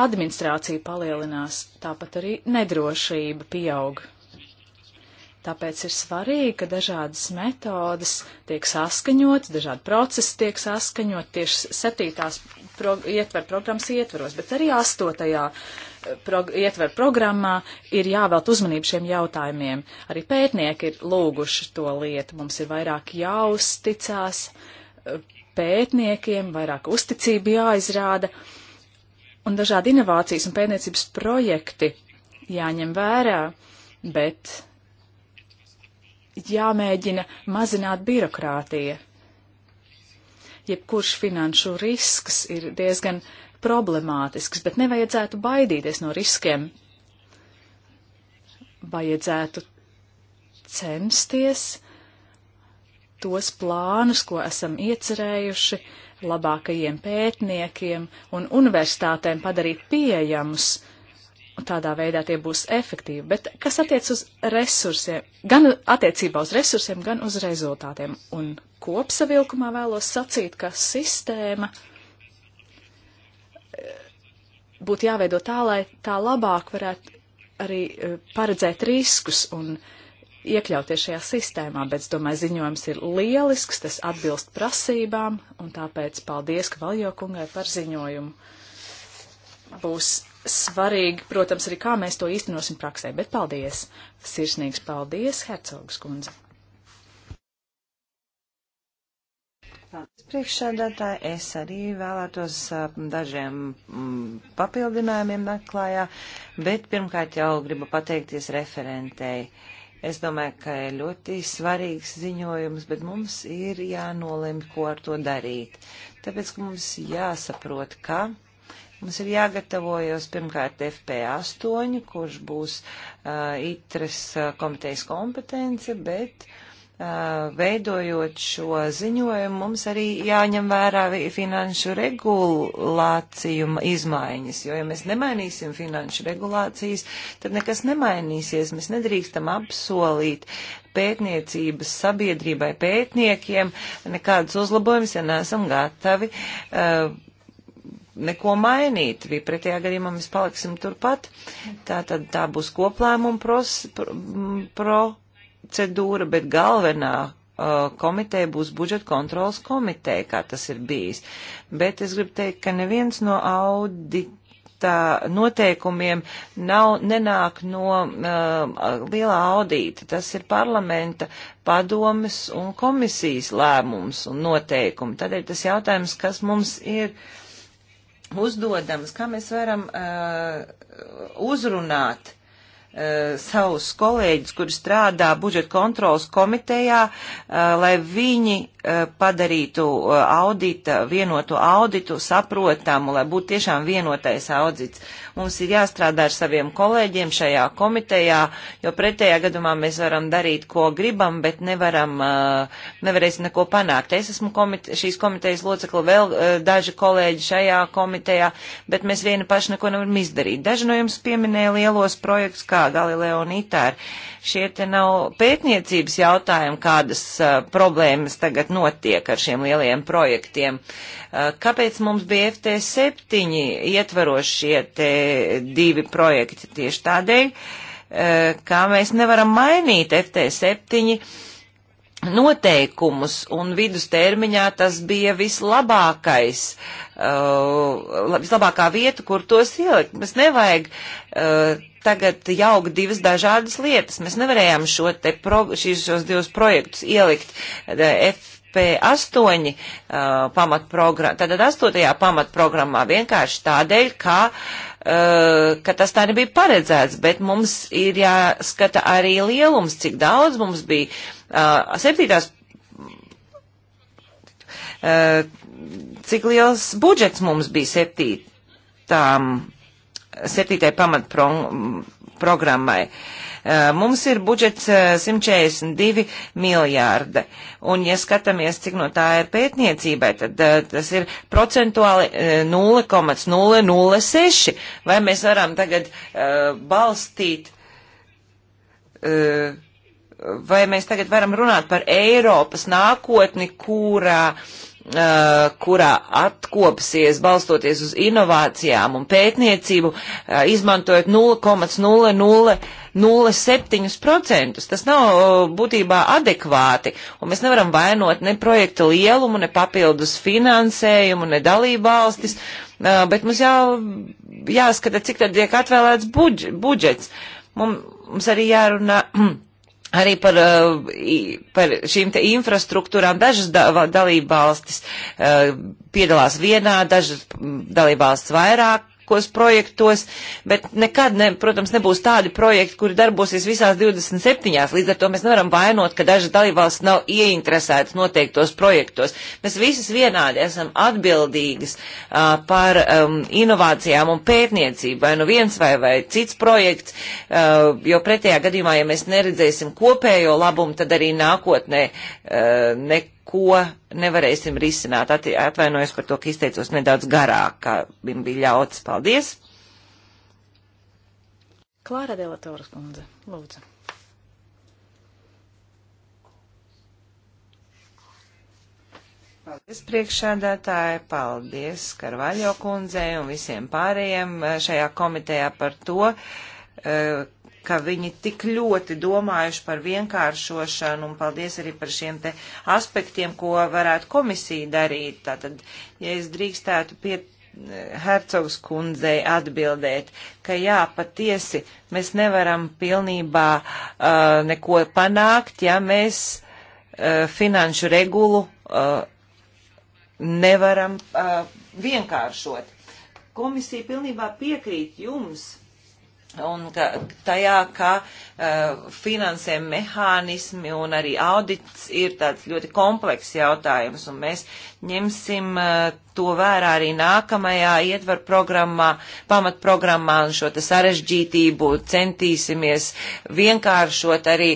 administrācija palielinās, tāpat arī nedrošība pieaug. Tāpēc ir svarīgi, ka dažādas metodas tiek saskaņotas, dažādi procesi tiek saskaņot tieši septītās pro ietver programmas ietveros, bet arī astotajā eh, prog ietver programmā ir jāvelt uzmanību šiem jautājumiem. Arī pētnieki ir lūguši to lietu, mums ir vairāk jāuzticās eh, pētniekiem, vairāk uzticība jāizrāda, un dažādi inovācijas un pētniecības projekti jāņem vērā, bet jāmēģina mazināt birokrātija. Jebkurš finanšu risks ir diezgan problemātisks, bet nevajadzētu baidīties no riskiem. Vajadzētu censties tos plānus, ko esam iecerējuši labākajiem pētniekiem un universitātēm padarīt pieejamus. Tādā veidā tie būs efektīvi. Bet kas attiec uz resursiem, gan attiecībā uz resursiem, gan uz rezultātiem. Un kopsavilkumā vēlos sacīt, ka sistēma eh, būtu jāveido tā, lai tā labāk varētu arī eh, paredzēt riskus un uh, iekļauties šajā sistēmā, bet es domāju, ziņojums ir lielisks, tas atbilst prasībām, un tāpēc paldies Kvaljo kungai par ziņojumu. Būs svarīgi, protams, arī kā mēs to īstenosim praksē, bet paldies! Sirsnīgs paldies, Hercogs kundze! Priekšsēdētāji, es arī vēlētos dažiem mm, papildinājumiem meklējā, bet pirmkārt jau gribu pateikties referentei. Uh, Es domāju, ka ir ļoti svarīgs ziņojums, bet mums ir jānolemj, ko ar to darīt. Tāpēc, ka mums jāsaprot, ka mums ir jāgatavojas pirmkārt FP8, kurš būs uh, ITRES uh, komitejas kompetence, bet uh, veidojot šo ziņojumu, mums arī jāņem vērā finanšu regulāciju izmaiņas, jo ja mēs nemainīsim finanšu regulācijas, tad nekas nemainīsies. Mēs nedrīkstam apsolīt pētniecības sabiedrībai pētniekiem nekādus uzlabojumus, ja neesam gatavi. Uh, neko mainīt, bija pretējā gadījumā mēs paliksim turpat. Tā tad tā būs koplēmuma pros, pro, pro procedūra, bet galvenā uh, komiteja būs budžeta kontrolas komiteja, kā tas ir bijis. Bet es gribu teikt, ka neviens no audita noteikumiem nav, nenāk no uh, lielā audīta. Tas ir parlamenta padomes un komisijas lēmums un noteikumi. Tad ir tas jautājums, kas mums ir uzdodams, kā mēs varam uh, uzrunāt uh, Eh, savus kolēģus, kuri strādā budžeta kontrolas komitejā, eh, lai viņi eh, padarītu audita, vienotu auditu saprotamu, lai būtu tiešām vienotais audits. Mums ir jāstrādā ar saviem kolēģiem šajā komitejā, jo pretējā gadumā mēs varam darīt, ko gribam, bet nevaram, uh, nevarēsim neko panākt. Es esmu komite šīs komitejas locekli, vēl uh, daži kolēģi šajā komitejā, bet mēs vieni paši neko nevaram izdarīt. Daži no jums pieminēja lielos projektus kā Galileo un Itāri. Šie te nav pētniecības jautājumi, kādas uh, problēmas tagad notiek ar šiem lielajiem projektiem. Uh, kāpēc mums bija FT7 ietvarošie te šie divi projekti tieši tādēļ, e, kā mēs nevaram mainīt FT7 noteikumus, un vidustermiņā tas bija vislabākais, e, vislabākā vieta, kur tos ielikt. Mums nevajag e, tagad jaukt divas dažādas lietas. Mēs nevarējām šo te pro, šos divus projektus ielikt FP8 uh, pamatprogrammā, tātad 8. pamatprogrammā vienkārši tādēļ, ka uh, Eh, ka tas tā nebija paredzēts, bet mums ir jāskata arī lielums, cik daudz mums bija. Eh, septītās, eh, cik liels budžets mums bija septītām, septītai pamatprogrammai. Pro Eh, mums ir budžets 142 eh, miljārdi, un ja skatāmies, cik no tā ir pētniecībai, tad eh, tas ir procentuāli 0,006. Vai mēs varam tagad uh, balstīt, uh, vai mēs tagad varam runāt par Eiropas nākotni, kurā uh, Uh, kurā atkopsies balstoties uz inovācijām un pētniecību, uh, izmantojot 0,0007%. Tas nav uh, būtībā adekvāti, un mēs nevaram vainot ne projekta lielumu, ne papildus finansējumu, ne dalību valstis, bet mums jau jāskata, cik tad tiek atvēlēts budžets. Mums arī jārunā <clears throat> arī par, eh, par šīm te infrastruktūrām. Dažas dalībvalstis eh, piedalās vienā, dažas dalībvalstis vairāk vairākos projektos, bet nekad, ne, protams, nebūs tādi projekti, kuri darbosies visās 27. Līdz ar to mēs nevaram vainot, ka daži dalībvalsts nav ieinteresētas noteiktos projektos. Mēs visas vienādi esam atbildīgas uh, par um, inovācijām un pētniecību, vai nu viens vai, vai cits projekts, uh, jo pretējā gadījumā, ja mēs neredzēsim kopējo labumu, tad arī nākotnē uh, nekā ko nevarēsim risināt. Atvainojos par to, ka izteicos nedaudz garāk, kā viņam bija ļauts. Paldies! Klāra Delatoras kundze, lūdzu. Paldies priekšādātāji, paldies Karvaļo kundzei un visiem pārējiem eh, šajā komitejā par to, eh, ka viņi tik ļoti domājuši par vienkāršošanu, un paldies arī par šiem te aspektiem, ko varētu komisija darīt. Tātad, ja es drīkstētu pie eh, Hercogs kundzei atbildēt, ka jā, patiesi, mēs nevaram pilnībā uh, neko panākt, ja mēs uh, finanšu regulu uh, nevaram uh, vienkāršot. Komisija pilnībā piekrīt jums un ka, tajā, ka uh, eh, finansēm mehānismi un arī audits ir tāds ļoti komplekss jautājums, un mēs ņemsim eh, to vērā arī nākamajā ietvaru programmā, pamatprogrammā un šo te sarežģītību centīsimies vienkāršot arī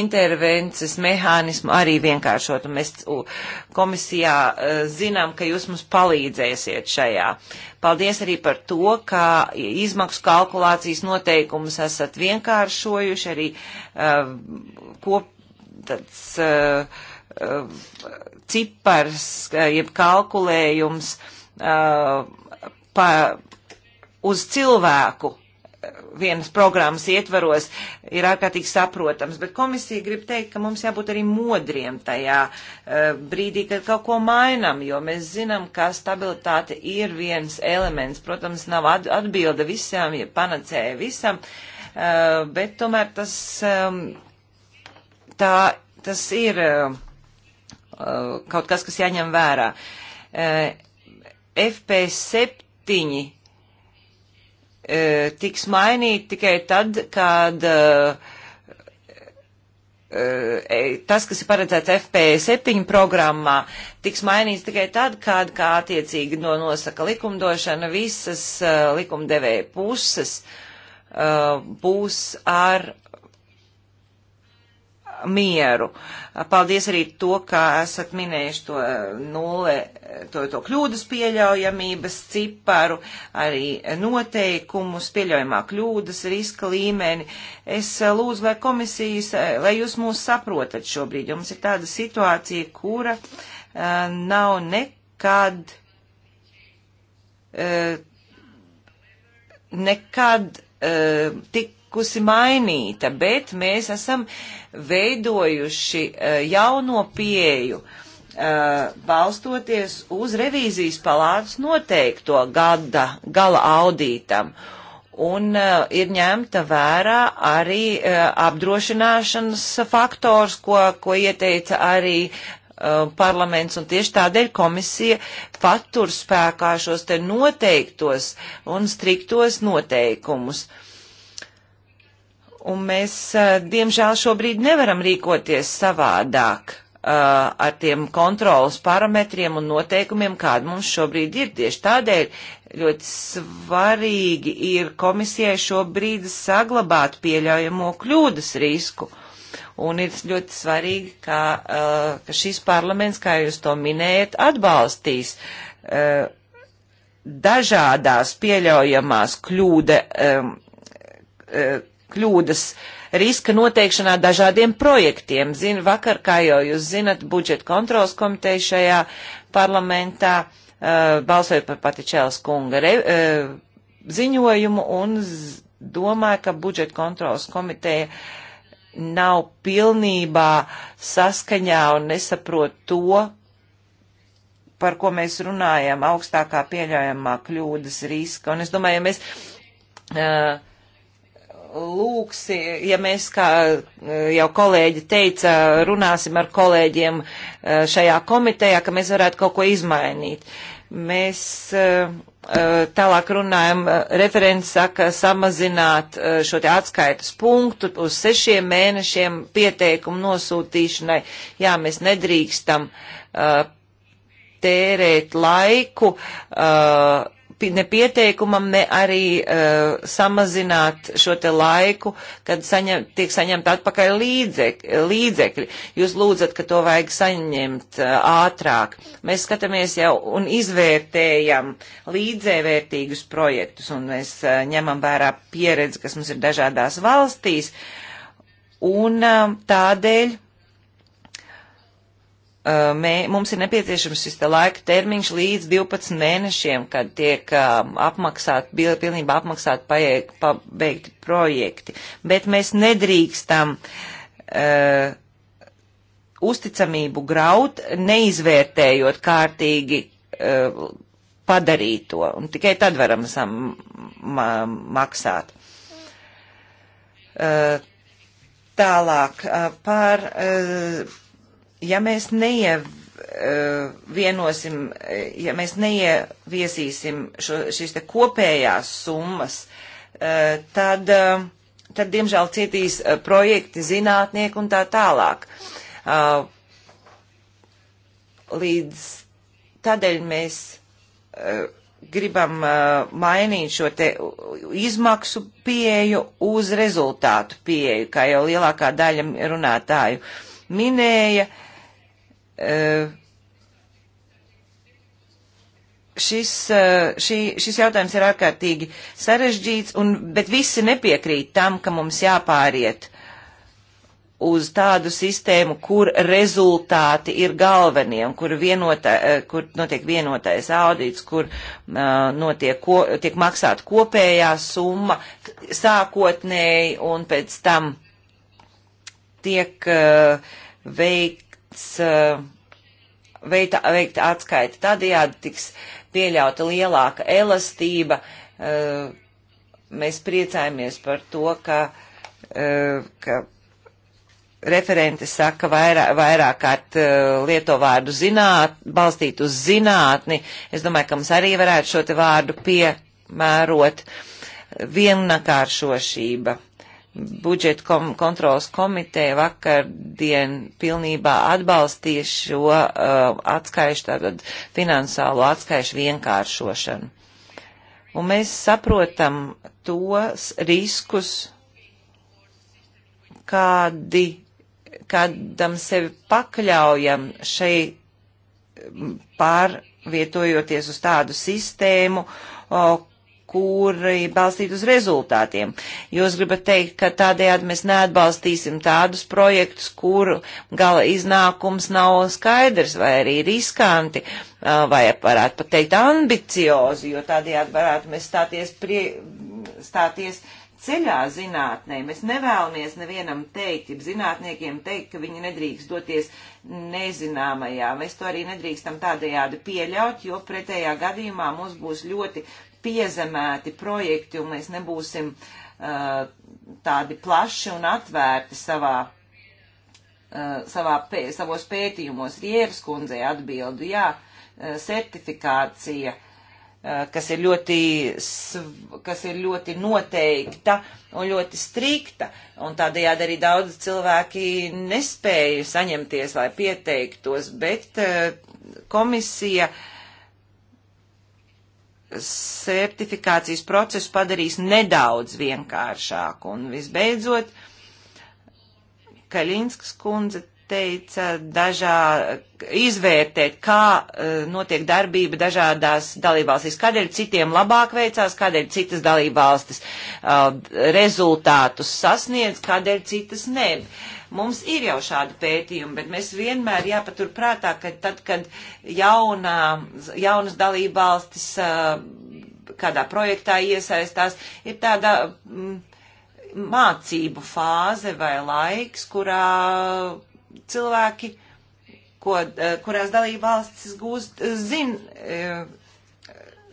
intervences mehānismu, arī vienkāršot. Un mēs komisijā eh, zinām, ka jūs mums palīdzēsiet šajā. Paldies arī par to, ka izmaksu kalkulācijas noteikumus esat vienkāršojuši arī uh, kop, tāds, uh, uh, cipars, jeb kalkulējums uh, pa, uz cilvēku vienas programmas ietvaros ir ārkārtīgi saprotams, bet komisija grib teikt, ka mums jābūt arī modriem tajā uh, brīdī, kad kaut ko mainam, jo mēs zinām, ka stabilitāte ir viens elements. Protams, nav atbilde visām, ja panacēja visam, uh, bet tomēr tas, um, tā, tas ir Uh, kaut kas, kas jāņem vērā. Uh, FP7 uh, tiks mainīti tikai tad, kad e, tas, kas ir paredzēts FP7 programmā, tiks mainīts tikai tad, kad, kā attiecīgi no nosaka likumdošana, visas likumdevēja puses būs ar mieru. Paldies arī to, ka esat minējuši to eh, nulle, to, to kļūdas pieļaujamības ciparu, arī noteikumus, pieļaujamā kļūdas riska līmeni. Es eh, lūdzu, lai komisijas, eh, lai jūs mūs saprotat šobrīd, jo mums ir tāda situācija, kura uh, nav nekad. Uh, nekad uh, tik tikusi mainīta, bet mēs esam veidojuši eh, jauno pieju eh, balstoties uz revīzijas palātas noteikto gada gala audītam. Un uh, ir ņemta vērā arī uh, apdrošināšanas faktors, ko, ko ieteica arī uh, parlaments, un tieši tādēļ komisija patur spēkā šos te noteiktos un striktos noteikumus. Uh, un mēs, eh, diemžēl, šobrīd nevaram rīkoties savādāk uh, ar tiem kontrolas parametriem un noteikumiem, kāda mums šobrīd ir. Tieši tādēļ ļoti svarīgi ir komisijai šobrīd saglabāt pieļaujamo kļūdas risku. Un ir ļoti svarīgi, ka, uh, ka šis parlaments, kā jūs to minējat, atbalstīs uh, dažādās pieļaujamās kļūda. Um, uh, kļūdas riska noteikšanā dažādiem projektiem. Zinu, vakar, kā jau jūs zinat, budžeta kontrols komiteja šajā parlamentā uh, balsoja par Patičēlas kunga re, uh, ziņojumu un domāju, ka budžeta kontrols komiteja nav pilnībā saskaņā un nesaprot to, par ko mēs runājam, augstākā pieļaujamā kļūdas riska. Un es domāju, ja mēs uh, lūksi, ja mēs, kā e, jau kolēģi teica, runāsim ar kolēģiem e, šajā komitejā, ka mēs varētu kaut ko izmainīt. Mēs e, tālāk runājam, referents saka samazināt šo te atskaitas punktu uz sešiem mēnešiem pieteikumu nosūtīšanai. Jā, mēs nedrīkstam tērēt laiku uh, ne pieteikumam, ne arī uh, samazināt šo te laiku, kad saņem, tiek saņemta atpakaļ līdzek, līdzekļi. Jūs lūdzat, ka to vajag saņemt uh, ātrāk. Mēs skatāmies jau un izvērtējam līdzēvērtīgus projektus, un mēs uh, ņemam vērā pieredzi, kas mums ir dažādās valstīs, un uh, tādēļ Uh, mē, mums ir nepieciešams šis te laika termiņš līdz 12 mēnešiem, kad tiek um, apmaksāt, bija pilnībā apmaksāt paiek, pabeigti projekti. Bet mēs nedrīkstam uh, uzticamību graut, neizvērtējot kārtīgi uh, padarīto, un tikai tad varam sam, ma, maksāt. Uh, tālāk uh, par. Uh, ja mēs neievienosim, eh, eh, ja mēs neieviesīsim šo, šīs te kopējās summas, eh, tad, tad diemžēl cietīs projekti, zinātnieki un tā tālāk. Līdz tādēļ mēs gribam mainīt šo te izmaksu pieju uz rezultātu pieju, kā jau lielākā daļa runātāju minēja. Uh, Eh, šis, eh, šī, šis jautājums ir ārkārtīgi sarežģīts, un, bet visi nepiekrīt tam, ka mums jāpāriet uz tādu sistēmu, kur rezultāti ir galvenie, un kur, vienota, eh, kur notiek vienotais audits, kur notiek, ko, tiek maksāta kopējā summa sākotnēji, un pēc tam tiek veikt tiks uh, eh, veita, veikta atskaita. Tādējādi tiks pieļauta lielāka elastība. Uh, mēs priecājamies par to, ka, uh, ka referente saka vairāk, vairāk kārt lieto vārdu zināt, balstīt uz zinātni. Es domāju, ka mums arī varētu šo te vārdu piemērot. Vienkāršošība budžeta kom kontrolas komiteja vakardien pilnībā atbalstīja šo uh, atskaišu, tātad finansālo atskaišu vienkāršošanu. Un mēs saprotam tos riskus, kādi, kādam sevi pakļaujam šeit pārvietojoties uz tādu sistēmu, uh, kuri balstīt uz rezultātiem. Jūs gribat teikt, ka tādējādi mēs neatbalstīsim tādus projektus, kuru gala iznākums nav skaidrs vai arī riskanti, vai varētu pat teikt ambiciozi, jo tādējādi varētu mēs stāties, prie, stāties ceļā zinātnē. Mēs nevēlamies nevienam teikt, ja zinātniekiem teikt, ka viņi nedrīkst doties nezināmajā. Mēs to arī nedrīkstam tādējādi pieļaut, jo pretējā gadījumā mums būs ļoti piezemēti projekti un mēs nebūsim uh, tādi plaši un atvērti savā uh, savā, pē, savos pētījumos Rieras kundzei atbildu, jā, uh, certifikācija, uh, kas ir ļoti, kas ir ļoti noteikta un ļoti strikta, un tādējādi arī daudz cilvēki nespēja saņemties, lai pieteiktos, bet komisija uh, sertifikācijas procesu padarīs nedaudz vienkāršāku. Un visbeidzot, Kaļinskas kundze teica dažā, izvērtēt, kā uh, notiek darbība dažādās dalībvalstīs, kādēļ citiem labāk veicās, kādēļ citas dalībvalstis uh, rezultātus sasniedz, kādēļ citas ne. Uh, Mums ir jau šādi pētījumi, bet mēs vienmēr jāpatur prātā, ka tad, kad jaunā, jaunas dalībvalstis kādā projektā iesaistās, ir tāda mm, mācību fāze vai laiks, kurā cilvēki ko, kurās dalībvalstis gūst, zin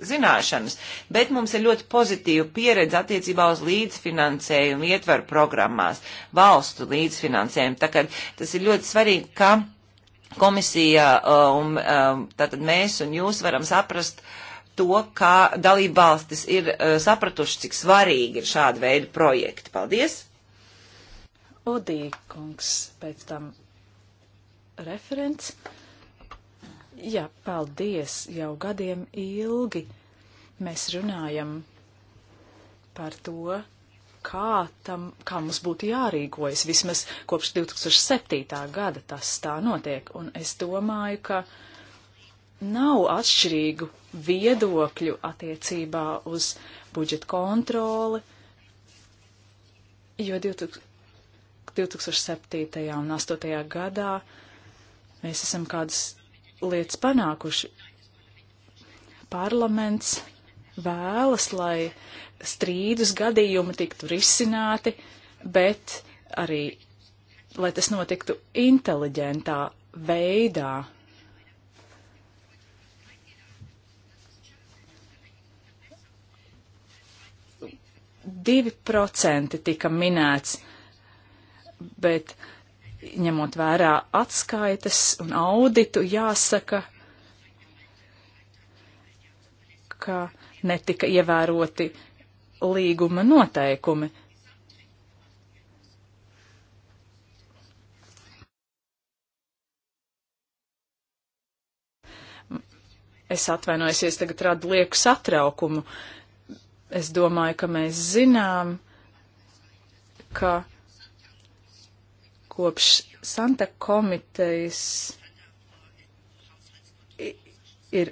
zināšanas, bet mums ir ļoti pozitīva pieredze attiecībā uz līdzfinansējumu ietveru programmās, valstu līdzfinansējumu. Tā kā tas ir ļoti svarīgi, ka komisija uh, un uh, tātad mēs un jūs varam saprast to, kā dalībvalstis ir uh, sapratuši, cik svarīgi ir šāda veida projekti. Paldies! Udīkungs, pēc tam referents. Jā, paldies! Jau gadiem ilgi mēs runājam par to, kā, tam, kā mums būtu jārīkojas. Vismaz kopš 2007. gada tas tā notiek. Un es domāju, ka nav atšķirīgu viedokļu attiecībā uz budžeta kontroli, jo 2007. un 2008. gadā mēs esam kādas lietas panākuši. Parlaments vēlas, lai strīdus gadījumi tiktu risināti, bet arī, lai tas notiktu inteliģentā veidā. Divi procenti tika minēts, bet uh, ņemot vērā atskaites un auditu, jāsaka, ka netika ievēroti līguma noteikumi. Es atvainojos, es tagad radu lieku satraukumu. Es domāju, ka mēs zinām, ka kopš Santa komitejas ir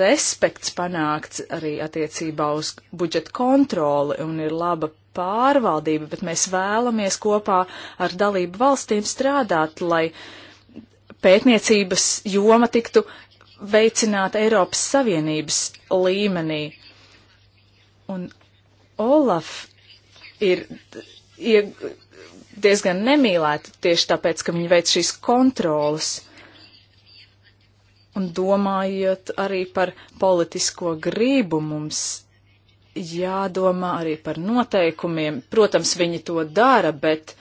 respekts panākts arī attiecībā uz budžeta kontroli un ir laba pārvaldība, bet mēs vēlamies kopā ar dalību valstīm strādāt, lai pētniecības joma tiktu veicināta Eiropas Savienības līmenī. Un Olaf ir, ir diezgan nemīlēti tieši tāpēc, ka viņi veic šīs kontrolas. Un domājot arī par politisko gribu, mums jādomā arī par noteikumiem. Protams, viņi to dara, bet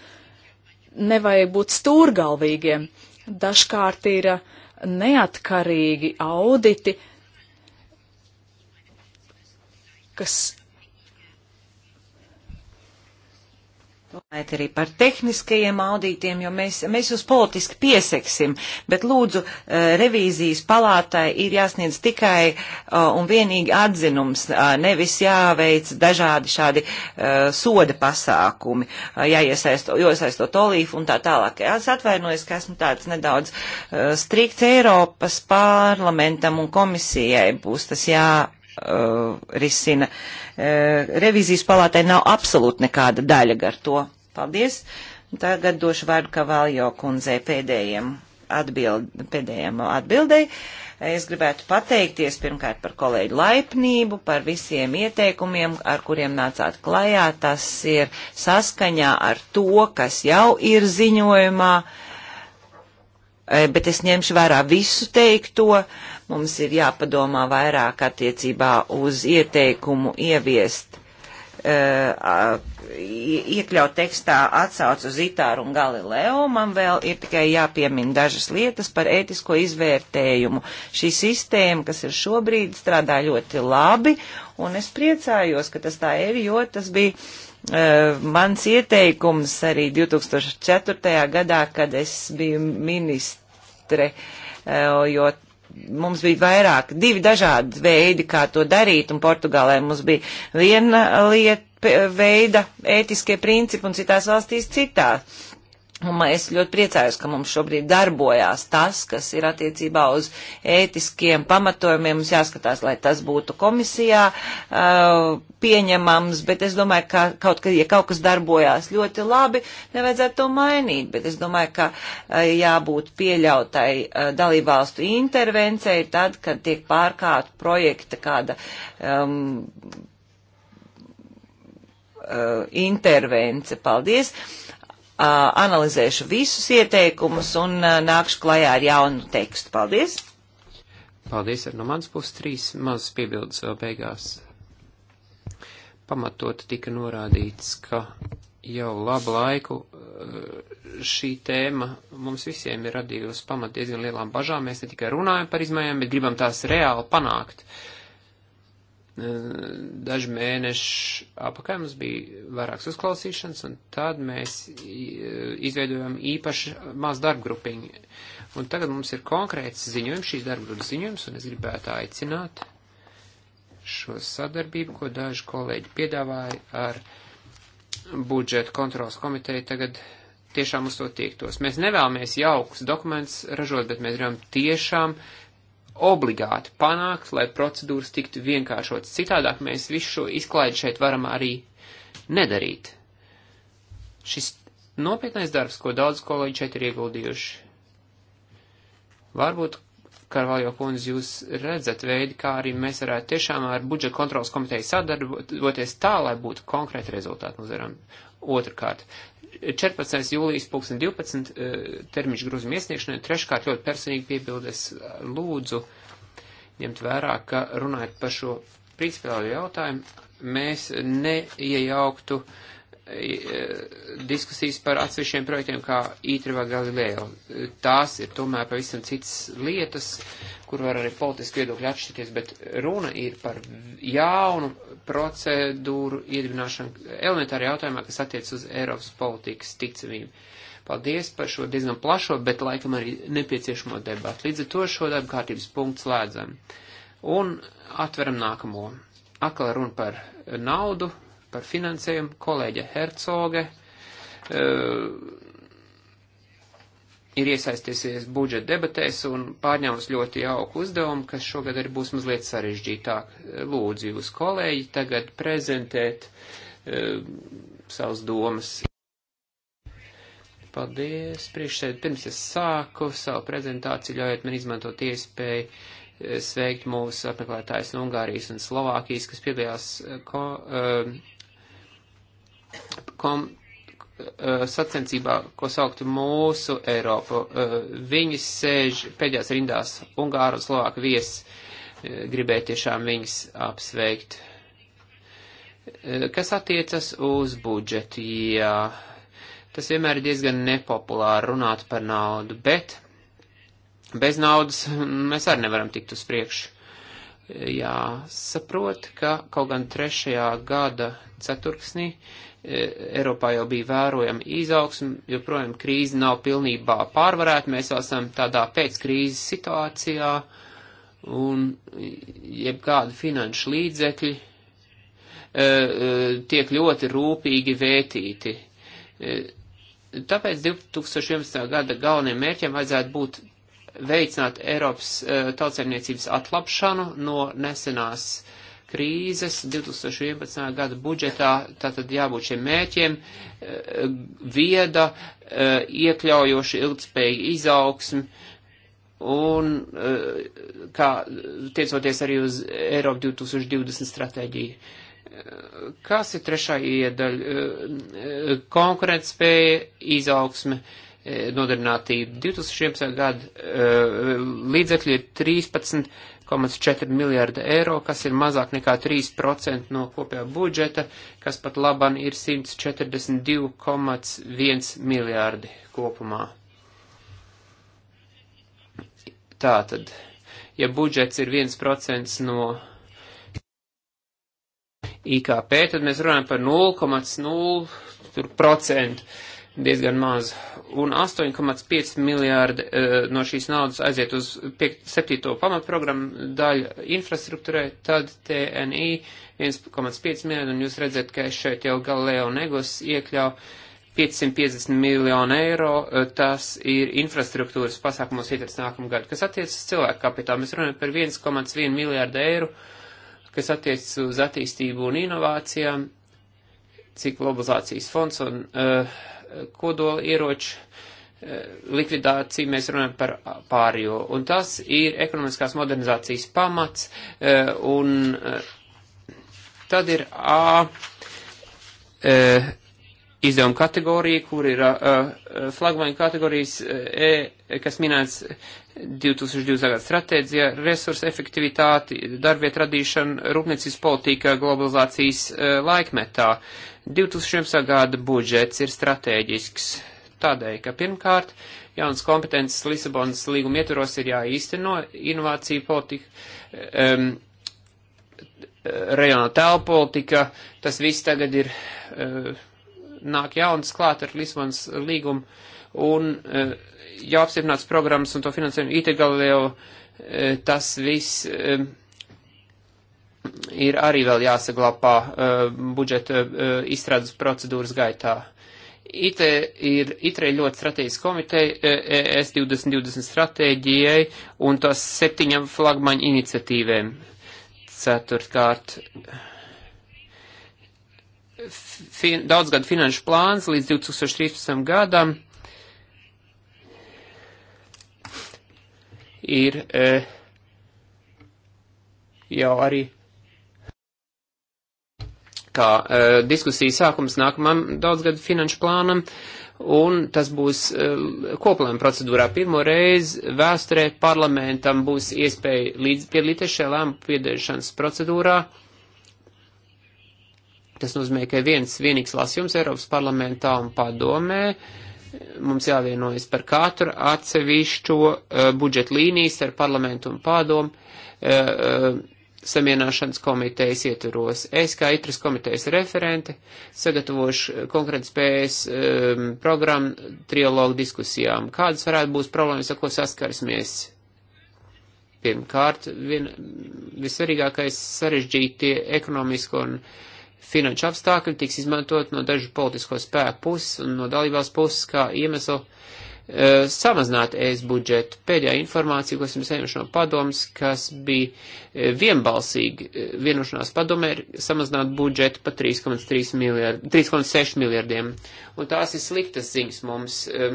nevajag būt stūrgalvīgiem. Dažkārt ir uh, neatkarīgi auditi, kas Domājiet arī par tehniskajiem audītiem, jo mēs, mēs jūs politiski pieseksim, bet lūdzu, eh, revīzijas palātai ir jāsniedz tikai eh, un vienīgi atzinums, eh, nevis jāveic dažādi šādi soda pasākumi, jāiesaistot olīfu un tā tālāk. Es atvainojos, ka esmu tāds nedaudz strikts Eiropas parlamentam un komisijai būs tas jā uh, risina. Uh, revizijas palātai nav absolūti nekāda daļa gar to. Paldies. Tagad došu vārdu Kavaljo kundzei pēdējiem atbild, pēdējiem atbildēji. Es gribētu pateikties pirmkārt par kolēģu laipnību, par visiem ieteikumiem, ar kuriem nācāt klajā. Tas ir saskaņā ar to, kas jau ir ziņojumā, eh, bet es ņemšu vērā visu teikto Mums ir jāpadomā vairāk attiecībā uz ieteikumu ieviest, uh, iekļaut tekstā atsauc uz Itāru un Galileo. Man vēl ir tikai jāpiemina dažas lietas par ētisko izvērtējumu. Šī sistēma, kas ir šobrīd, strādā ļoti labi, un es priecājos, ka tas tā ir, jo tas bija eh, mans ieteikums arī 2004. gadā, kad es biju ministre, eh, jo mums bija vairāk, divi dažādi veidi, kā to darīt, un Portugālē mums bija viena lieta, veida ētiskie principi un citās valstīs citā. Un es ļoti priecājos, ka mums šobrīd darbojās tas, kas ir attiecībā uz ētiskiem pamatojumiem. Mums jāskatās, lai tas būtu komisijā uh, pieņemams, bet es domāju, ka kaut, ka, ja kaut kas darbojās ļoti labi, nevajadzētu to mainīt. Bet es domāju, ka uh, jābūt pieļautai uh, dalībvalstu intervencei tad, kad tiek pārkārt projekta kāda. Um, uh, intervence. Paldies! analizēšu visus ieteikumus un nākšu klajā ar jaunu tekstu. Paldies! Paldies, ar nu, no mans puses trīs mazas piebildes vēl beigās. Pamatot tika norādīts, ka jau labu laiku šī tēma mums visiem ir radījusi pamat diezgan lielām bažām. Mēs ne tikai runājam par izmaiņām, bet gribam tās reāli panākt. Uh, Eh, daži mēneši apakaļ mums bija vairākas uzklausīšanas, un tad mēs eh, izveidojam īpaši maz darbgrupiņu. Un tagad mums ir konkrēts ziņojums, šīs darbgrupas ziņojums, un es gribētu aicināt šo sadarbību, ko daži kolēģi piedāvāja ar budžeta kontrolas komiteju tagad tiešām uz to tiektos. Mēs nevēlamies jaukus dokumentus ražot, bet mēs gribam tiešām uh, obligāti panākt, lai procedūras tiktu vienkāršotas. Citādāk mēs visu šo izklaidi šeit varam arī nedarīt. Šis nopietnais darbs, ko daudz kolēģi šeit ir ieguldījuši. Varbūt, Karvaljo kundze, jūs redzat veidi, kā arī mēs varētu tiešām ar budžeta kontrolas komiteju sadarboties tā, lai būtu konkrēti rezultāti muzeram. Otrakārt, 14. jūlijas 2012 eh, termiņš grozījuma iesniegšanai, treškārt ļoti personīgi piebildes eh, lūdzu ņemt vērā, ka runājot par šo principiālu jautājumu, mēs neiejauktu eh, diskusijas par atsevišķiem projektiem kā Ītri e vai Galileo. Tās ir tomēr pavisam citas lietas, kur var arī politiski viedokļi atšķirties, bet runa ir par jaunu procedūru iedibināšanu elementārā jautājumā, kas attiec uz Eiropas politikas ticamību. Paldies par šo diezgan plašo, bet laikam arī nepieciešamo debatu. Līdz ar to šo darba kārtības punktu slēdzam. Un atveram nākamo. Atkal runa par naudu, par finansējumu. Kolēģe Hercoge. Uh, ir iesaistīsies budžeta debatēs un pārņēmus ļoti jauku uzdevumu, kas šogad arī būs mazliet sarežģītāk. Lūdzu jūs, kolēģi, tagad prezentēt uh, savas domas. Paldies, priekšsēd, pirms es sāku savu prezentāciju, ļaujiet man izmantot iespēju eh, sveikt mūsu apmeklētājus no Ungārijas un Slovākijas, kas piedalījās eh, ko, uh, kom, Eh, sacensībā, ko sauktu mūsu Eiropu. Eh, viņas sēž pēdējās rindās, Ungāra un Slovāka viesi, eh, gribēja tiešām viņas apsveikt. Kas attiecas uz budžetu, jā, tas vienmēr ir diezgan nepopulāri runāt par naudu, bet bez naudas <laughs> mēs arī nevaram tikt uz priekšu. Jāsaprot, ka kaut gan trešajā gada ceturksnī uh, Eiropā jau bija vērojama izaugsme, joprojām krīze nav pilnībā pārvarēta, mēs esam tādā pēckrīzes situācijā un jebkādi finanšu līdzekļi e, e, tiek ļoti rūpīgi vētīti. E, tāpēc 2011. gada galveniem mērķiem vajadzētu būt veicināt Eiropas tautsēmniecības atlapšanu no nesenās uh, krīzes 2011. gada budžetā, tātad jābūt šiem mēķiem, eh, vieda, eh, iekļaujoši ilgspējīgi izaugsmi un, eh, kā tiecoties arī uz Eiropu 2020 stratēģiju. Kas ir trešā iedaļa? Konkurētspēja, izaugsme nodarbinātība. 2011. gada līdzekļi ir 13 1,4 miljārda eiro, kas ir mazāk nekā 3% no kopējā budžeta, kas pat laban ir 142,1 miljārdi kopumā. Tātad, ja budžets ir 1% no IKP, tad mēs runājam par 0,0% diezgan maz, un 8,5 miljārdi e, no šīs naudas aiziet uz 7. pamatprogrammu daļu infrastruktūrai, tad TNI 1,5 miljārdi, un jūs redzat, ka es šeit jau Galileo Negos iekļau 550 miljonu eiro, e, tas ir infrastruktūras pasākumos ieteicis nākamgad, kas attiecas cilvēku kapitālu. Mēs runājam par 1,1 miljārdu eiro, kas attiecas uz attīstību un inovācijām, cik globalizācijas fonds un uh, kodola ieroču eh, likvidāciju, mēs runājam par pārējo. Un tas ir ekonomiskās modernizācijas pamats, eh, un eh, tad ir A izdevuma kategorija, kur ir flagmaņa kategorijas E kas minēts 2020. gada stratēģijā, resursu efektivitāti, darbiet radīšana, rūpniecības politika globalizācijas e, laikmetā. 2011. gada budžets ir strateģisks tādēļ, ka pirmkārt jaunas kompetences Lisabonas līguma ietvaros ir jāīsteno inovācija politika, um, reģionāla tēlpolitika, tas viss tagad ir, uh, nāk jauns klāt ar Lisabonas līgumu, un uh, jau apstiprināts programmas un to finansējumu IT Galileo, e, tas viss e, ir arī vēl jāsaglabā e, budžeta izstrādes procedūras gaitā. IT ir, ITRE ir ļoti strateģiska komiteja ES 2020 stratēģijai un tās septiņam flagmaņu iniciatīvēm. Ceturtkārt, fin, daudzgadu finanšu plāns līdz 2013. gadam ir e, jau arī kā e, diskusijas sākums nākamam daudzgadu finanšu plānam, un tas būs e, koplēm procedūrā. Pirmo reizi vēsturē parlamentam būs iespēja līdz piedalīties šajā lēmu piedēšanas procedūrā. Tas nozīmē, ka viens vienīgs lasījums Eiropas parlamentā un padomē uh, Mums jāvienojas par katru atsevišķo uh, budžeta līnijas ar parlamentu un padomu uh, samienāšanas komitejas ietveros. Es kā itras komitejas referente sagatavošu konkrētas spējas um, programmu trialogu diskusijām. Kādas varētu būt problēmas, ar ko saskarsimies? Pirmkārt, vien, visvarīgākais sarežģītie ekonomisko un uh, finanšu apstākļi tiks izmantot no dažu politisko spēku puses un no dalībās puses kā iemeslu e, samazināt ēst budžetu. Pēdējā informācija, ko esam saņēmuši no padomas, kas bija e, vienbalsīgi e, vienošanās padomē, ir samazināt budžetu pa 3,6 miljard, miljardiem. Un tās ir sliktas ziņas mums. E,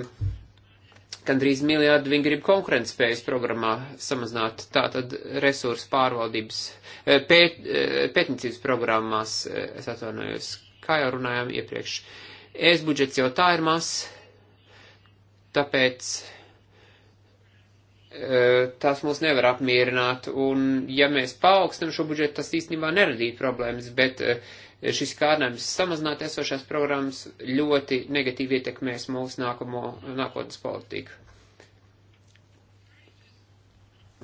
gandrīz miljārdu viņi grib konkurentspējas programmā samazināt, tātad resursu pārvaldības, eh, pēt, eh, pētniecības programmās, eh, es atvainojos, kā jau runājām iepriekš. Es budžets jau tā ir maz, tāpēc tas mūs nevar apmierināt, un ja mēs paaugstam šo budžetu, tas īstenībā neradīja problēmas, bet uh, šis kārdinājums samazināt esošās programmas ļoti negatīvi ietekmēs mūsu nākamo, nākotnes politiku.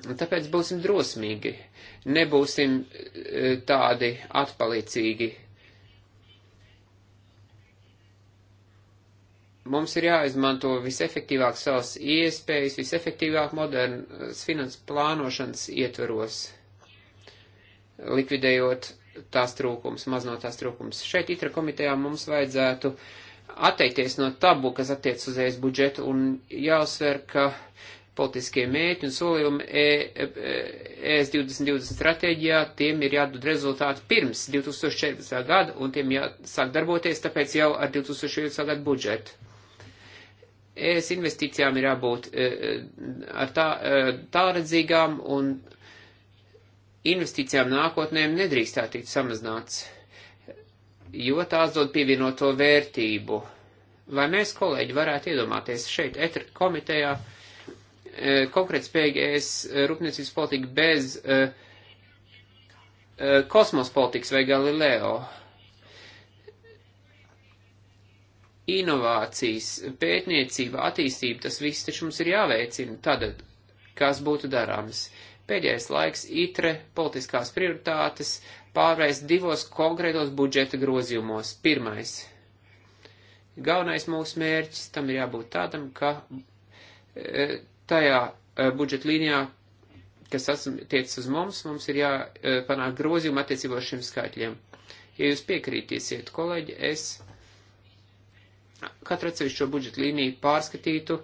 Tāpēc būsim drosmīgi, nebūsim e, tādi atpalicīgi. Mums ir jāizmanto visefektīvāk savas iespējas, visefektīvāk modernas finanses plānošanas ietvaros, likvidējot tās trūkums, maznotās trūkums. Šeit itra komitejā mums vajadzētu atteikties no tabu, kas attiec uz ES budžetu, un jāuzsver, ka politiskie mēķi un solījumi ES 2020 stratēģijā, tiem ir jādod rezultāti pirms 2014. gada, un tiem jāsāk darboties, tāpēc jau ar 2020. gadu budžetu. ES investīcijām ir jābūt ar tā, tālredzīgām un investīcijām nākotnēm nedrīkst tā tikt samazināts, jo tās dod pievienoto vērtību. Vai mēs, kolēģi, varētu iedomāties šeit, ETR komitejā, e, konkrēt spējīgi es rūpniecības politiku bez uh, kosmos politikas vai Galileo? Inovācijas, pētniecība, attīstība, tas viss taču mums ir jāveicina. Tad, kas būtu darāms? Pēdējais laiks itre politiskās prioritātes pārvērst divos konkrētos budžeta grozījumos. Pirmais. Galvenais mūsu mērķis tam ir jābūt tādam, ka e, tajā e, budžeta līnijā, kas attiecas uz mums, mums ir jāpanāk e, grozījumi attiecībā uz šiem skaitļiem. Ja jūs piekrītīsiet, kolēģi, es katru atsevišķo budžeta līniju pārskatītu,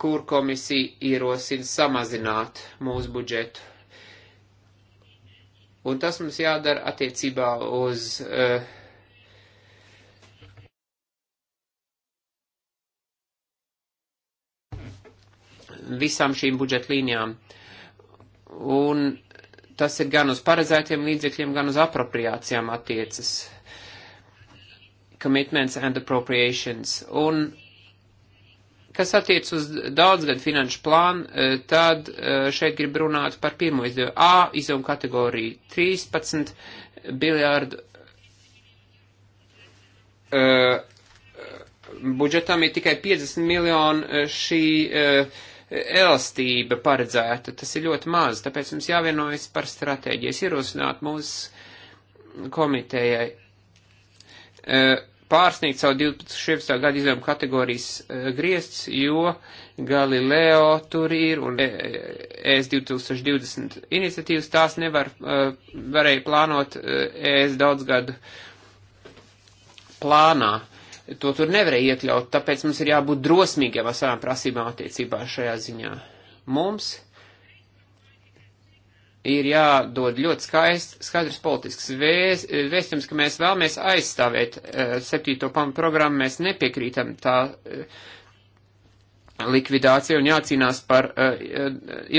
kur komisija ierosina samazināt mūsu budžetu. Un tas mums jādara attiecībā uz uh, visām šīm budžeta līnijām. Un tas ir gan uz paredzētiem līdzekļiem, gan uz apropriācijām attiecas. Commitments and appropriations. Un Kas attiec uz daudzgadu finanšu plānu, e, tad e, šeit grib runāt par pirmo izdevumu A izdevumu kategoriju 13 biljārdu uh, budžetam ir tikai 50 miljonu e, šī uh, elastība paredzēta. Tas ir ļoti maz, tāpēc mums jāvienojas par stratēģijas ierosināt mūsu komitejai. Uh, pārsniegt savu 2016. gada izdevumu kategorijas uh, griezts, jo Galileo tur ir un eh, e ES 2020 iniciatīvas tās nevar, uh, varēja plānot uh, ES daudzgadu plānā. To tur nevarēja iekļaut, tāpēc mums ir jābūt drosmīgiem ar savām prasībām attiecībā šajā ziņā. Mums ir jādod ļoti skaists, skaidrs politisks vēs, vēstījums, ka mēs vēlamies aizstāvēt eh, septīto pamu programmu, mēs nepiekrītam tā eh, likvidācija un jācīnās par eh,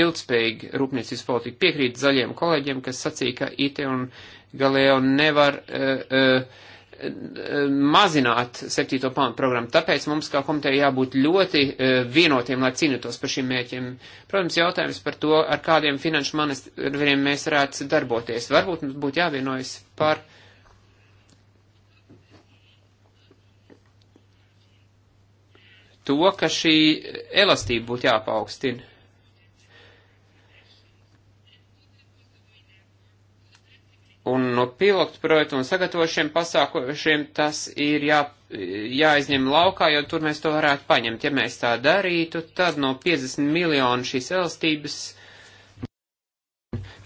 ilgspējīgu rūpniecības politiku. Piekrīt zaļiem kolēģiem, kas sacīja, ka IT un Galileo nevar uh, uh, mazināt septīto pāntu programmu. Tāpēc mums kā komiteja jābūt ļoti e, vienotiem, lai cīnītos par šiem mēķiem. Protams, jautājums par to, ar kādiem finanšu manevriem mēs varētu darboties. Varbūt mums būtu jāvienojas par. To, ka šī elastība būtu jāpaukstina. Un no pilotu projektu un sagatavošiem pasākošiem tas ir jā, jāizņem laukā, jo tur mēs to varētu paņemt. Ja mēs tā darītu, tad no 50 miljonu šīs elastības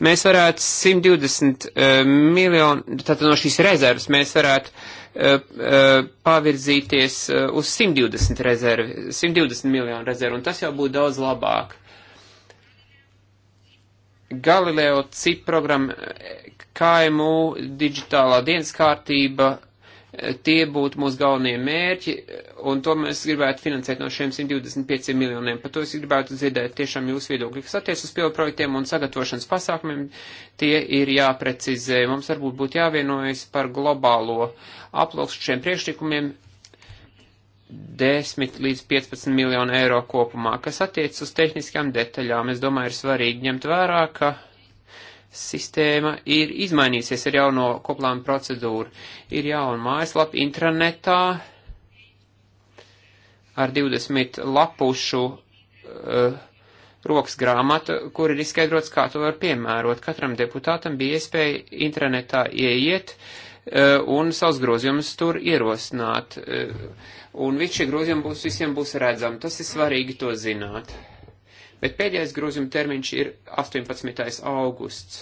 mēs varētu 120 uh, eh, miljonu, tātad no šīs rezerves mēs varētu uh, uh, pavirzīties uh, uz 120 rezervi, 120 miljonu rezervu, un tas jau būtu daudz labāk. Galileo CIP programma, KMU, digitālā dienas kārtība, tie būtu mūsu galvenie mērķi, un to mēs gribētu finansēt no šiem 125 miljoniem. Par to es gribētu dzirdēt tiešām jūsu viedokļi, kas attiec uz pilotprojektiem un sagatavošanas pasākumiem. Tie ir jāprecizē. Mums varbūt būtu jāvienojas par globālo aploksšu šiem priekšlikumiem, 10 līdz 15 miljonu eiro kopumā, kas attiec uz tehniskām detaļām. Es domāju, ir svarīgi ņemt vērā, ka sistēma ir izmainījusies ar jauno koplānu procedūru. Ir jauna mājaslapa intranetā ar 20 lapušu uh, rokas grāmatu, kur ir izskaidrots, kā to var piemērot. Katram deputātam bija iespēja intranetā ieiet uh, un savus grozījumus tur ierosināt. Uh, Un visi šie grozījumi būs, visiem būs redzami. Tas ir svarīgi to zināt. Bet pēdējais grozījuma termiņš ir 18. augusts.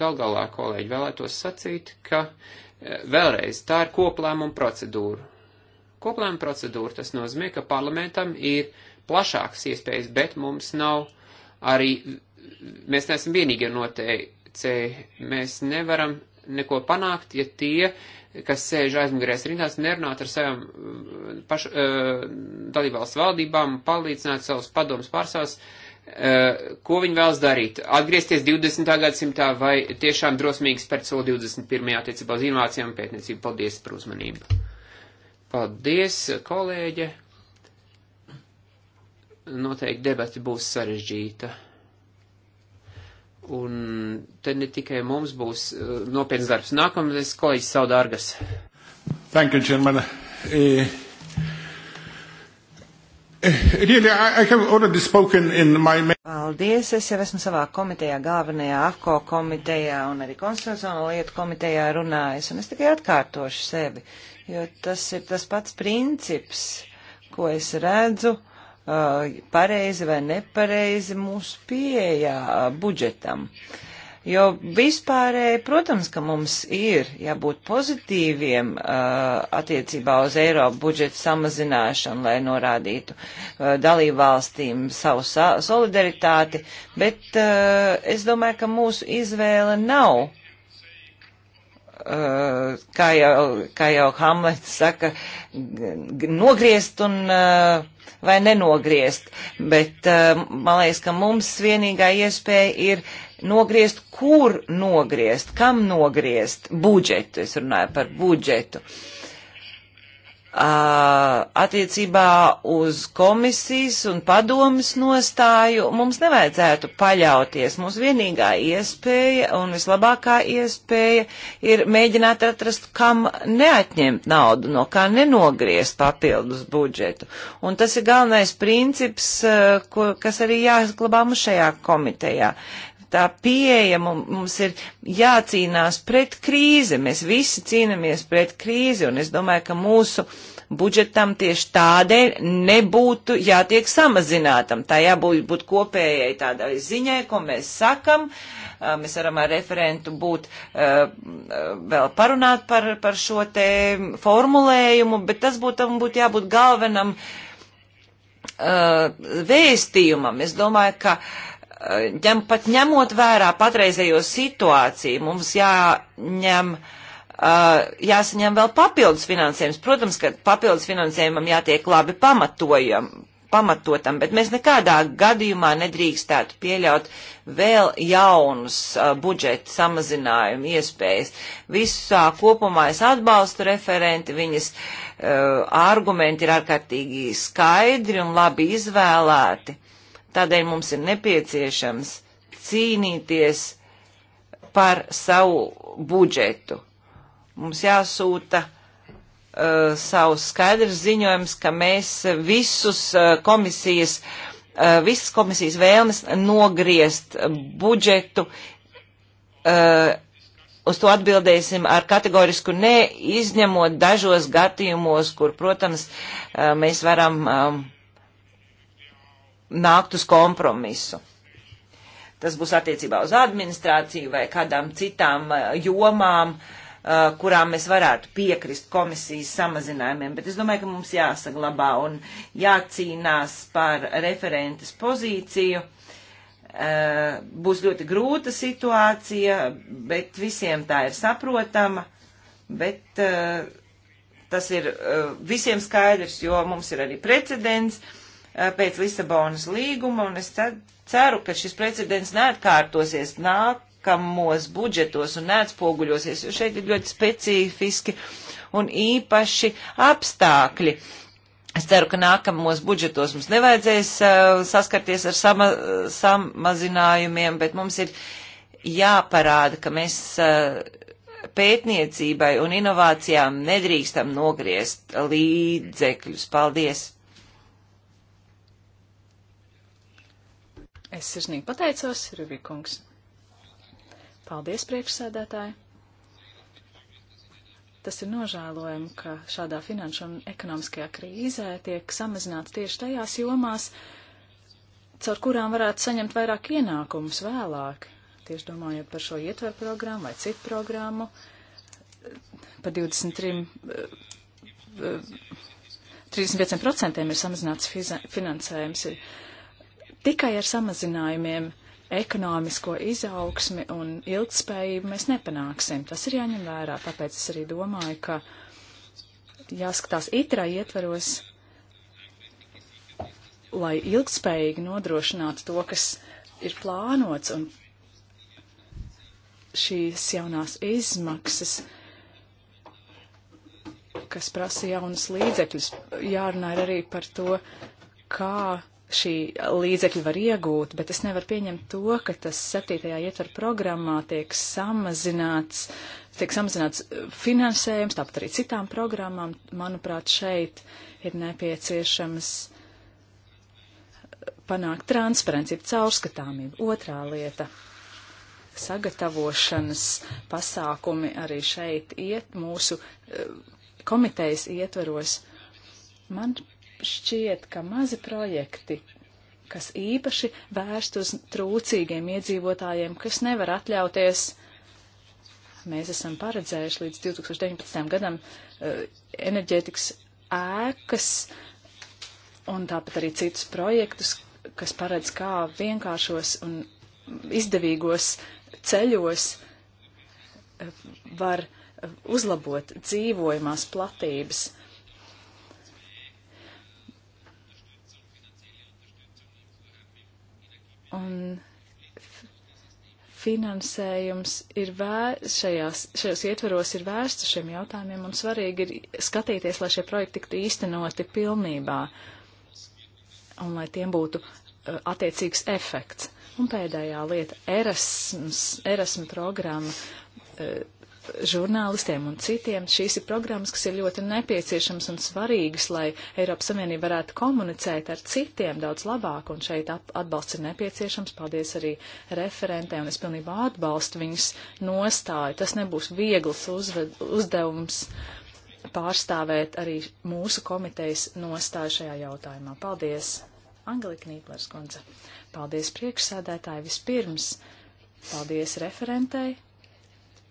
Gal galā, kolēģi, vēlētos sacīt, ka eh, vēlreiz tā ir koplēmuma procedūra. Koplēmuma procedūra tas nozīmē, ka parlamentam ir plašākas iespējas, bet mums nav arī, mēs neesam vienīgie noteicēji, mēs nevaram neko panākt, ja tie, kas sēž aizmugurēs rindās, nerunāt ar savām mm, paš, uh, dalībvalsts valdībām, palīdzināt savus padomus pārsās, uh, e, ko viņi vēlas darīt. Atgriezties 20. gadsimtā vai tiešām drosmīgi spērt soli 21. attiecībā uz inovācijām un pētniecību. Paldies par uzmanību. Paldies, kolēģe. Noteikti debati būs sarežģīta. Un te ne tikai mums būs uh, nopietns darbs. Nākamais kolēģis Saudārgas. Thank you, Chairman. Uh, really, I, I have already spoken in my... Paldies, es jau esmu savā komitejā, galvenajā AFCO komitejā un arī konstitucionālo lietu komitejā runājis, un es tikai atkārtošu sevi, jo tas ir tas pats princips, ko es redzu Uh, pareizi vai nepareizi mūsu pieejā uh, budžetam. Jo vispārēji, protams, ka mums ir jābūt pozitīviem uh, attiecībā uz Eiropu budžetu samazināšanu, lai norādītu uh, dalībvalstīm savu sa solidaritāti, bet uh, es domāju, ka mūsu izvēle nav Uh, kā jau, kā jau Hamlets saka, nogriezt un uh, vai nenogriezt, bet uh, man liekas, ka mums vienīgā iespēja ir nogriezt, kur nogriezt, kam nogriezt budžetu, es runāju par budžetu. Uh, attiecībā uz komisijas un padomas nostāju mums nevajadzētu paļauties. Mums vienīgā iespēja un vislabākā iespēja ir mēģināt atrast, kam neatņemt naudu, no kā nenogriezt papildus budžetu. Un tas ir galvenais princips, ko, kas arī jāsaklabā mums šajā komitejā tā pieeja mums ir jācīnās pret krīzi. Mēs visi cīnāmies pret krīzi, un es domāju, ka mūsu budžetam tieši tādēļ nebūtu jātiek samazinātam. Tā jābūt būt kopējai tādai ziņai, ko mēs sakam. Uh, mēs varam ar referentu būt uh, uh, vēl parunāt par, par šo te formulējumu, bet tas būtu, būtu jābūt galvenam vēstījumam. Es domāju, ka uh, ņem, pat ņemot vērā patreizējo situāciju, mums jāņem, uh, jāsaņem vēl papildus finansējums. Protams, ka papildus finansējumam jātiek labi pamatojam, pamatotam, bet mēs nekādā gadījumā nedrīkstētu pieļaut vēl jaunus uh, budžeta samazinājumu iespējas. Visā kopumā es atbalstu referenti, viņas uh, argumenti ir ārkārtīgi skaidri un labi izvēlēti Tādēļ mums ir nepieciešams cīnīties par savu budžetu. Mums jāsūta uh, savs skaidrs ziņojums, ka mēs visus uh, komisijas, uh, visas komisijas vēlmes nogriezt budžetu uh, uz to atbildēsim ar kategorisku nē, izņemot dažos gadījumos, kur, protams, uh, mēs varam um, nākt uz kompromisu. Tas būs attiecībā uz administrāciju vai kādām citām uh, jomām, uh, kurām mēs varētu piekrist komisijas samazinājumiem, bet es domāju, ka mums jāsaglabā un jācīnās par referentes pozīciju. Uh, būs ļoti grūta situācija, bet visiem tā ir saprotama, bet tas ir visiem skaidrs, jo mums ir arī precedents pēc Lisabonas līguma, un es ceru, ka šis precedents neatkārtosies nākamos budžetos un neatspoguļosies, jo šeit ir ļoti specifiski un īpaši apstākļi. Es ceru, ka nākamos budžetos mums nevajadzēs uh, saskarties ar sama, samazinājumiem, bet mums ir jāparāda, ka mēs uh, pētniecībai un inovācijām nedrīkstam nogriezt līdzekļus. Paldies! Es sirsnīgi pateicos, Rubikungs. Paldies, priekšsēdētāji! Tas ir nožēlojami, ka šādā finanšu un ekonomiskajā krīzē tiek samazināts tieši tajās jomās, caur kurām varētu saņemt vairāk ienākumus vēlāk. Tieši domājot par šo ietveru programmu vai citu programmu, par 23, 35% eh, eh, ir samazināts finansējums. Ir Tikai ar samazinājumiem ekonomisko izaugsmi un ilgspējību mēs nepanāksim. Tas ir jāņem vērā, tāpēc es arī domāju, ka jāskatās itrā ietveros, lai ilgspējīgi nodrošinātu to, kas ir plānots un šīs jaunās izmaksas kas prasa jaunas līdzekļus. Jārunā arī par to, kā šī līdzekļa var iegūt, bet es nevaru pieņemt to, ka tas septītajā ietver programmā tiek samazināts, tiek samazināts finansējums, tāpat arī citām programmām. Manuprāt, šeit ir nepieciešams panākt transparencību, caurskatāmību. Otrā lieta - sagatavošanas pasākumi arī šeit iet mūsu eh, komitejas ietveros. Man šķiet, ka mazi projekti, kas īpaši vērst uz trūcīgiem iedzīvotājiem, kas nevar atļauties, mēs esam paredzējuši līdz 2019. gadam eh, enerģētikas ēkas un tāpat arī citus projektus, kas paredz kā vienkāršos un izdevīgos ceļos eh, var eh, uzlabot dzīvojamās platības Un finansējums ir vērsts, šajās, šajos ietveros ir vērsts šiem jautājumiem, un svarīgi ir skatīties, lai šie projekti tiktu īstenoti pilnībā, un lai tiem būtu uh, attiecīgs efekts. Un pēdējā lieta - Erasmus, Erasmus programma. Uh, žurnālistiem un citiem. Šīs ir programmas, kas ir ļoti nepieciešams un svarīgas, lai Eiropas Savienība varētu komunicēt ar citiem daudz labāk, un šeit atbalsts ir nepieciešams. Paldies arī referentē, un es pilnībā atbalstu viņas nostāju. Tas nebūs viegls uzved, uzdevums pārstāvēt arī mūsu komitejas nostāju šajā jautājumā. Paldies! Angelika Nīblers kundze. Paldies priekšsēdētāji vispirms. Paldies referentei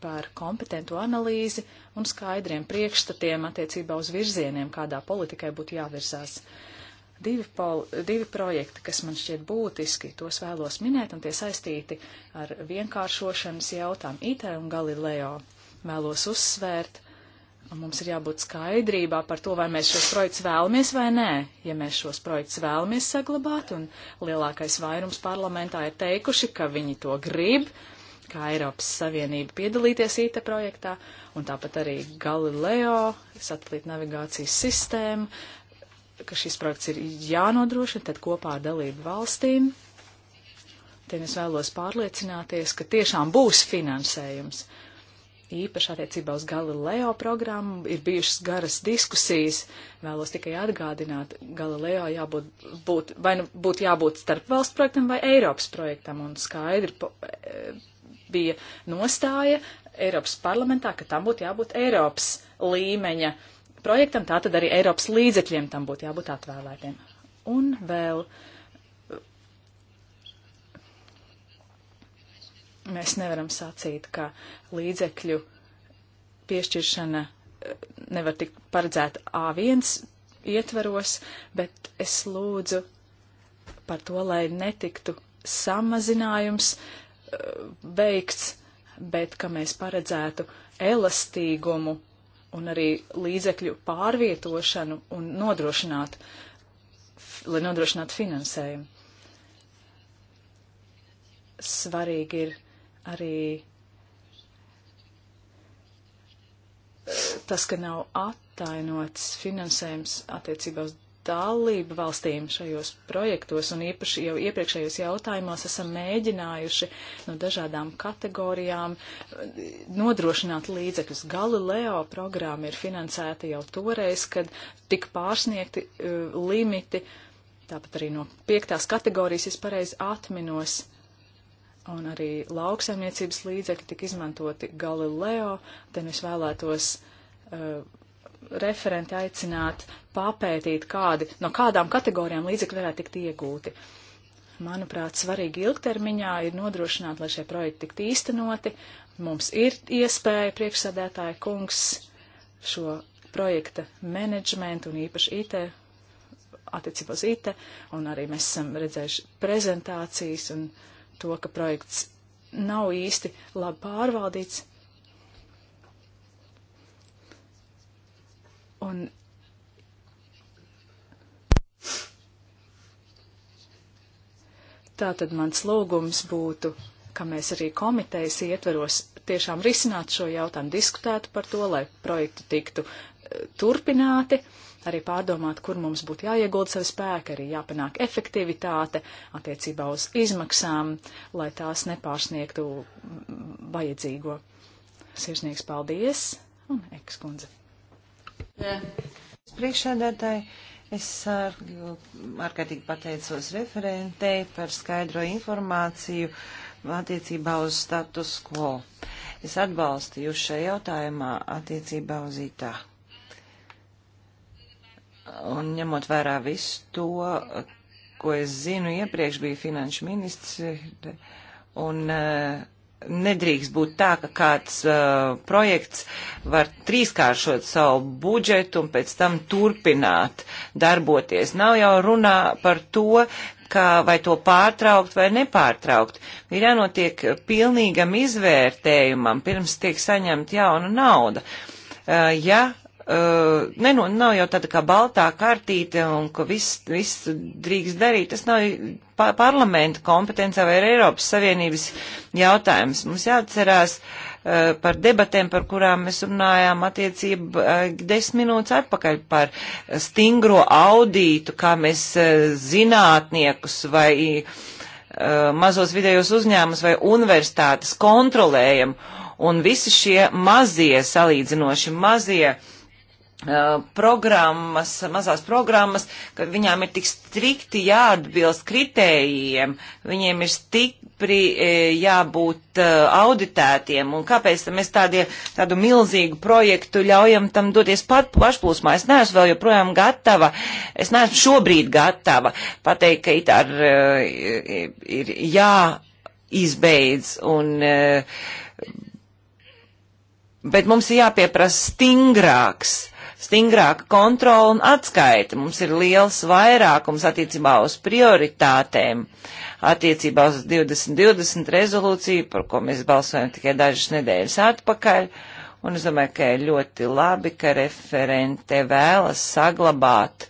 par kompetentu analīzi un skaidriem priekšstatiem attiecībā uz virzieniem, kādā politikai būtu jāvirzās. Divi, pol, divi projekti, kas man šķiet būtiski, tos vēlos minēt, un tie saistīti ar vienkāršošanas jautājumu ITER un Galileo. Vēlos uzsvērt, un mums ir jābūt skaidrībā par to, vai mēs šos projektus vēlamies vai nē. Ja mēs šos projektus vēlamies saglabāt, un lielākais vairums parlamentā ir teikuši, ka viņi to grib, uh, kā Eiropas Savienība piedalīties ITA e projektā, un tāpat arī Galileo satelīta navigācijas sistēma, ka šis projekts ir jānodrošina tad kopā ar dalību valstīm. Tiem es vēlos pārliecināties, ka tiešām būs finansējums. Īpaši attiecībā uz Galileo programmu ir bijušas garas diskusijas. Vēlos tikai atgādināt, Galileo jābūt, būt, vai nu būtu jābūt starp valsts projektam vai Eiropas projektam, un skaidri po, e, bija nostāja Eiropas parlamentā, ka tam būtu jābūt Eiropas līmeņa projektam, tātad arī Eiropas līdzekļiem tam būtu jābūt atvēlētiem. Un vēl mēs nevaram sacīt, ka līdzekļu piešķiršana eh, nevar tikt paredzēta A1 ietveros, bet es lūdzu par to, lai netiktu samazinājums uh, Eh, veikts, bet ka mēs paredzētu elastīgumu un arī līdzekļu pārvietošanu un nodrošināt, lai nodrošinātu finansējumu. Svarīgi ir arī eh, tas, ka nav attainots finansējums attiecībā uz dalību valstīm šajos projektos un īpaši jau iepriekšējos jautājumos esam mēģinājuši no dažādām kategorijām eh, nodrošināt līdzekļus. Galileo programma ir finansēta jau toreiz, kad tik pārsniegti uh, limiti, tāpat arī no piektās kategorijas es pareizi atminos. Un arī lauksaimniecības līdzekļi tika izmantoti Galileo, te es vēlētos uh, referenti aicināt papētīt, kādi, no kādām kategorijām līdzekļi varētu tikt iegūti. Manuprāt, svarīgi ilgtermiņā ir nodrošināt, lai šie projekti tiktu īstenoti. Mums ir iespēja priekšsēdētāja kungs šo projekta menedžmentu un īpaši IT attiecībā uz IT, un arī mēs esam redzējuši prezentācijas un to, ka projekts nav īsti labi pārvaldīts, Un Tātad mans lūgums būtu, ka mēs arī komitejas ietveros tiešām risinātu šo jautājumu, diskutētu par to, lai projektu tiktu eh, turpināti, arī pārdomāt, kur mums būtu jāiegulda savi spēki, arī jāpanāk efektivitāte attiecībā uz izmaksām, lai tās nepārsniegtu mm, vajadzīgo. Sirsnīgs paldies un ekskundze. Priekšādātāji, es ārkārtīgi pateicos referentei par skaidro informāciju attiecībā uz status quo. Es atbalstu jūs šajā jautājumā attiecībā uz itā. Un ņemot vērā visu to, ko es zinu, iepriekš bija finanšu ministrs un uh, nedrīkst būt tā, ka kāds uh, projekts var trīskāršot savu budžetu un pēc tam turpināt darboties. Nav jau runā par to, kā vai to pārtraukt vai nepārtraukt. Ir jānotiek pilnīgam izvērtējumam, pirms tiek saņemta jauna nauda. Uh, ja Uh, eh, ne, nu, nav jau tāda kā baltā kartīte un ka viss, viss drīkst darīt. Tas nav pa parlamenta kompetencija vai Eiropas Savienības jautājums. Mums jāatcerās uh, par debatēm, par kurām mēs runājām attiecību uh, eh, desmit minūtes atpakaļ par stingro audītu, kā mēs zinātniekus vai mazos vidējos uzņēmumus vai universitātes kontrolējam. Un visi šie mazie, salīdzinoši mazie uh, Uh, programmas, mazās programmas, ka viņām ir tik strikti jāatbilst kritērijiem, viņiem ir stipri e, jābūt e, auditētiem, un kāpēc mēs tādie, tādu milzīgu projektu ļaujam tam doties pat pašplūsmā? Es neesmu vēl joprojām gatava, es neesmu šobrīd gatava pateikt, ka it ar e, ir jāizbeidz un bet mums ir jāpieprasa stingrāks stingrāka kontrola un atskaita. Mums ir liels vairākums attiecībā uz prioritātēm, attiecībā uz 2020 rezolūciju, par ko mēs balsojam tikai dažas nedēļas atpakaļ. Un es domāju, ka ir ļoti labi, ka referente vēlas saglabāt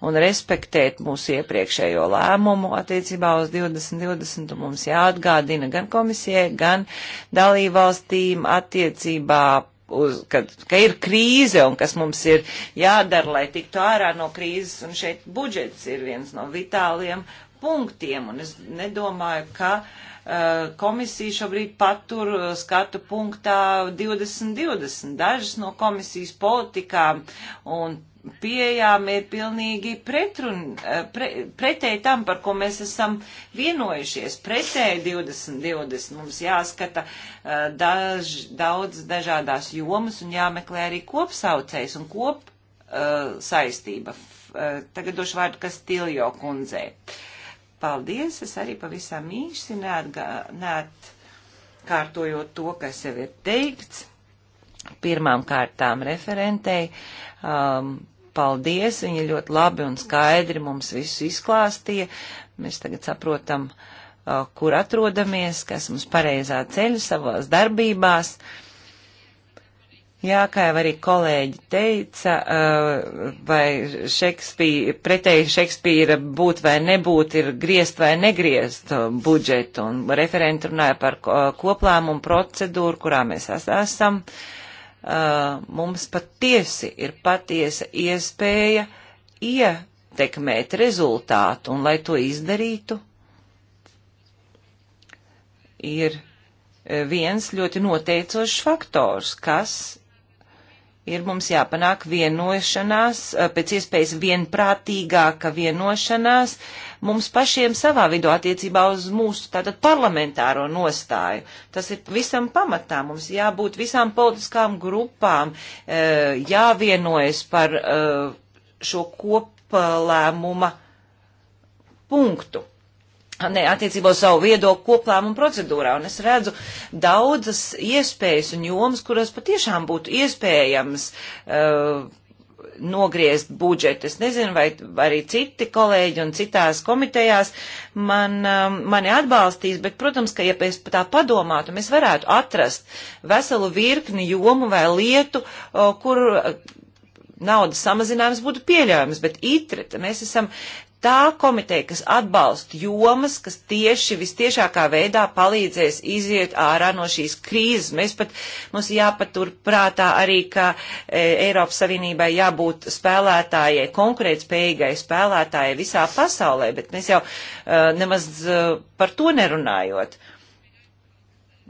un respektēt mūsu iepriekšējo lēmumu attiecībā uz 2020. Mums jāatgādina gan komisijai, gan dalībvalstīm attiecībā uz, kad, ka ir krīze un kas mums ir jādara, lai tiktu ārā no krīzes. Un šeit budžets ir viens no vitāliem punktiem. Un es nedomāju, ka uh, komisija šobrīd patur uh, skatu punktā 2020. Dažas no komisijas politikām un pieejām ir pilnīgi pretrun, eh, pre, pretēji tam, par ko mēs esam vienojušies. Pretēji 2020 mums jāskata eh, daž, daudz dažādās jomas un jāmeklē arī kopsaucējs un kop uh, saistība. Uh, tagad došu vārdu Kastiljo kundzei. Paldies, es arī pavisam īsi neatkārtojot to, kas jau ir teikts. Pirmām kārtām referentei. Um, paldies, viņa ļoti labi un skaidri mums visu izklāstīja. Mēs tagad saprotam, kur atrodamies, kas mums pareizā ceļa savās darbībās. Jā, kā jau arī kolēģi teica, vai Šekspīra, pretēji Šekspīra būt vai nebūt ir griezt vai negriezt budžetu, un referenti runāja par koplēmumu procedūru, kurā mēs esam. Uh, Uh, mums patiesi ir patiesa iespēja ietekmēt rezultātu, un lai to izdarītu, ir uh, viens ļoti noteicošs faktors, kas ir mums jāpanāk vienošanās, uh, pēc iespējas vienprātīgāka vienošanās uh, mums pašiem savā vidū attiecībā uz mūsu tātad parlamentāro nostāju. Tas ir visam pamatā. Mums jābūt visām politiskām grupām, e, jāvienojas par e, šo koplēmuma punktu. Ne, attiecībā uz savu viedokli koplēmumu procedūrā, un es redzu daudzas iespējas un jomas, kurās patiešām būtu iespējams uh, e, nogriezt budžetu. Es nezinu, vai arī citi kolēģi un citās komitejās man, um, mani atbalstīs, bet, protams, ka, ja es tā padomātu, mēs varētu atrast veselu virkni jomu vai lietu, kur uh, naudas samazinājums būtu pieļaujams, bet itre, mēs esam tā komiteja, kas atbalsta jomas, kas tieši vistiešākā veidā palīdzēs iziet ārā no šīs krīzes. Mēs pat, mums jāpatur prātā arī, ka e, Eiropas Savienībai jābūt spēlētājai, konkurētspējīgai spēlētājai visā pasaulē, bet mēs jau e, nemaz e, par to nerunājot.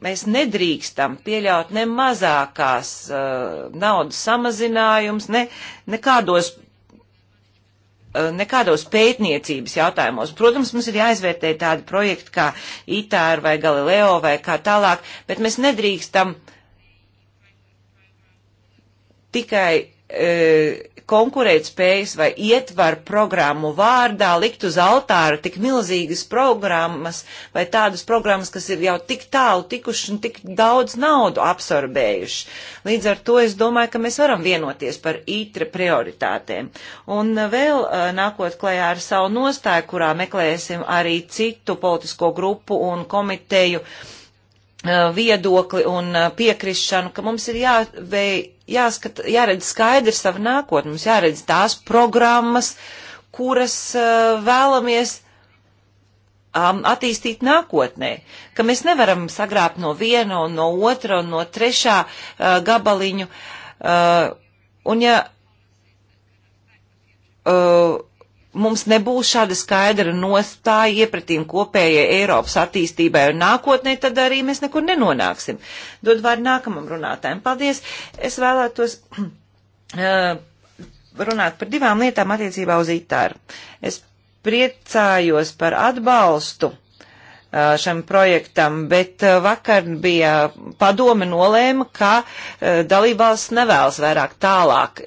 Mēs nedrīkstam pieļaut ne mazākās uh, naudas samazinājums, ne, ne kādos Eh, nekādos pētniecības jautājumos. Protams, mums ir jāizvērtē tādi projekti kā ITR vai Galileo vai kā tālāk, bet mēs nedrīkstam tikai E, konkurētspējas vai ietvaru programmu vārdā likt uz altāra tik milzīgas programmas vai tādas programmas, kas ir jau tik tālu tikuši un tik daudz naudu absorbējuši. Līdz ar to es domāju, ka mēs varam vienoties par ītra prioritātēm. Un vēl e, nākot klajā ar savu nostāju, kurā meklēsim arī citu politisko grupu un komiteju e, viedokli un piekrišanu, ka mums ir jāveic jāskat, jāredz skaidri savu nākotni, mums jāredz tās programmas, kuras uh, vēlamies um, attīstīt nākotnē, ka mēs nevaram sagrābt no viena un no otra un no trešā uh, gabaliņu. Uh, un ja uh, mums nebūs šāda skaidra nostāja iepratīm kopējai Eiropas attīstībai un nākotnē, tad arī mēs nekur nenonāksim. Dod vārdu nākamam runātājiem. Paldies! Es vēlētos <clears throat> eh, runāt par divām lietām attiecībā uz ITAR. Es priecājos par atbalstu eh, šam projektam, bet eh, vakar bija padome nolēma, ka dalībvalsts nevēlas vairāk tālāk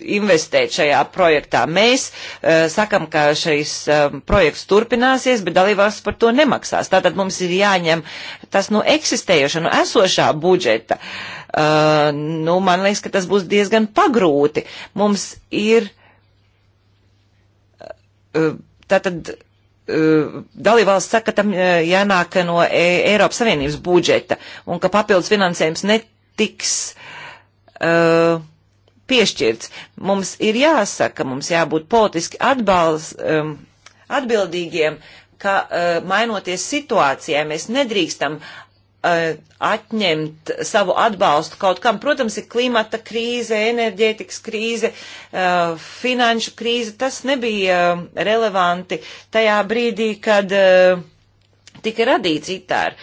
investēt šajā projektā. Mēs uh, sakam, ka šis uh, projekts turpināsies, bet dalībvalsts par to nemaksās. Tātad mums ir jāņem tas no eksistējoša, no esošā budžeta. Uh, nu, man liekas, ka tas būs diezgan pagrūti. Mums ir. Uh, tātad dalībvalsts saka, ka tam jānāk no e, Eiropas Savienības budžeta un ka papildus finansējums netiks uh, piešķirts. Mums ir jāsaka, mums jābūt politiski atbalsts, um, atbildīgiem, ka uh, mainoties situācijai mēs nedrīkstam uh, atņemt savu atbalstu kaut kam. Protams, ir klimata krīze, enerģētikas krīze, uh, finanšu krīze. Tas nebija uh, relevanti tajā brīdī, kad tika radīts itāri.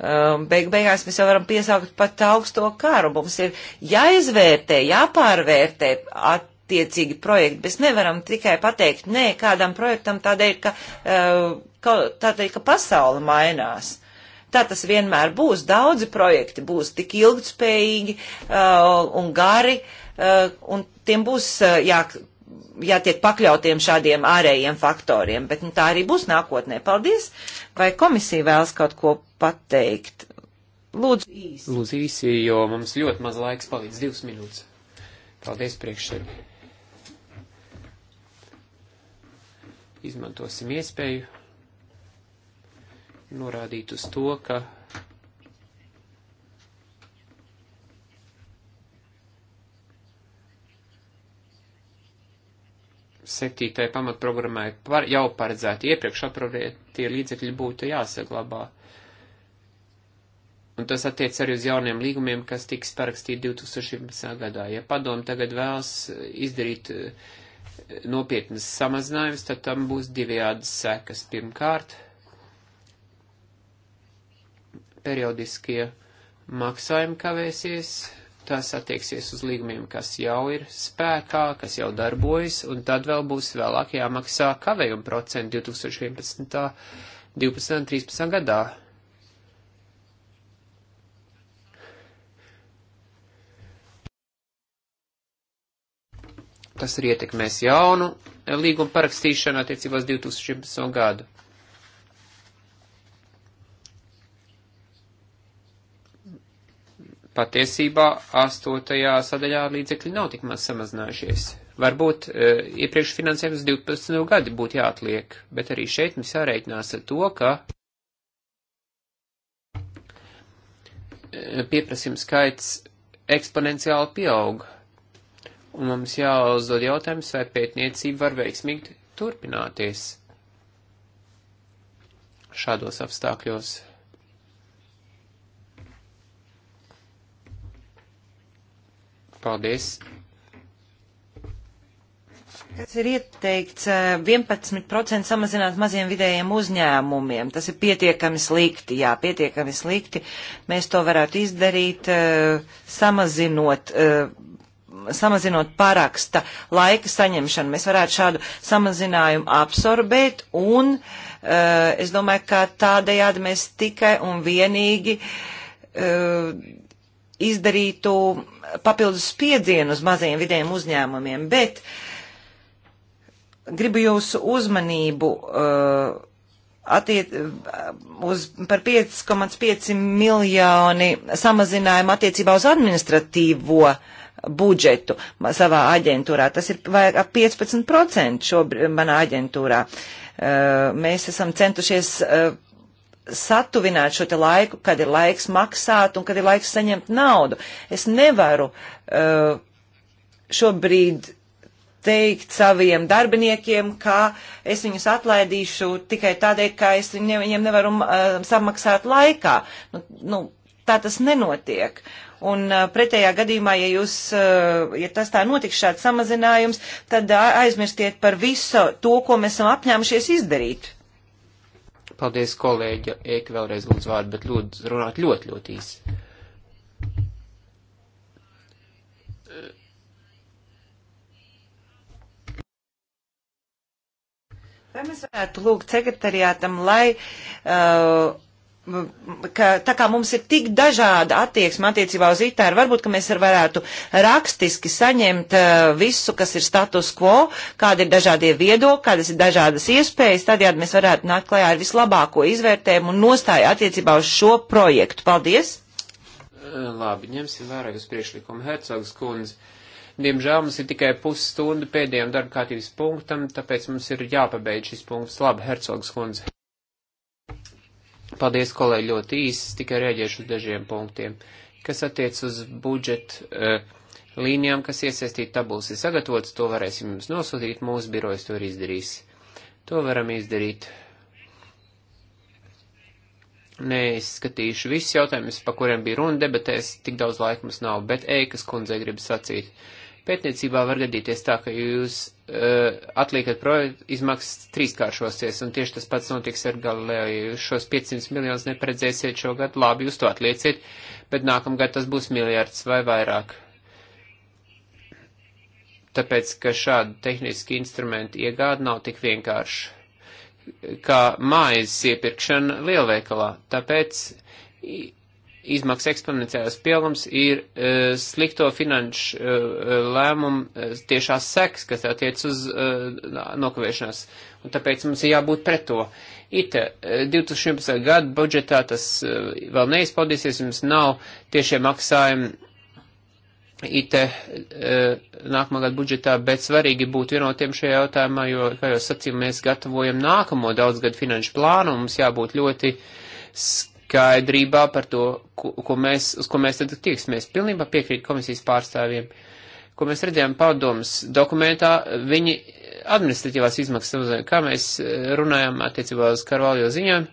Um, beig beigās mēs jau varam piesaukt pat augsto karu. Mums ir jāizvērtē, jāpārvērtē attiecīgi projekti. Mēs nevaram tikai pateikt, nē, kādam projektam tādēļ, ka, uh, tādēļ, ka pasaule mainās. Tā tas vienmēr būs. Daudzi projekti būs tik ilgtspējīgi uh, un gari, uh, un tiem būs uh, jā, jātiek pakļautiem šādiem ārējiem faktoriem, bet nu, tā arī būs nākotnē. Paldies! Vai komisija vēlas kaut ko pateikt? Lūdzu īsi. Lūdzu īsi, jo mums ļoti maz laiks palīdz divas minūtes. Paldies priekšsēm. Izmantosim iespēju norādīt uz to, ka septītai pamatprogrammai par, jau paredzēti iepriekš aprovētie līdzekļi būtu jāsaglabā. Un tas attiec arī uz jauniem līgumiem, kas tiks parakstīti 2011. gadā. Ja padomu tagad vēlas izdarīt eh, nopietnas samazinājumus, tad tam būs divējādas sekas. Pirmkārt, periodiskie maksājumi kavēsies, tas attieksies uz līgumiem, kas jau ir spēkā, kas jau darbojas, un tad vēl būs vēlāk jāmaksā kavējuma procenti 2011. 12. un 13. gadā. Tas arī ietekmēs jaunu eh, līgumu parakstīšanu attiecībās 2011. gadu. patiesībā astotajā sadaļā līdzekļi nav tik maz samazinājušies. Varbūt e, iepriekš finansējums 12 gadi būtu jāatliek, bet arī šeit mums jārēķinās ar to, ka e, pieprasījums skaits eksponenciāli pieaug. Un mums jāuzdod jautājums, vai pētniecība var veiksmīgi turpināties šādos apstākļos. Paldies! Kas ir ieteikts 11% eh, samazināt maziem vidējiem uzņēmumiem? Tas ir pietiekami slikti, jā, pietiekami slikti. Mēs to varētu izdarīt, eh, samazinot, eh, samazinot paraksta laika saņemšanu. Mēs varētu šādu samazinājumu absorbēt un es domāju, ka tādējādi mēs tikai un vienīgi izdarītu papildus spiedienu uz mazajiem vidējiem uzņēmumiem, bet gribu jūsu uzmanību uh, attiec, uh, uz par 5,5 miljoni samazinājumu attiecībā uz administratīvo budžetu savā aģentūrā. Tas ir vairāk 15% šobrīd manā aģentūrā. Uh, mēs esam centušies uh, satuvināt šo te laiku, kad ir laiks maksāt un kad ir laiks saņemt naudu. Es nevaru uh, šobrīd teikt saviem darbiniekiem, ka es viņus atlaidīšu tikai tādēļ, ka es viņiem nevaru uh, samaksāt laikā. Nu, nu, tā tas nenotiek. Un uh, pretējā gadījumā, ja, jūs, uh, ja tas tā notiks šāds samazinājums, tad uh, aizmirstiet par visu to, ko mēs esam apņēmušies izdarīt. Paldies, kolēģi, Eka vēlreiz lūdzu vārdu, bet lūdzu runāt ļoti, ļoti īsi. Vai mēs varētu lūgt sekretariātam, lai uh, ka tā kā mums ir tik dažāda attieksme attiecībā uz ITER, varbūt, ka mēs varētu rakstiski saņemt uh, visu, kas ir status quo, kāda ir dažādie viedokļi, kādas ir dažādas iespējas, tādējādi mēs varētu nākt klajā ar vislabāko izvērtējumu un nostāju attiecībā uz šo projektu. Paldies! Eh, labi, ņemsim vērā jūs priekšlikumu Hercogs kundze. Diemžēl mums ir tikai pusstunda pēdējiem darbkārtības punktam, tāpēc mums ir jāpabeidz šis punkts. Labi, Hercogs kundze. Paldies, kolēģi, ļoti īsi, tikai rēģēšu uz dažiem punktiem. Kas attiec uz budžetu uh, eh, līnijām, kas iesaistīt tabulas ir sagatavotas, to varēsim jums nosūtīt, mūsu birojas to ir izdarījis. To varam izdarīt. Nē, es skatīšu visus jautājumus, pa kuriem bija runa debatēs, tik daudz laika mums nav, bet Eikas kundzei grib sacīt. Uh, Pētniecībā var gadīties tā, ka jūs uh, atliekat projektu, izmaksas trīskāršosies, un tieši tas pats notiks ar Galileo. Ja jūs šos 500 miljonus neparedzēsiet šogad, labi, jūs to atlieciet, bet nākamgad tas būs miljards vai vairāk. Tāpēc, ka šādi tehniski instrumenti iegāda nav tik vienkārši kā mājas iepirkšana lielveikalā. Tāpēc izmaksu eksponenciālais pieaugums ir uh, slikto finanšu uh, lēmumu uh, tiešās seks, kas attiec uz uh, nokavēšanās. Un tāpēc mums ir jābūt pret to. It uh, 2011. gada budžetā tas uh, vēl neizpaudīsies, jums nav tiešie maksājumi IT uh, nākamā gada budžetā, bet svarīgi būt vienotiem šajā jautājumā, jo, kā jau sacīju, mēs gatavojam nākamo daudzgadu finanšu plānu, mums jābūt ļoti uh, skaidrībā par to, ko, ko mēs, uz ko mēs tad tieksimies. Pilnībā piekrīt komisijas pārstāvjiem. Ko mēs redzējām padomas dokumentā, viņi administratīvās izmaksas uzņēma. Kā mēs eh, runājām attiecībā uz karvaljo ziņām,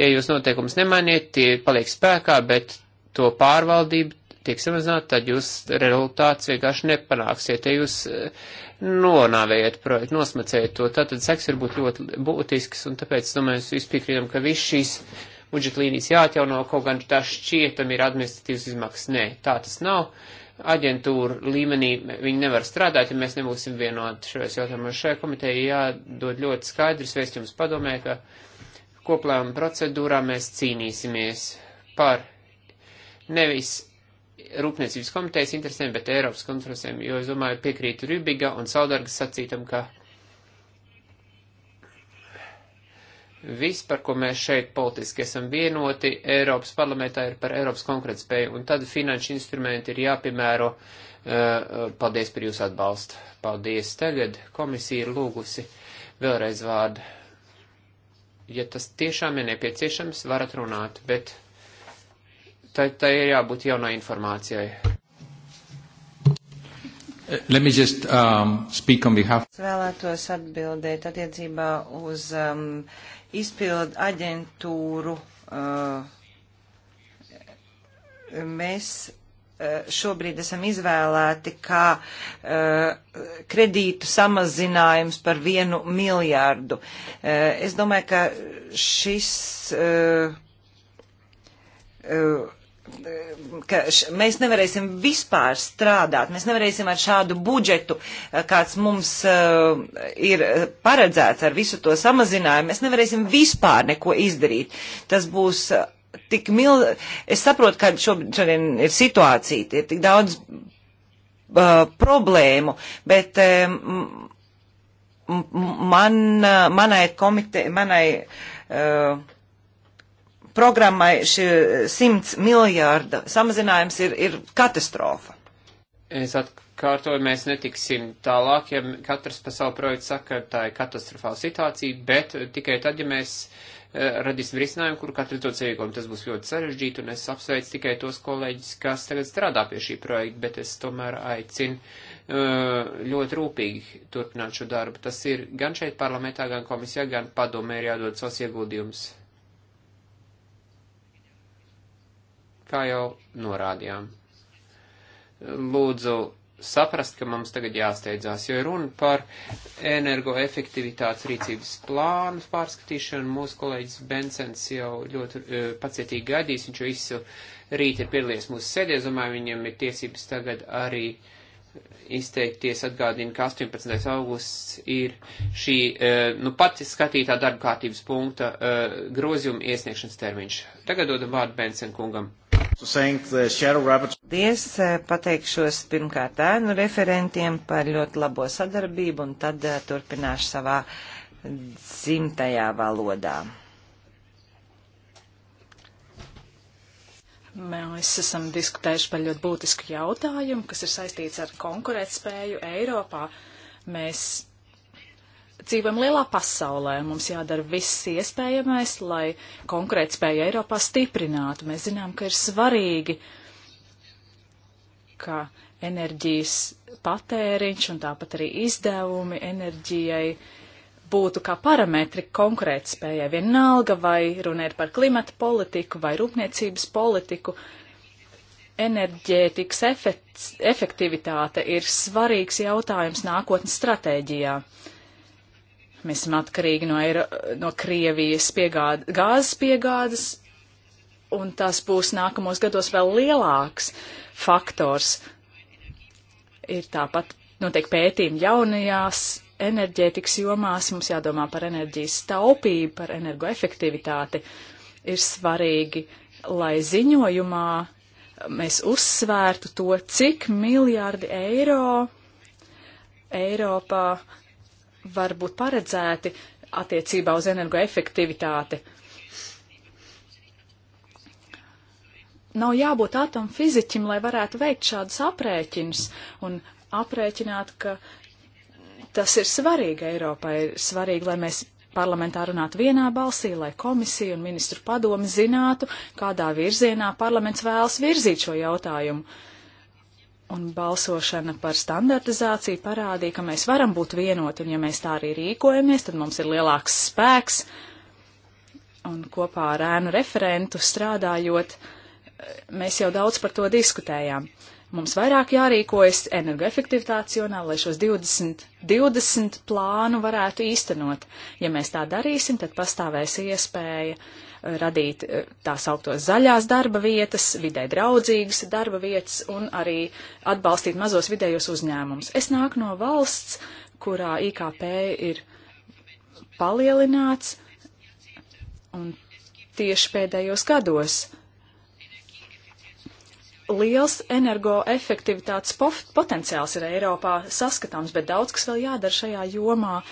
ja jūs noteikums nemainiet, tie paliek spēkā, bet to pārvaldību tiek samazināta, tad jūs rezultāts vienkārši nepanāksiet. Ja jūs eh, nonāvējat projektu, nosmacējat to, tātad seks var būt ļoti būtisks, un tāpēc, domāju, nu, mēs vispiekrītam, ka viss šīs budžeta līnijas jāatjauno, kaut gan tā šķietam ir administratīvas izmaksas. Nē, tā tas nav. Aģentūra līmenī viņi nevar strādāt, ja mēs nebūsim vienoti šajos jautājumos. Šajā komiteja jādod ļoti skaidrs vēstījums padomē, ka koplējuma procedūrā mēs cīnīsimies par nevis Rūpniecības komitejas interesēm, bet Eiropas konferencēm, jo es domāju, piekrītu Rübiga un Saudargas sacītam, ka Viss, par ko mēs šeit politiski esam vienoti, Eiropas parlamentā ir par Eiropas konkurētspēju, un tad finanšu instrumenti ir jāpiemēro. Eh, eh, paldies par jūsu atbalstu. Paldies. Tagad komisija ir lūgusi vēlreiz vārdu. Ja tas tiešām ir nepieciešams, varat runāt, bet tai, tai ir jābūt jaunai informācijai. Let me just um, speak on behalf. Es vēlētos atbildēt attiecībā uz um, izpildu aģentūru. Uh, mēs uh, šobrīd esam izvēlēti kā uh, kredītu samazinājums par vienu miljārdu. Uh, es domāju, ka šis. Uh, uh, ka š, mēs nevarēsim vispār strādāt, mēs nevarēsim ar šādu budžetu, eh, kāds mums uh, ir paredzēts ar visu to samazinājumu, mēs nevarēsim vispār neko izdarīt. Tas būs uh, tik mil... Es saprotu, ka šodien ir situācija, ir tik daudz uh, problēmu, bet um, man, uh, manai komite, manai uh, programmai šī 100 eh, miljārda samazinājums ir, ir katastrofa. Es atkārtoju, mēs netiksim tālāk, ja katrs pa savu projektu saka, ka tā ir katastrofāla situācija, bet tikai tad, ja mēs eh, radīsim risinājumu, kur katrs dod sev ieguldījumu. Tas būs ļoti sarežģīti, un es apsveicu tikai tos kolēģis, kas tagad strādā pie šī projekta, bet es tomēr aicinu eh, ļoti rūpīgi turpināt šo darbu. Tas ir gan šeit parlamentā, gan komisijā, gan padomē ir jādod savs ieguldījums. kā jau norādījām. Lūdzu, saprast, ka mums tagad jāsteidzās, jo runa par energoefektivitātes rīcības plānu pārskatīšanu. Mūsu kolēģis Bensens jau ļoti uh, pacietīgi gaidīs, viņš jau visu rīt ir piedalījies mūsu sēdē, domāju, viņam ir tiesības tagad arī izteikties atgādina, ka 18. augusts ir šī, uh, nu pati skatītā darba kārtības punkta uh, grozījuma iesniegšanas termiņš. Tagad dodam vārdu Bensen kungam. Paldies, eh, pateikšos pirmkārt ēnu referentiem par ļoti labo sadarbību un tad eh, turpināšu savā dzimtajā valodā. Mēs esam diskutējuši par ļoti būtisku jautājumu, kas ir saistīts ar konkurētspēju Eiropā. Mēs dzīvojam lielā pasaulē, mums jādara viss iespējamais, lai konkurētspēju Eiropā stiprinātu. Mēs zinām, ka ir svarīgi, ka enerģijas patēriņš un tāpat arī izdevumi enerģijai būtu kā parametri konkurētspējai. Vienalga vai runa ir par klimata politiku vai rūpniecības politiku, enerģētikas efekts, efektivitāte ir svarīgs jautājums nākotnes stratēģijā. Uh, Mēs esam atkarīgi no, Eiro, no Krievijas piegāda, gāzes piegādes, un tas būs nākamos gados vēl lielāks faktors. Ir tāpat notiek pētījumi jaunajās enerģētikas jomās, mums jādomā par enerģijas taupību, par energoefektivitāti. Ir svarīgi, lai ziņojumā mēs uzsvērtu to, cik miljārdi eiro Eiropā var būt paredzēti attiecībā uz energoefektivitāti. Nav jābūt atomfiziķim, lai varētu veikt šādus aprēķinus un aprēķināt, ka tas ir svarīgi Eiropai. Ir svarīgi, lai mēs parlamentā runātu vienā balsī, lai komisija un ministru padomi zinātu, kādā virzienā parlaments vēlas virzīt šo jautājumu. Uh, un balsošana par standartizāciju parādīja, ka mēs varam būt vienoti, un ja mēs tā arī rīkojamies, tad mums ir lielāks spēks, un kopā ar ēnu referentu strādājot, mēs jau daudz par to diskutējām. Mums vairāk jārīkojas energoefektivitātes jomā, lai šos 20, 20 plānu varētu īstenot. Ja mēs tā darīsim, tad pastāvēs iespēja uh, radīt eh, tā sauktos zaļās darba vietas, vidē draudzīgas darba vietas un arī atbalstīt mazos vidējos uzņēmumus. Es nāku no valsts, kurā IKP ir palielināts un tieši pēdējos gados liels energoefektivitātes potenciāls ir Eiropā saskatāms, bet daudz kas vēl jādara šajā jomā. Uh,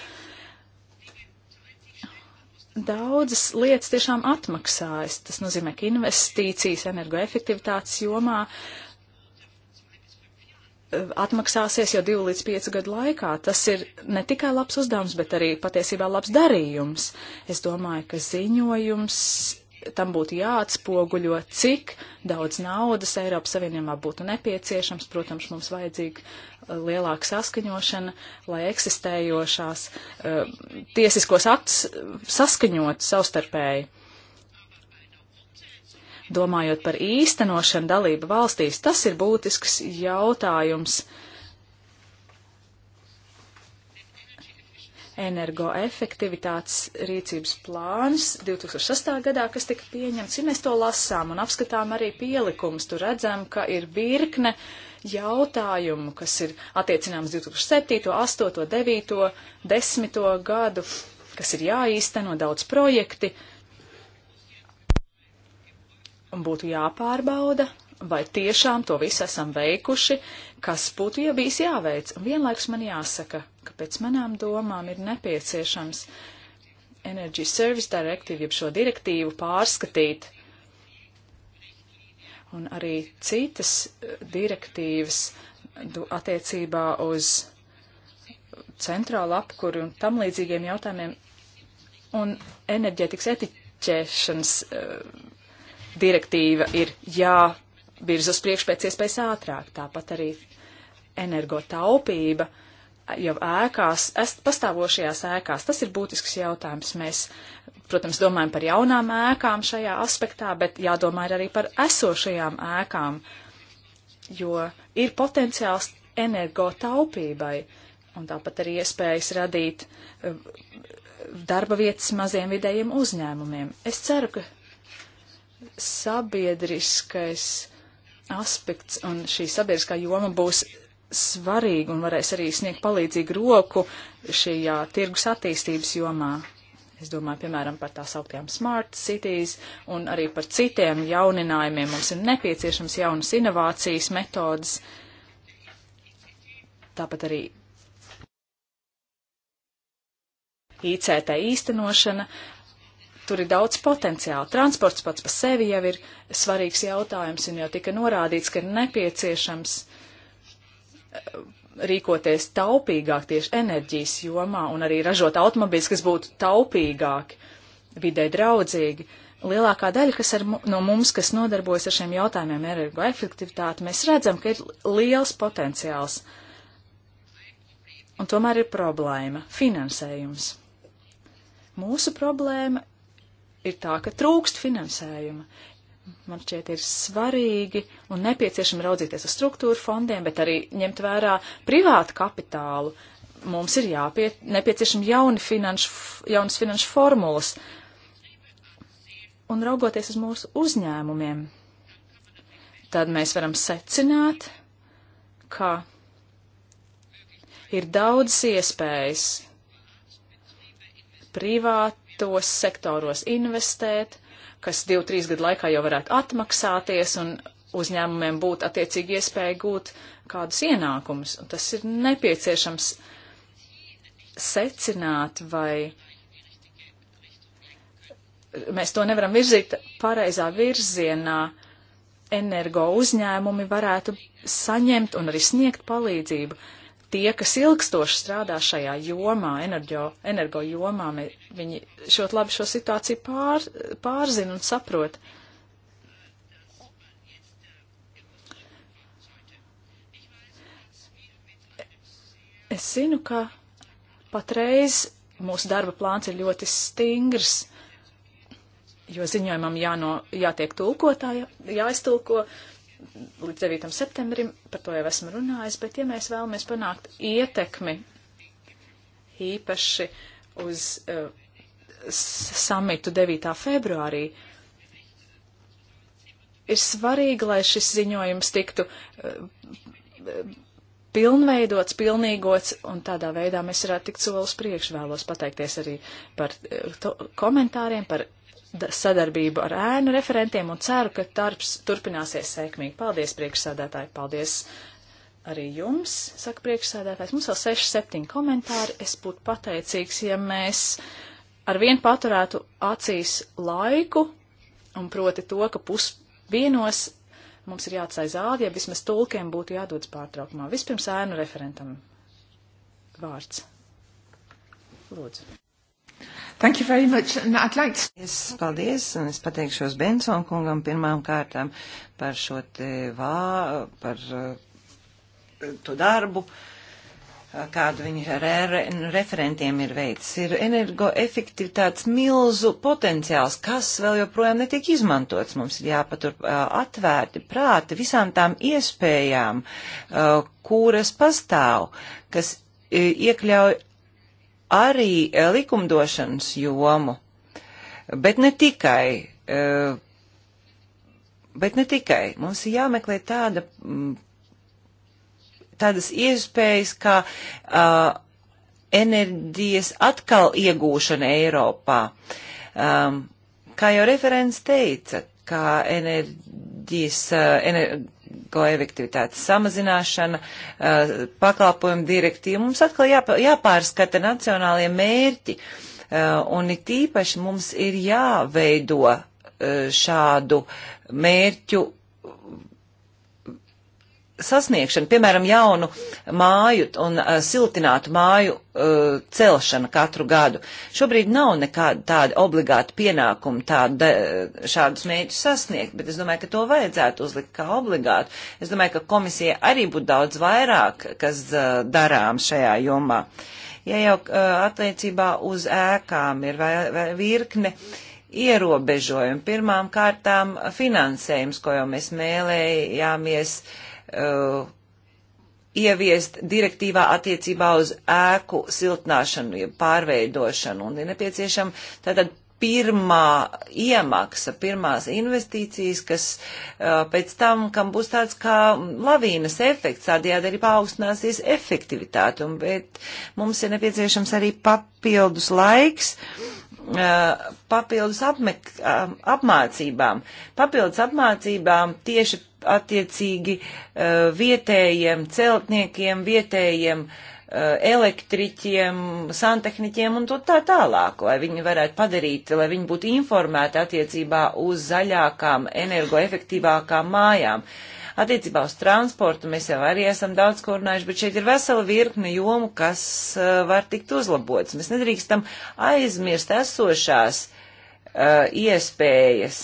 daudzas lietas tiešām atmaksājas. Tas nozīmē, ka investīcijas energoefektivitātes jomā eh, atmaksāsies jau divu līdz piecu gadu laikā. Tas ir ne tikai labs uzdevums, bet arī patiesībā labs darījums. Es domāju, ka ziņojums tam būtu jāatspoguļo, cik daudz naudas Eiropas Savienībā būtu nepieciešams. Protams, mums vajadzīga uh, lielāka saskaņošana, lai eksistējošās uh, tiesiskos aktus uh, saskaņot savstarpēji. Domājot par īstenošanu dalību valstīs, tas ir būtisks jautājums. Uh, energoefektivitātes rīcības plāns 2006. gadā, kas tika pieņemts, ja mēs to lasām un apskatām arī pielikumus, tur redzam, ka ir virkne jautājumu, kas ir attiecināms 2007., 8., 9., 10. gadu, kas ir jāīsteno daudz projekti un būtu jāpārbauda, vai tiešām to visu esam veikuši, kas būtu jau bijis jāveic. Un vienlaiks man jāsaka, ka pēc manām domām ir nepieciešams Energy Service Directive, jeb šo direktīvu pārskatīt. Un arī citas eh, direktīvas attiecībā uz centrālu apkuri un tam līdzīgiem jautājumiem un enerģētikas etiķēšanas uh, direktīva ir jā virz uz priekšu pēc iespējas ātrāk. Tāpat arī energotaupība jau ēkās, pastāvošajās ēkās, tas ir būtisks jautājums. Mēs, protams, domājam par jaunām ēkām šajā aspektā, bet jādomā arī par esošajām ēkām, jo ir potenciāls energotaupībai un tāpat arī iespējas radīt eh, darba vietas maziem vidējiem uzņēmumiem. Es ceru, ka sabiedriskais aspekts un šī sabiedriskā joma būs svarīga un varēs arī sniegt palīdzīgu roku šajā tirgus attīstības jomā. Es domāju, piemēram, par tā sauktiem smart cities un arī par citiem jauninājumiem. Mums ir nepieciešams jaunas inovācijas metodas. Tāpat arī ICT īstenošana tur ir daudz potenciāla. Transports pats par sevi jau ir svarīgs jautājums, un jau tika norādīts, ka ir nepieciešams eh, rīkoties taupīgāk tieši enerģijas jomā un arī ražot automobīļus, kas būtu taupīgāki, vidē draudzīgi. Lielākā daļa, kas ar, no mums, kas nodarbojas ar šiem jautājumiem, energoefektivitāti, mēs redzam, ka ir liels potenciāls. Un tomēr ir problēma - finansējums. Mūsu problēma ir tā, ka trūkst finansējuma. Man šķiet, ir svarīgi un nepieciešami raudzīties uz struktūru fondiem, bet arī ņemt vērā privātu kapitālu. Mums ir jāpiet, nepieciešami jauni finanšu, jaunas finanšu formulas. Un raugoties uz mūsu uzņēmumiem, tad mēs varam secināt, ka ir daudzas iespējas privāt, tos sektoros investēt, kas divu, trīs gadu laikā jau varētu atmaksāties un uzņēmumiem būt attiecīgi iespēja gūt kādus ienākumus. Un tas ir nepieciešams secināt, vai mēs to nevaram virzīt pareizā virzienā. Energo uzņēmumi varētu saņemt un arī sniegt palīdzību. Uh, tie, kas ilgstoši strādā šajā jomā, enerģo, energo jomā, viņi šot labi šo situāciju pār, pārzina un saprot. Es zinu, ka patreiz mūsu darba plāns ir ļoti stingrs, jo ziņojumam jāno, jātiek tulkotā, jā, jāiztulko līdz 9. septembrim, par to jau esmu runājis, bet ja mēs vēlamies panākt ietekmi īpaši uz uh, samitu 9. februārī, ir svarīgi, lai šis ziņojums tiktu uh, pilnveidots, pilnīgots, un tādā veidā mēs varētu tikt solis priekš. Vēlos pateikties arī par eh, to, komentāriem, par sadarbību ar ēnu referentiem un ceru, ka darbs turpināsies sekmīgi. Paldies, priekšsēdētāji! Paldies arī jums, saka priekšsēdētājs. Mums vēl 6-7 komentāri. Es būtu pateicīgs, ja mēs ar vien paturētu acīs laiku un proti to, ka pusdienos mums ir jāatstāj zāli, ja vismaz tulkiem būtu jādodas pārtraukumā. Vispirms ēnu referentam vārds. Lūdzu. Thank you very much, and I'd like to... Es paldies, un es pateikšos Benson kungam pirmām kārtām par šo te vā, par eh, to darbu, eh, kādu viņi ar re, referentiem ir veicis. Ir energoefektivitātes milzu potenciāls, kas vēl joprojām netiek izmantots. Mums ir jāpatur eh, atvērti prāti visām tām iespējām, kuras pastāv, kas iekļauj arī eh, likumdošanas jomu, bet ne tikai. Eh, bet ne tikai. Mums ir jāmeklē tāda, mm, tādas iespējas, kā uh, enerģijas atkal iegūšana Eiropā. Um, kā jau referents teica, kā enerģijas, uh, ener energo efektivitātes samazināšana, eh, pakalpojumu direktīva. Mums atkal jāpā, jāpārskata nacionālie mērķi, eh, un it īpaši mums ir jāveido eh, šādu mērķu sasniegšana, piemēram, jaunu māju un uh, siltinātu māju uh, eh, celšana katru gadu. Šobrīd nav nekāda tāda obligāta pienākuma tāda, eh, šādus mēģus sasniegt, bet es domāju, ka to vajadzētu uzlikt kā obligātu. Es domāju, ka komisija arī būtu daudz vairāk, kas uh, darām šajā jomā. Ja jau uh, attiecībā uz ēkām ir vai, vai virkne. Uh, ierobežojumi. Pirmām kārtām finansējums, ko jau mēs mēlējāmies uh, Uh, ieviest direktīvā attiecībā uz ēku siltināšanu, jeb pārveidošanu, un ir nepieciešama tātad pirmā iemaksa, pirmās investīcijas, kas uh, pēc tam, kam būs tāds kā lavīnas efekts, tādējādi arī paaugstināsies efektivitāte, un, bet mums ir nepieciešams arī papildus laiks. Uh, papildus apmek, apmācībām. Papildus apmācībām tieši attiecīgi vietējiem celtniekiem, vietējiem elektriķiem, santehniķiem un tā tālāk, lai viņi varētu padarīt, lai viņi būtu informēti attiecībā uz zaļākām, energoefektīvākām mājām. Uh, Attiecībā uz transportu mēs jau arī esam daudz korunājuši, bet šeit ir vesela virkne jomu, kas uh, var tikt uzlabots. Mēs nedrīkstam aizmirst esošās uh, iespējas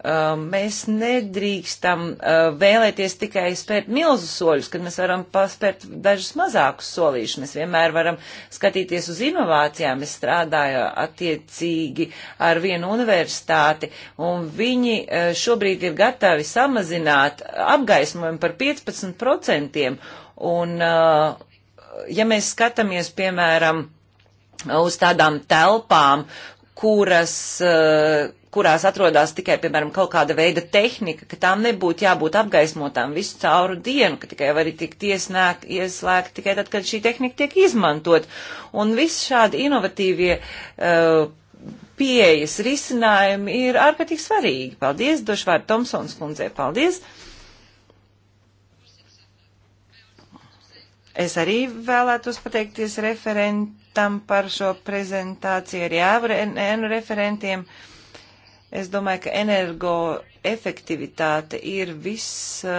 Um, mēs nedrīkstam uh, vēlēties tikai spērt milzu soļus, kad mēs varam paspērt dažus mazākus solīšus. Mēs vienmēr varam skatīties uz inovācijām. Es strādāju attiecīgi ar vienu universitāti, un viņi uh, šobrīd ir gatavi samazināt apgaismojumu par 15%. Un, uh, ja mēs skatāmies, piemēram, uz tādām telpām, kuras uh, kurās atrodas tikai, piemēram, kaut kāda veida tehnika, ka tām nebūtu jābūt apgaismotām visu cauru dienu, ka tikai var tikt iesnēgt, ieslēgt tikai tad, kad šī tehnika tiek izmantot. Un viss šādi inovatīvie uh, pieejas risinājumi ir ārkārtīgi svarīgi. Paldies, došu vārdu Tomsons kundzei. Paldies! Es arī vēlētos pateikties referentam par šo prezentāciju, arī ēnu referentiem. Uh, Es domāju, ka energoefektivitāte ir viss uh,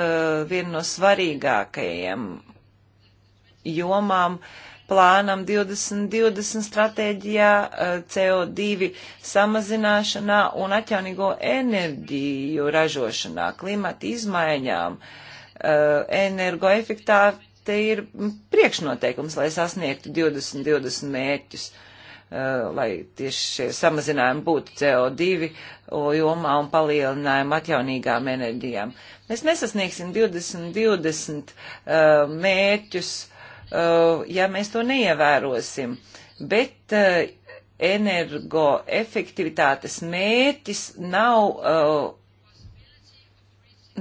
viena no svarīgākajiem jomām plānam 2020 stratēģijā, uh, eh, CO2 samazināšanā un atjaunīgo enerģiju ražošanā, klimata izmaiņām. Uh, eh, energoefektivitāte ir priekšnoteikums, lai sasniegtu 2020 mērķus. Uh, Eh, lai tieši šie samazinājumi būtu CO2 jomā un palielinājumi atjaunīgām enerģijām. Mēs nesasniegsim 2020 uh, eh, mērķus, uh, ja mēs to neievērosim, bet uh, energoefektivitātes mērķis nav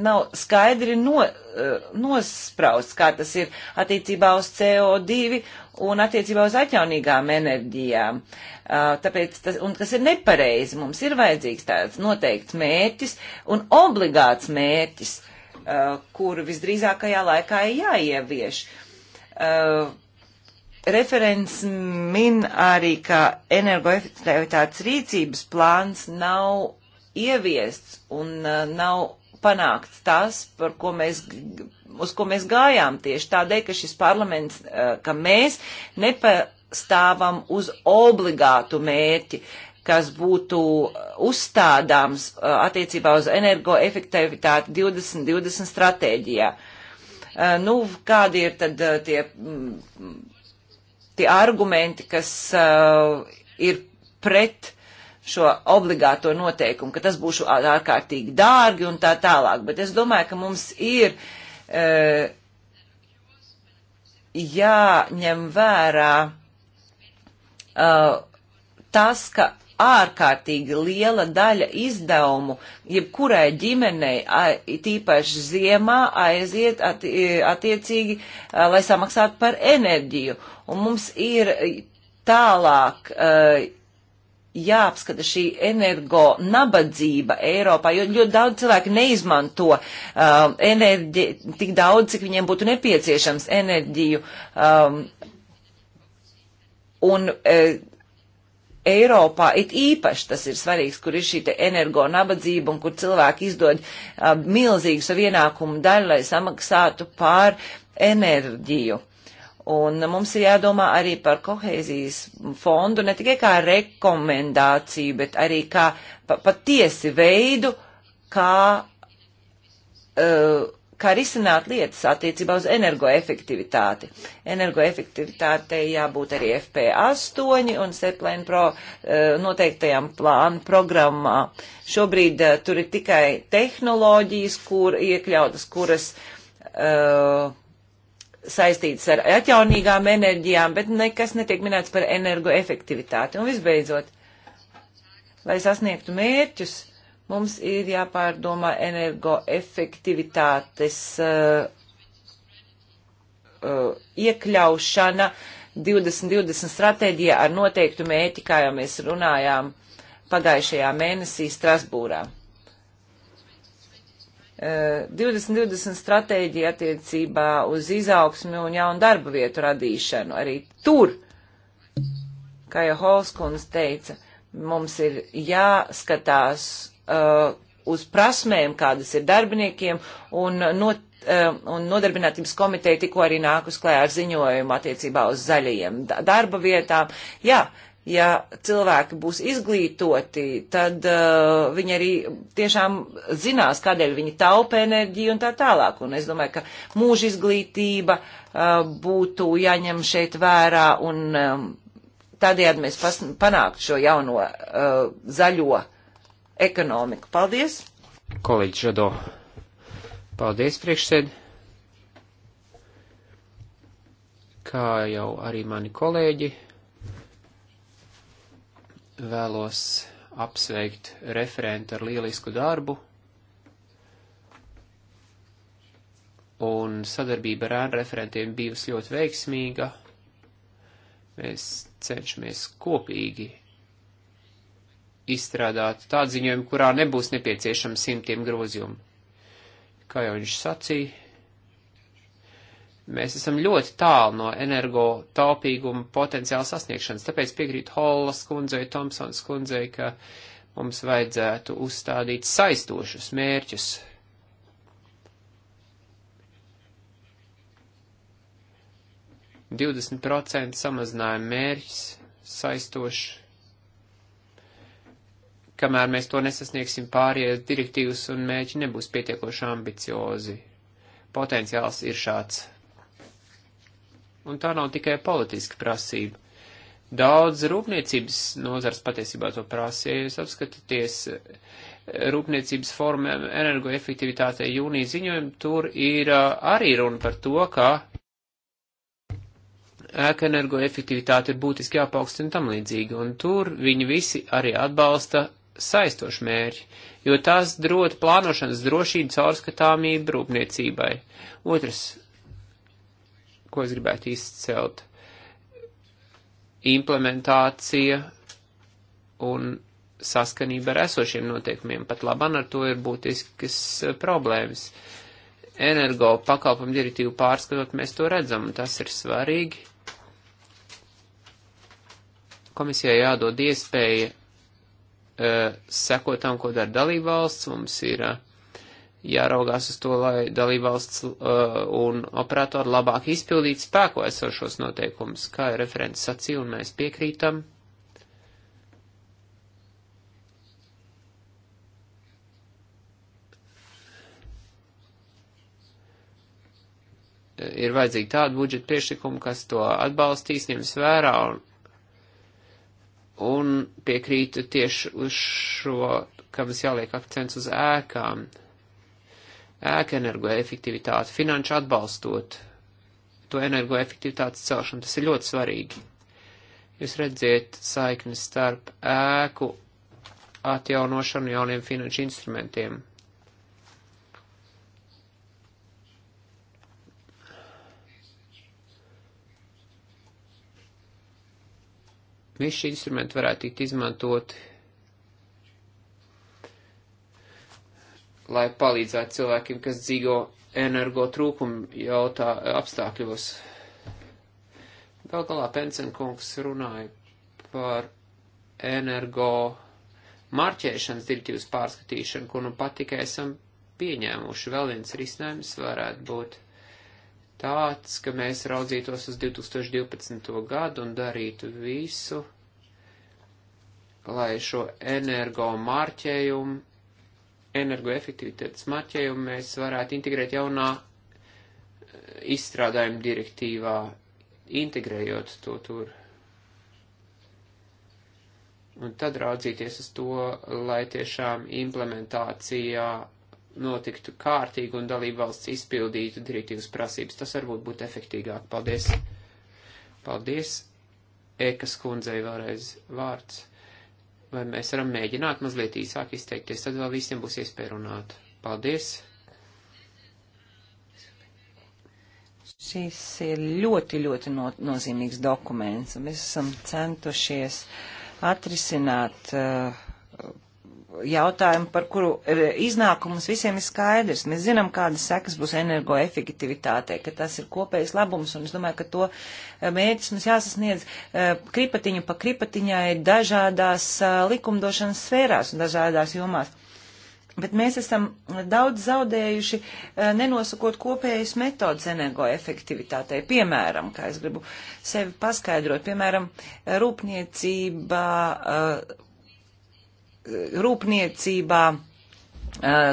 nav skaidri no, e, nosprausts, kā tas ir attiecībā uz CO2 un attiecībā uz atjaunīgām enerģijām. Tāpēc tas, un kas ir nepareizi, mums ir vajadzīgs tāds noteikts mērķis un obligāts mērķis, kuru visdrīzākajā laikā ir jāievieš. Referents min arī, ka energoefektivitātes rīcības plāns nav ieviests un uh, nav panākts tas, par ko mēs, uz ko mēs gājām tieši tādēļ, ka šis parlaments, eh, ka mēs nepastāvam uz obligātu mērķi kas būtu uzstādāms eh, attiecībā uz energoefektivitāti 2020 stratēģijā. Eh, nu, kādi ir tad tie, mm, tie argumenti, kas ir pret šo obligāto noteikumu, ka tas būs ārkārtīgi dārgi un tā tālāk. Bet es domāju, ka mums ir e, jāņem vērā e, tas, ka ārkārtīgi liela daļa izdevumu, jebkurai ģimenei, tīpaši ziemā, aiziet attiecīgi, lai samaksātu par enerģiju. Un mums ir tālāk e, jāapskata šī energo nabadzība Eiropā, jo ļoti daudz cilvēku neizmanto uh, enerģi tik daudz, cik viņiem būtu nepieciešams enerģiju. Um, un uh, Eiropā it īpaši tas ir svarīgs, kur ir šī energo nabadzība un kur cilvēki izdod uh, milzīgu savu ienākumu daļu, lai samaksātu pār enerģiju. Un mums ir jādomā arī par kohēzijas fondu ne tikai kā rekomendāciju, bet arī kā pa, patiesi veidu, kā, uh, kā risināt lietas attiecībā uz energoefektivitāti. Energoefektivitātei jābūt arī FP8 un Seplēn Pro uh, noteiktajām plānu programmā. Šobrīd uh, tur ir tikai tehnoloģijas, kur iekļautas, kuras. Uh, saistītas ar atjaunīgām enerģijām, bet nekas netiek minēts par energoefektivitāti. Un visbeidzot, lai sasniegtu mērķus, mums ir jāpārdomā energoefektivitātes uh, uh, iekļaušana 2020 stratēģijā ar noteiktu mērķi, kā jau mēs runājām pagājušajā mēnesī Strasbūrā. Uh, 2020 stratēģija attiecībā uz izaugsmi un jaunu darba vietu radīšanu. Arī tur, kā jau Holskunds teica, mums ir jāskatās uh, uz prasmēm, kādas ir darbiniekiem, un, not, uh, un nodarbinātības komiteja tikko arī nāk uz klējā ar ziņojumu attiecībā uz zaļajiem darba vietām. Jā, uh, ja cilvēki būs izglītoti, tad uh, viņi arī tiešām zinās, kādēļ viņi taupa enerģiju un tā tālāk. Un es domāju, ka mūža izglītība uh, būtu jāņem šeit vērā un um, tādējādi mēs pas, panākt šo jauno uh, zaļo ekonomiku. Paldies! Kolēģi Žado, paldies priekšsēdi! Kā jau arī mani kolēģi vēlos apsveikt referentu ar lielisku darbu un sadarbība ar ēnu referentiem bijusi ļoti veiksmīga. Mēs cenšamies kopīgi izstrādāt tādu ziņojumu, kurā nebūs nepieciešams simtiem grozījumu. Kā jau viņš sacīja, Mēs esam ļoti tālu no energo taupīguma potenciāla sasniegšanas, tāpēc piekrīt Hollas kundzei, Tomsons kundzei, ka mums vajadzētu uzstādīt saistošus mērķus. Divdesmit procentu samazinājuma mērķis saistošs kamēr mēs to nesasniegsim, pārējais direktīvas un mēģi nebūs pietiekoši ambiciozi. Potenciāls ir šāds. Un tā nav tikai politiska prasība. Daudz rūpniecības nozars patiesībā to prasa. Ja jūs apskatāties eh, rūpniecības formu energoefektivitātei jūnija ziņojumu, tur ir eh, arī runa par to, ka ēka energoefektivitāte ir būtiski jāpaukstina tam līdzīgi, un tur viņi visi arī atbalsta saistošu mērķi, jo tas dod plānošanas drošību caurskatāmību rūpniecībai. Otrs ko es gribētu izcelt. Implementācija un saskanība ar esošiem noteikumiem, pat labam ar to ir būtiskas eh, problēmas. Energo pakalpojumu direktīvu pārskatot, mēs to redzam, un tas ir svarīgi. Komisijai jādod iespēja uh, sekot tam, ko dara dalībvalsts, mums ir uh, jāraugās uz to, lai dalībvalsts uh, un operatori labāk izpildītu spēko esošos noteikumus, kā ir referents sacīja, un mēs piekrītam. Ir vajadzīgi tādi budžeta priekšlikumi, kas to atbalstīs, ņems vērā un, un piekrītu tieši uz šo, ka mums jāliek akcents uz ēkām. Uh, ēka energoefektivitāti, finanšu atbalstot to energoefektivitātes celšanu. Tas ir ļoti svarīgi. Jūs redziet saikni starp ēku atjaunošanu jauniem finanšu instrumentiem. Visi šie instrumenti varētu tikt izmantoti lai palīdzētu cilvēkiem, kas dzīvo energo trūkumu jautā apstākļos. Gal galā Pensenkungs runāja par energo marķēšanas direktīvas pārskatīšanu, ko nu pat tikai esam pieņēmuši. Vēl viens risinājums varētu būt tāds, ka mēs raudzītos uz 2012. gadu un darītu visu, lai šo energo marķējumu energoefektivitātes marķējumu mēs varētu integrēt jaunā eh, izstrādājuma direktīvā, integrējot to tur. Un tad raudzīties uz to, lai tiešām implementācijā notiktu kārtīgi un dalībvalsts izpildītu direktīvas prasības. Tas varbūt būtu efektīgāk. Paldies! Paldies! Ekas kundzei vēlreiz vārds. Vai mēs varam mēģināt mazliet īsāk izteikties, tad vēl visiem būs iespēja runāt. Paldies! Šis ir ļoti, ļoti no, nozīmīgs dokuments. Mēs esam centušies atrisināt uh, jautājumu, par kuru e, iznākums visiem ir skaidrs. Mēs zinām, kādas sekas būs energoefektivitātei, ka tas ir kopējs labums, un es domāju, ka to e, mērķis mums jāsasniedz e, kripatiņu pa kripatiņai dažādās likumdošanas sfērās un dažādās jomās. Bet mēs esam daudz zaudējuši, nenosakot kopējas metodas energoefektivitātei. Piemēram, kā es gribu sevi paskaidrot, piemēram, rūpniecība rūpniecībā eh,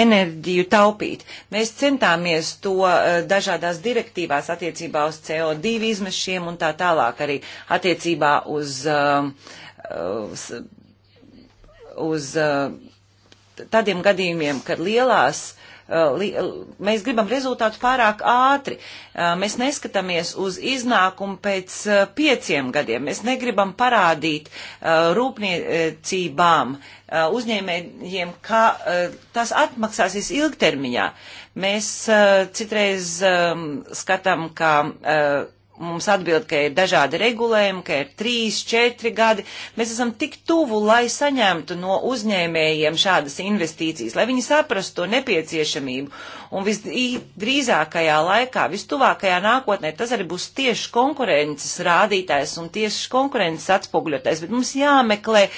enerģiju taupīt. Mēs centāmies to eh, dažādās direktīvās attiecībā uz CO2 izmešiem un tā tālāk arī attiecībā uz, eh, uz, uz tādiem gadījumiem, kad lielās Eh, eh, mēs gribam rezultātu pārāk ātri. Eh, mēs neskatāmies uz iznākumu pēc pieciem gadiem. Mēs negribam parādīt rūpniecībām, uzņēmējiem, kā tas atmaksāsies ilgtermiņā. Mēs citreiz skatām, ka mums atbild, ka ir dažādi regulējumi, ka ir trīs, četri gadi. Mēs esam tik tuvu, lai saņemtu no uzņēmējiem šādas investīcijas, lai viņi saprastu to nepieciešamību. Un visdrīzākajā laikā, vistuvākajā nākotnē, tas arī būs tieši konkurences rādītājs un tieši konkurences atspoguļotais. Bet mums jāmeklē uh,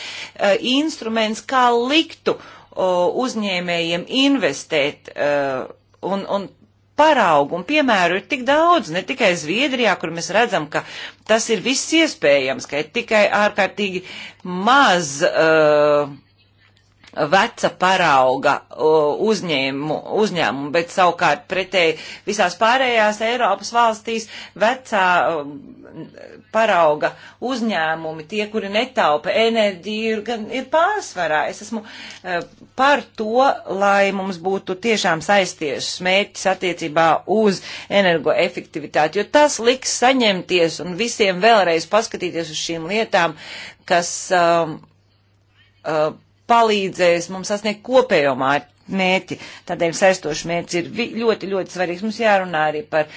instruments, kā liktu uh, uzņēmējiem investēt. Uh, un, un paraugu un piemēru ir tik daudz, ne tikai Zviedrijā, kur mēs redzam, ka tas ir viss iespējams, ka ir tikai ārkārtīgi maz. Uh, veca parauga uzņēmu, uzņēmumu, bet savukārt pretēji visās pārējās Eiropas valstīs vecā parauga uzņēmumi, tie, kuri netaupa enerģiju, ir, gan, ir pārsvarā. Es esmu e, par to, lai mums būtu tiešām saisties smērķis attiecībā uz energoefektivitāti, jo tas liks saņemties un visiem vēlreiz paskatīties uz šīm lietām, kas. Um, uh, palīdzēs mums sasniegt kopējo mērķi. Tādēļ saistošs mērķis ir ļoti, ļoti svarīgs. Mums jārunā arī par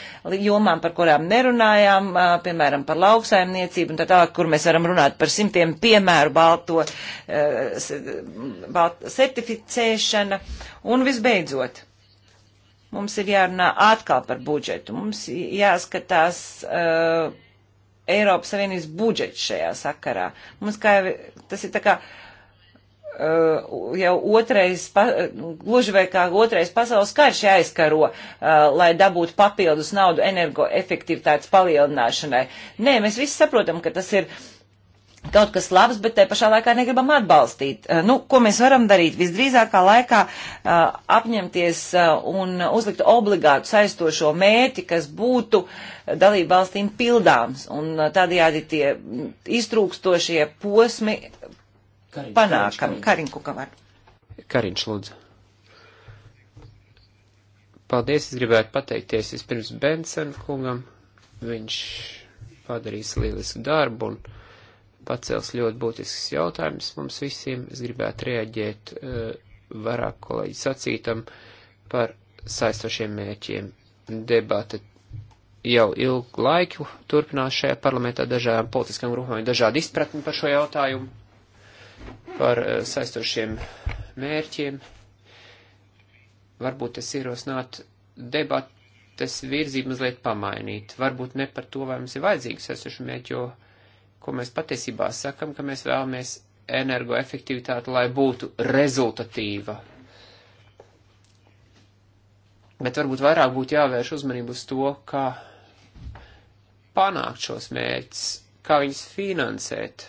jomām, par kurām nerunājām, piemēram, par lauksaimniecību un tā tālāk, kur mēs varam runāt par simtiem piemēru balto, balto certificēšana. Un visbeidzot mums ir jārunā atkal par budžetu. Mums jāskatās uh, Eiropas Savienības budžets šajā sakarā. Mums kā jau tas ir tā kā Uh, jau otrais, pa, gluži vai kā otrais pasaules karš jāizkaro, uh, lai dabūtu papildus naudu energoefektivitātes palielināšanai. Nē, mēs visi saprotam, ka tas ir kaut kas labs, bet te pašā laikā negribam atbalstīt. Uh, nu, ko mēs varam darīt? Visdrīzākā laikā uh, apņemties uh, un uzlikt obligātu saistošo mēti, kas būtu uh, dalību valstīm pildāms, un tādējādi tie iztrūkstošie posmi Kariņš, panākam. Kariņš, kukam var. Kariņš, lūdzu. Paldies, es gribētu pateikties vispirms Bensen kungam. Viņš padarīs lielisku darbu un pacels ļoti būtisks jautājums mums visiem. Es gribētu reaģēt uh, vairāk kolēģi sacītam par saistošiem mērķiem. Debata jau ilgu laiku turpinās šajā parlamentā dažādām politiskām grupām, ir dažādi izpratni par šo jautājumu par eh, saistošiem mērķiem. Varbūt es ierosinātu debates virzību mazliet pamainīt. Varbūt ne par to, vai mums ir vajadzīgi saistoši mērķi, jo ko mēs patiesībā sakam, ka mēs vēlamies energoefektivitāti, lai būtu rezultatīva. Bet varbūt vairāk būtu jāvērš uzmanību uz to, kā panākt šos mērķus, kā viņus finansēt,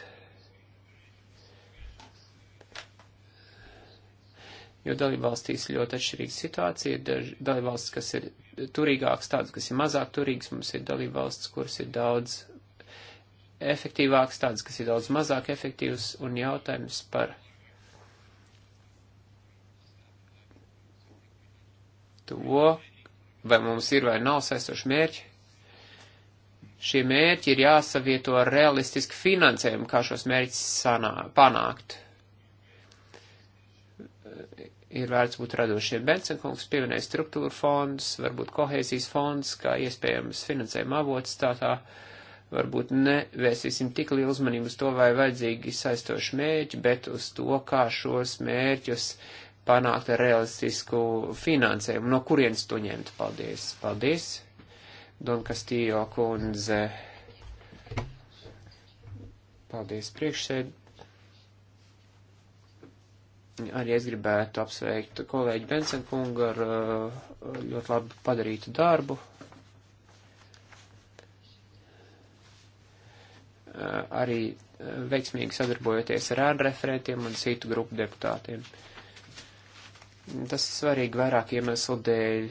jo dalībvalstīs ļoti atšķirīga situācija. Ir daži dalībvalstis, kas ir turīgāks, tādas, kas ir mazāk turīgas, mums ir dalībvalstis, kuras ir daudz efektīvāks, tādas, kas ir daudz mazāk efektīvs, un jautājums par to, vai mums ir vai nav saistoši mērķi. Šie mērķi ir jāsavieto ar realistisku finansējumu, kā šos mērķus sanā, panākt ir vērts būt radošiem. Bensenkungs pieminēja struktūra fonds, varbūt kohēzijas fonds, kā iespējams finansējuma avots, tā tā varbūt nevēsīsim tik lielu uzmanību uz to, vai vajadzīgi saistoši mērķi, bet uz to, kā šos mērķus panākt ar realistisku finansējumu. No kurienes to ņemt? Paldies! Paldies! Don Castillo kundze. Paldies priekšsēdētājiem! Arī es gribētu apsveikt kolēģi Bensenkungu ar uh, ļoti labi padarītu darbu. Uh, arī uh, veiksmīgi sadarbojoties ar ārn referentiem un citu grupu deputātiem. Tas ir svarīgi vairāk iemeslu dēļ.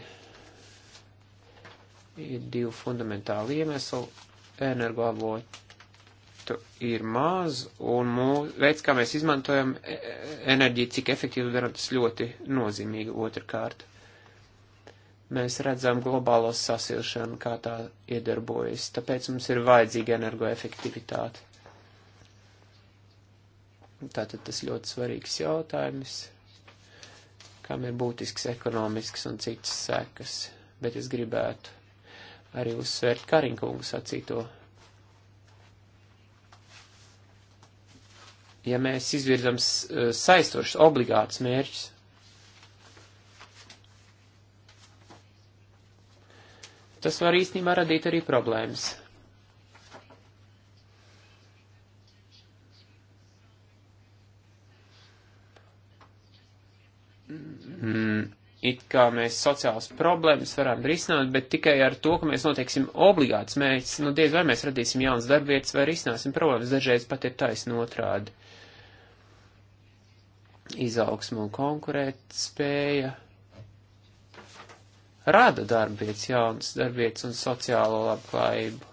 Ir divi fundamentāli iemesli - energoavoti projektu ir maz, un mūs, veids, kā mēs izmantojam e, e, enerģiju, cik efektīvi darām, tas ļoti nozīmīgi otrkārt. Mēs redzam globālo sasilšanu, kā tā iedarbojas, tāpēc mums ir vajadzīga energoefektivitāte. Tātad tas ļoti svarīgs jautājums, kam ir būtisks ekonomisks un cits sekas, bet es gribētu arī uzsvērt Karinkungu sacīto ja mēs izvirzam eh, saistošus obligātus mērķus. Tas var īstenībā radīt arī problēmas. Mm, it kā mēs sociālas problēmas varam risināt, bet tikai ar to, ka mēs noteiksim obligāts mērķis, nu diez vai mēs radīsim jaunas darbvietas vai risināsim problēmas, dažreiz pat ir taisn otrādi izaugsmu un konkurēt spēja rada darbvietas, jaunas darbvietas un sociālo labklājību.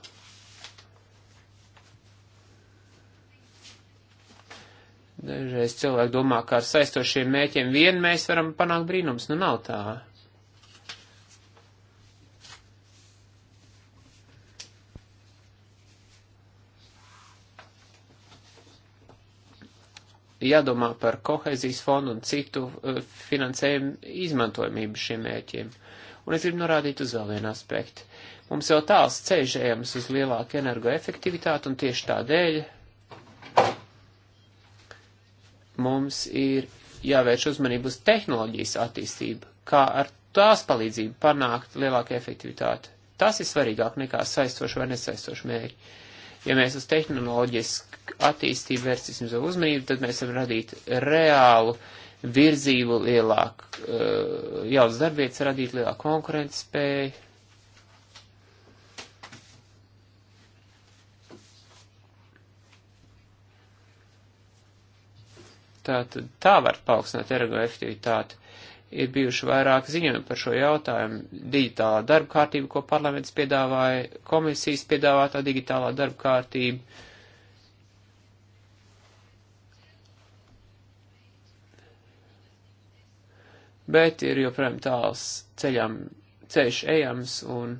Dažreiz cilvēki domā, ka ar saistošiem mēķiem vien mēs varam panākt brīnums, nu nav tā. jādomā par kohēzijas fondu un citu eh, finansējumu izmantojamību šiem mērķiem. Un es gribu norādīt uz vēl vienu aspektu. Mums jau tāls ceļš ejams uz lielāku energoefektivitāti, un tieši tādēļ mums ir jāvērš uzmanību uz tehnoloģijas attīstību, kā ar tās palīdzību panākt lielāku efektivitāti. Tas ir svarīgāk nekā saistoši vai nesaistoši mērķi. Uh, Ja mēs uz tehnoloģisku attīstību vērsīsim savu uzmanību, tad mēs varam radīt reālu virzību, lielāku uh, jaunas darbietas, radīt lielāku konkurences spēju. Tā, tā var paaugstināt ergoefektivitāti ir bijuši vairāk ziņojumi par šo jautājumu. Digitālā darba kārtība, ko parlaments piedāvāja, komisijas piedāvātā digitālā darba kārtība. Bet ir joprojām tāls ceļam, ceļš ejams, un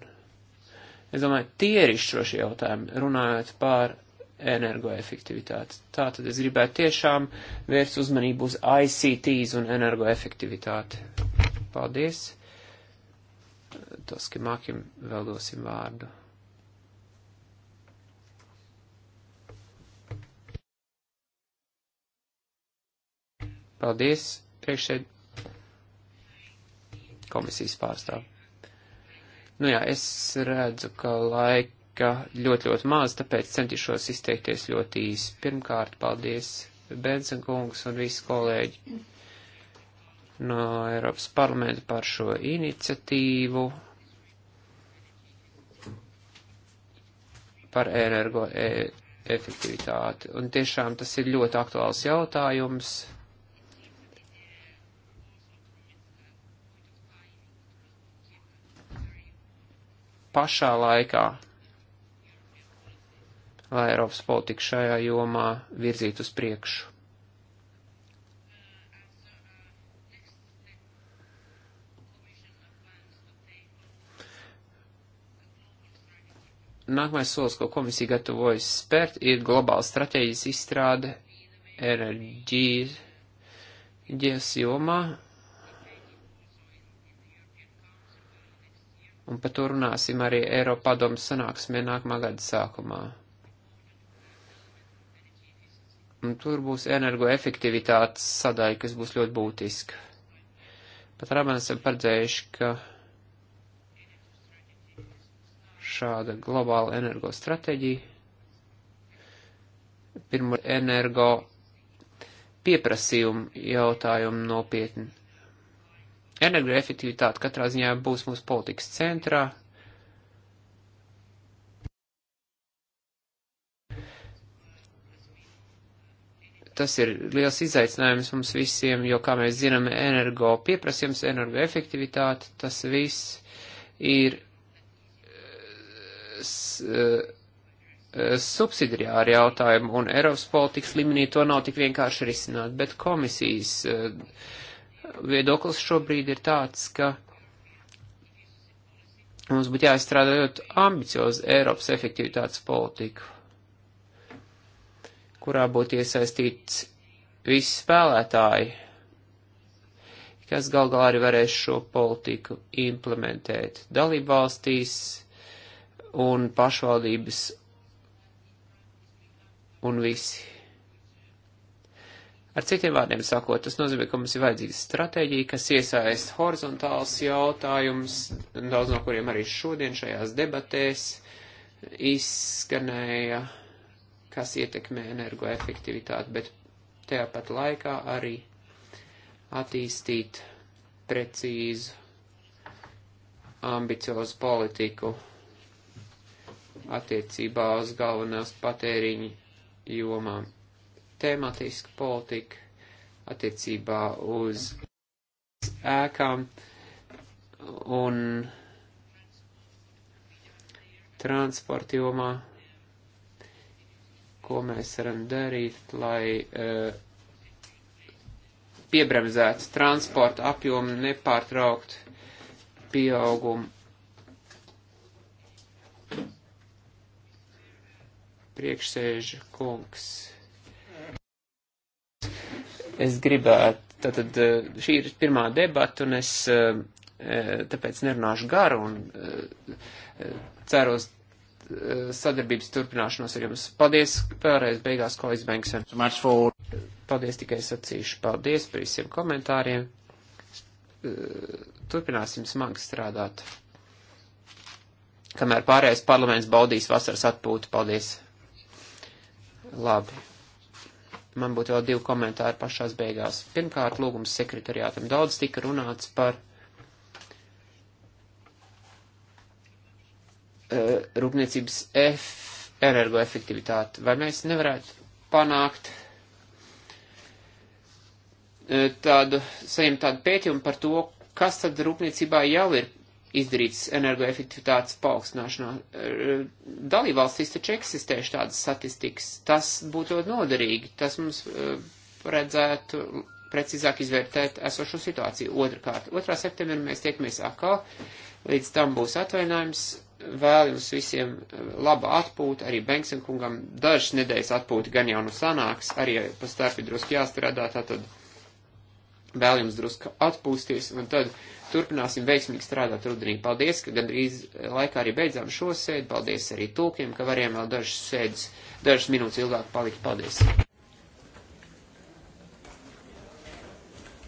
es domāju, tie ir izšķirošie jautājumi, runājot par energoefektivitāti. Tātad es gribētu tiešām vērst uzmanību uz ICTs un energoefektivitāti. Paldies! Toski Makim vēl dosim vārdu. Paldies, priekšēd komisijas pārstāv. Nu jā, es redzu, ka laika ka ļoti, ļoti maz, tāpēc centīšos izteikties ļoti īsi. Pirmkārt, paldies Benzenkungs un visi kolēģi no Eiropas parlamenta par šo iniciatīvu, par energo e efektivitāti. Un tiešām tas ir ļoti aktuāls jautājums. Pašā laikā lai Eiropas politika šajā jomā virzītu uz priekšu. Nākamais solis, ko komisija gatavojas spērt, ir globāla stratēģijas izstrāde enerģijas jomā. Un par to runāsim arī Eiropa padomu sanāksmē nākamā gada sākumā. Un tur būs energoefektivitātes sadaļa, kas būs ļoti būtiska. Pat Rāmanis ir paredzējuši, ka šāda globāla energo stratēģija pirmo energo pieprasījumu jautājumu nopietni. Energoefektivitāte katrā ziņā būs mūsu politikas centrā. tas ir liels izaicinājums mums visiem, jo, kā mēs zinām, energo pieprasījums, energoefektivitāte, tas viss ir eh, subsidiāri jautājumi, un Eiropas politikas līmenī to nav tik vienkārši risināt, bet komisijas eh, viedoklis šobrīd ir tāds, ka mums būtu jāizstrādā ļoti ambicioza Eiropas efektivitātes politika kurā būtu iesaistīts visi spēlētāji, kas gal galā arī varēs šo politiku implementēt dalībvalstīs un pašvaldības un visi. Ar citiem vārdiem sakot, tas nozīmē, ka mums ir vajadzīga stratēģija, kas iesaist horizontāls jautājums, daudz no kuriem arī šodien šajās debatēs izskanēja. Uh, kas ietekmē energoefektivitāti, bet tajā pat laikā arī attīstīt precīzu, ambiciozu politiku attiecībā uz galvenās patēriņa jomām. Tēmatiska politika attiecībā uz ēkām un transporta jomā ko mēs varam darīt, lai eh, piebremzētu transporta apjomu nepārtraukt pieaugumu. Priekšsēža kungs. Es gribētu, tātad eh, šī ir pirmā debata, un es eh, tāpēc nerunāšu garu un ceru uz Eh, sadarbības turpināšanos ar jums. Paldies vēlreiz beigās, kolēģis Bengsen. Paldies tikai sacīšu. Paldies par visiem komentāriem. Eh, turpināsim smagi strādāt. Kamēr pārējais parlaments baudīs vasaras atpūtu. Paldies. Labi. Man būtu vēl divi komentāri pašās beigās. Pirmkārt, lūgums sekretariātam daudz tika runāts par Eh, rūpniecības energoefektivitāti. Vai mēs nevarētu panākt eh, tādu, saņemt tādu pētījumu par to, kas tad rūpniecībā jau ir izdarīts energoefektivitātes paaugstināšanā. Eh, dalībvalstīs taču eksistējuši tādas statistikas. Tas būtu ļoti noderīgi. Tas mums paredzētu precīzāk izvērtēt esošo situāciju. Otrakārt, 2. septembrī mēs tiekamies atkal. Līdz tam būs atvainājums vēl jums visiem eh, laba atpūta, arī Benksen kungam dažas nedēļas atpūta gan jau nu sanāks, arī pa starpi drusku jāstrādā, tātad vēl jums drusku atpūsties, un tad turpināsim veiksmīgi strādāt rudenī. Paldies, ka gandrīz laikā arī beidzām šo sēdi, paldies arī tulkiem, ka varējām vēl dažas sēdes, dažas minūtes ilgāk palikt. Paldies!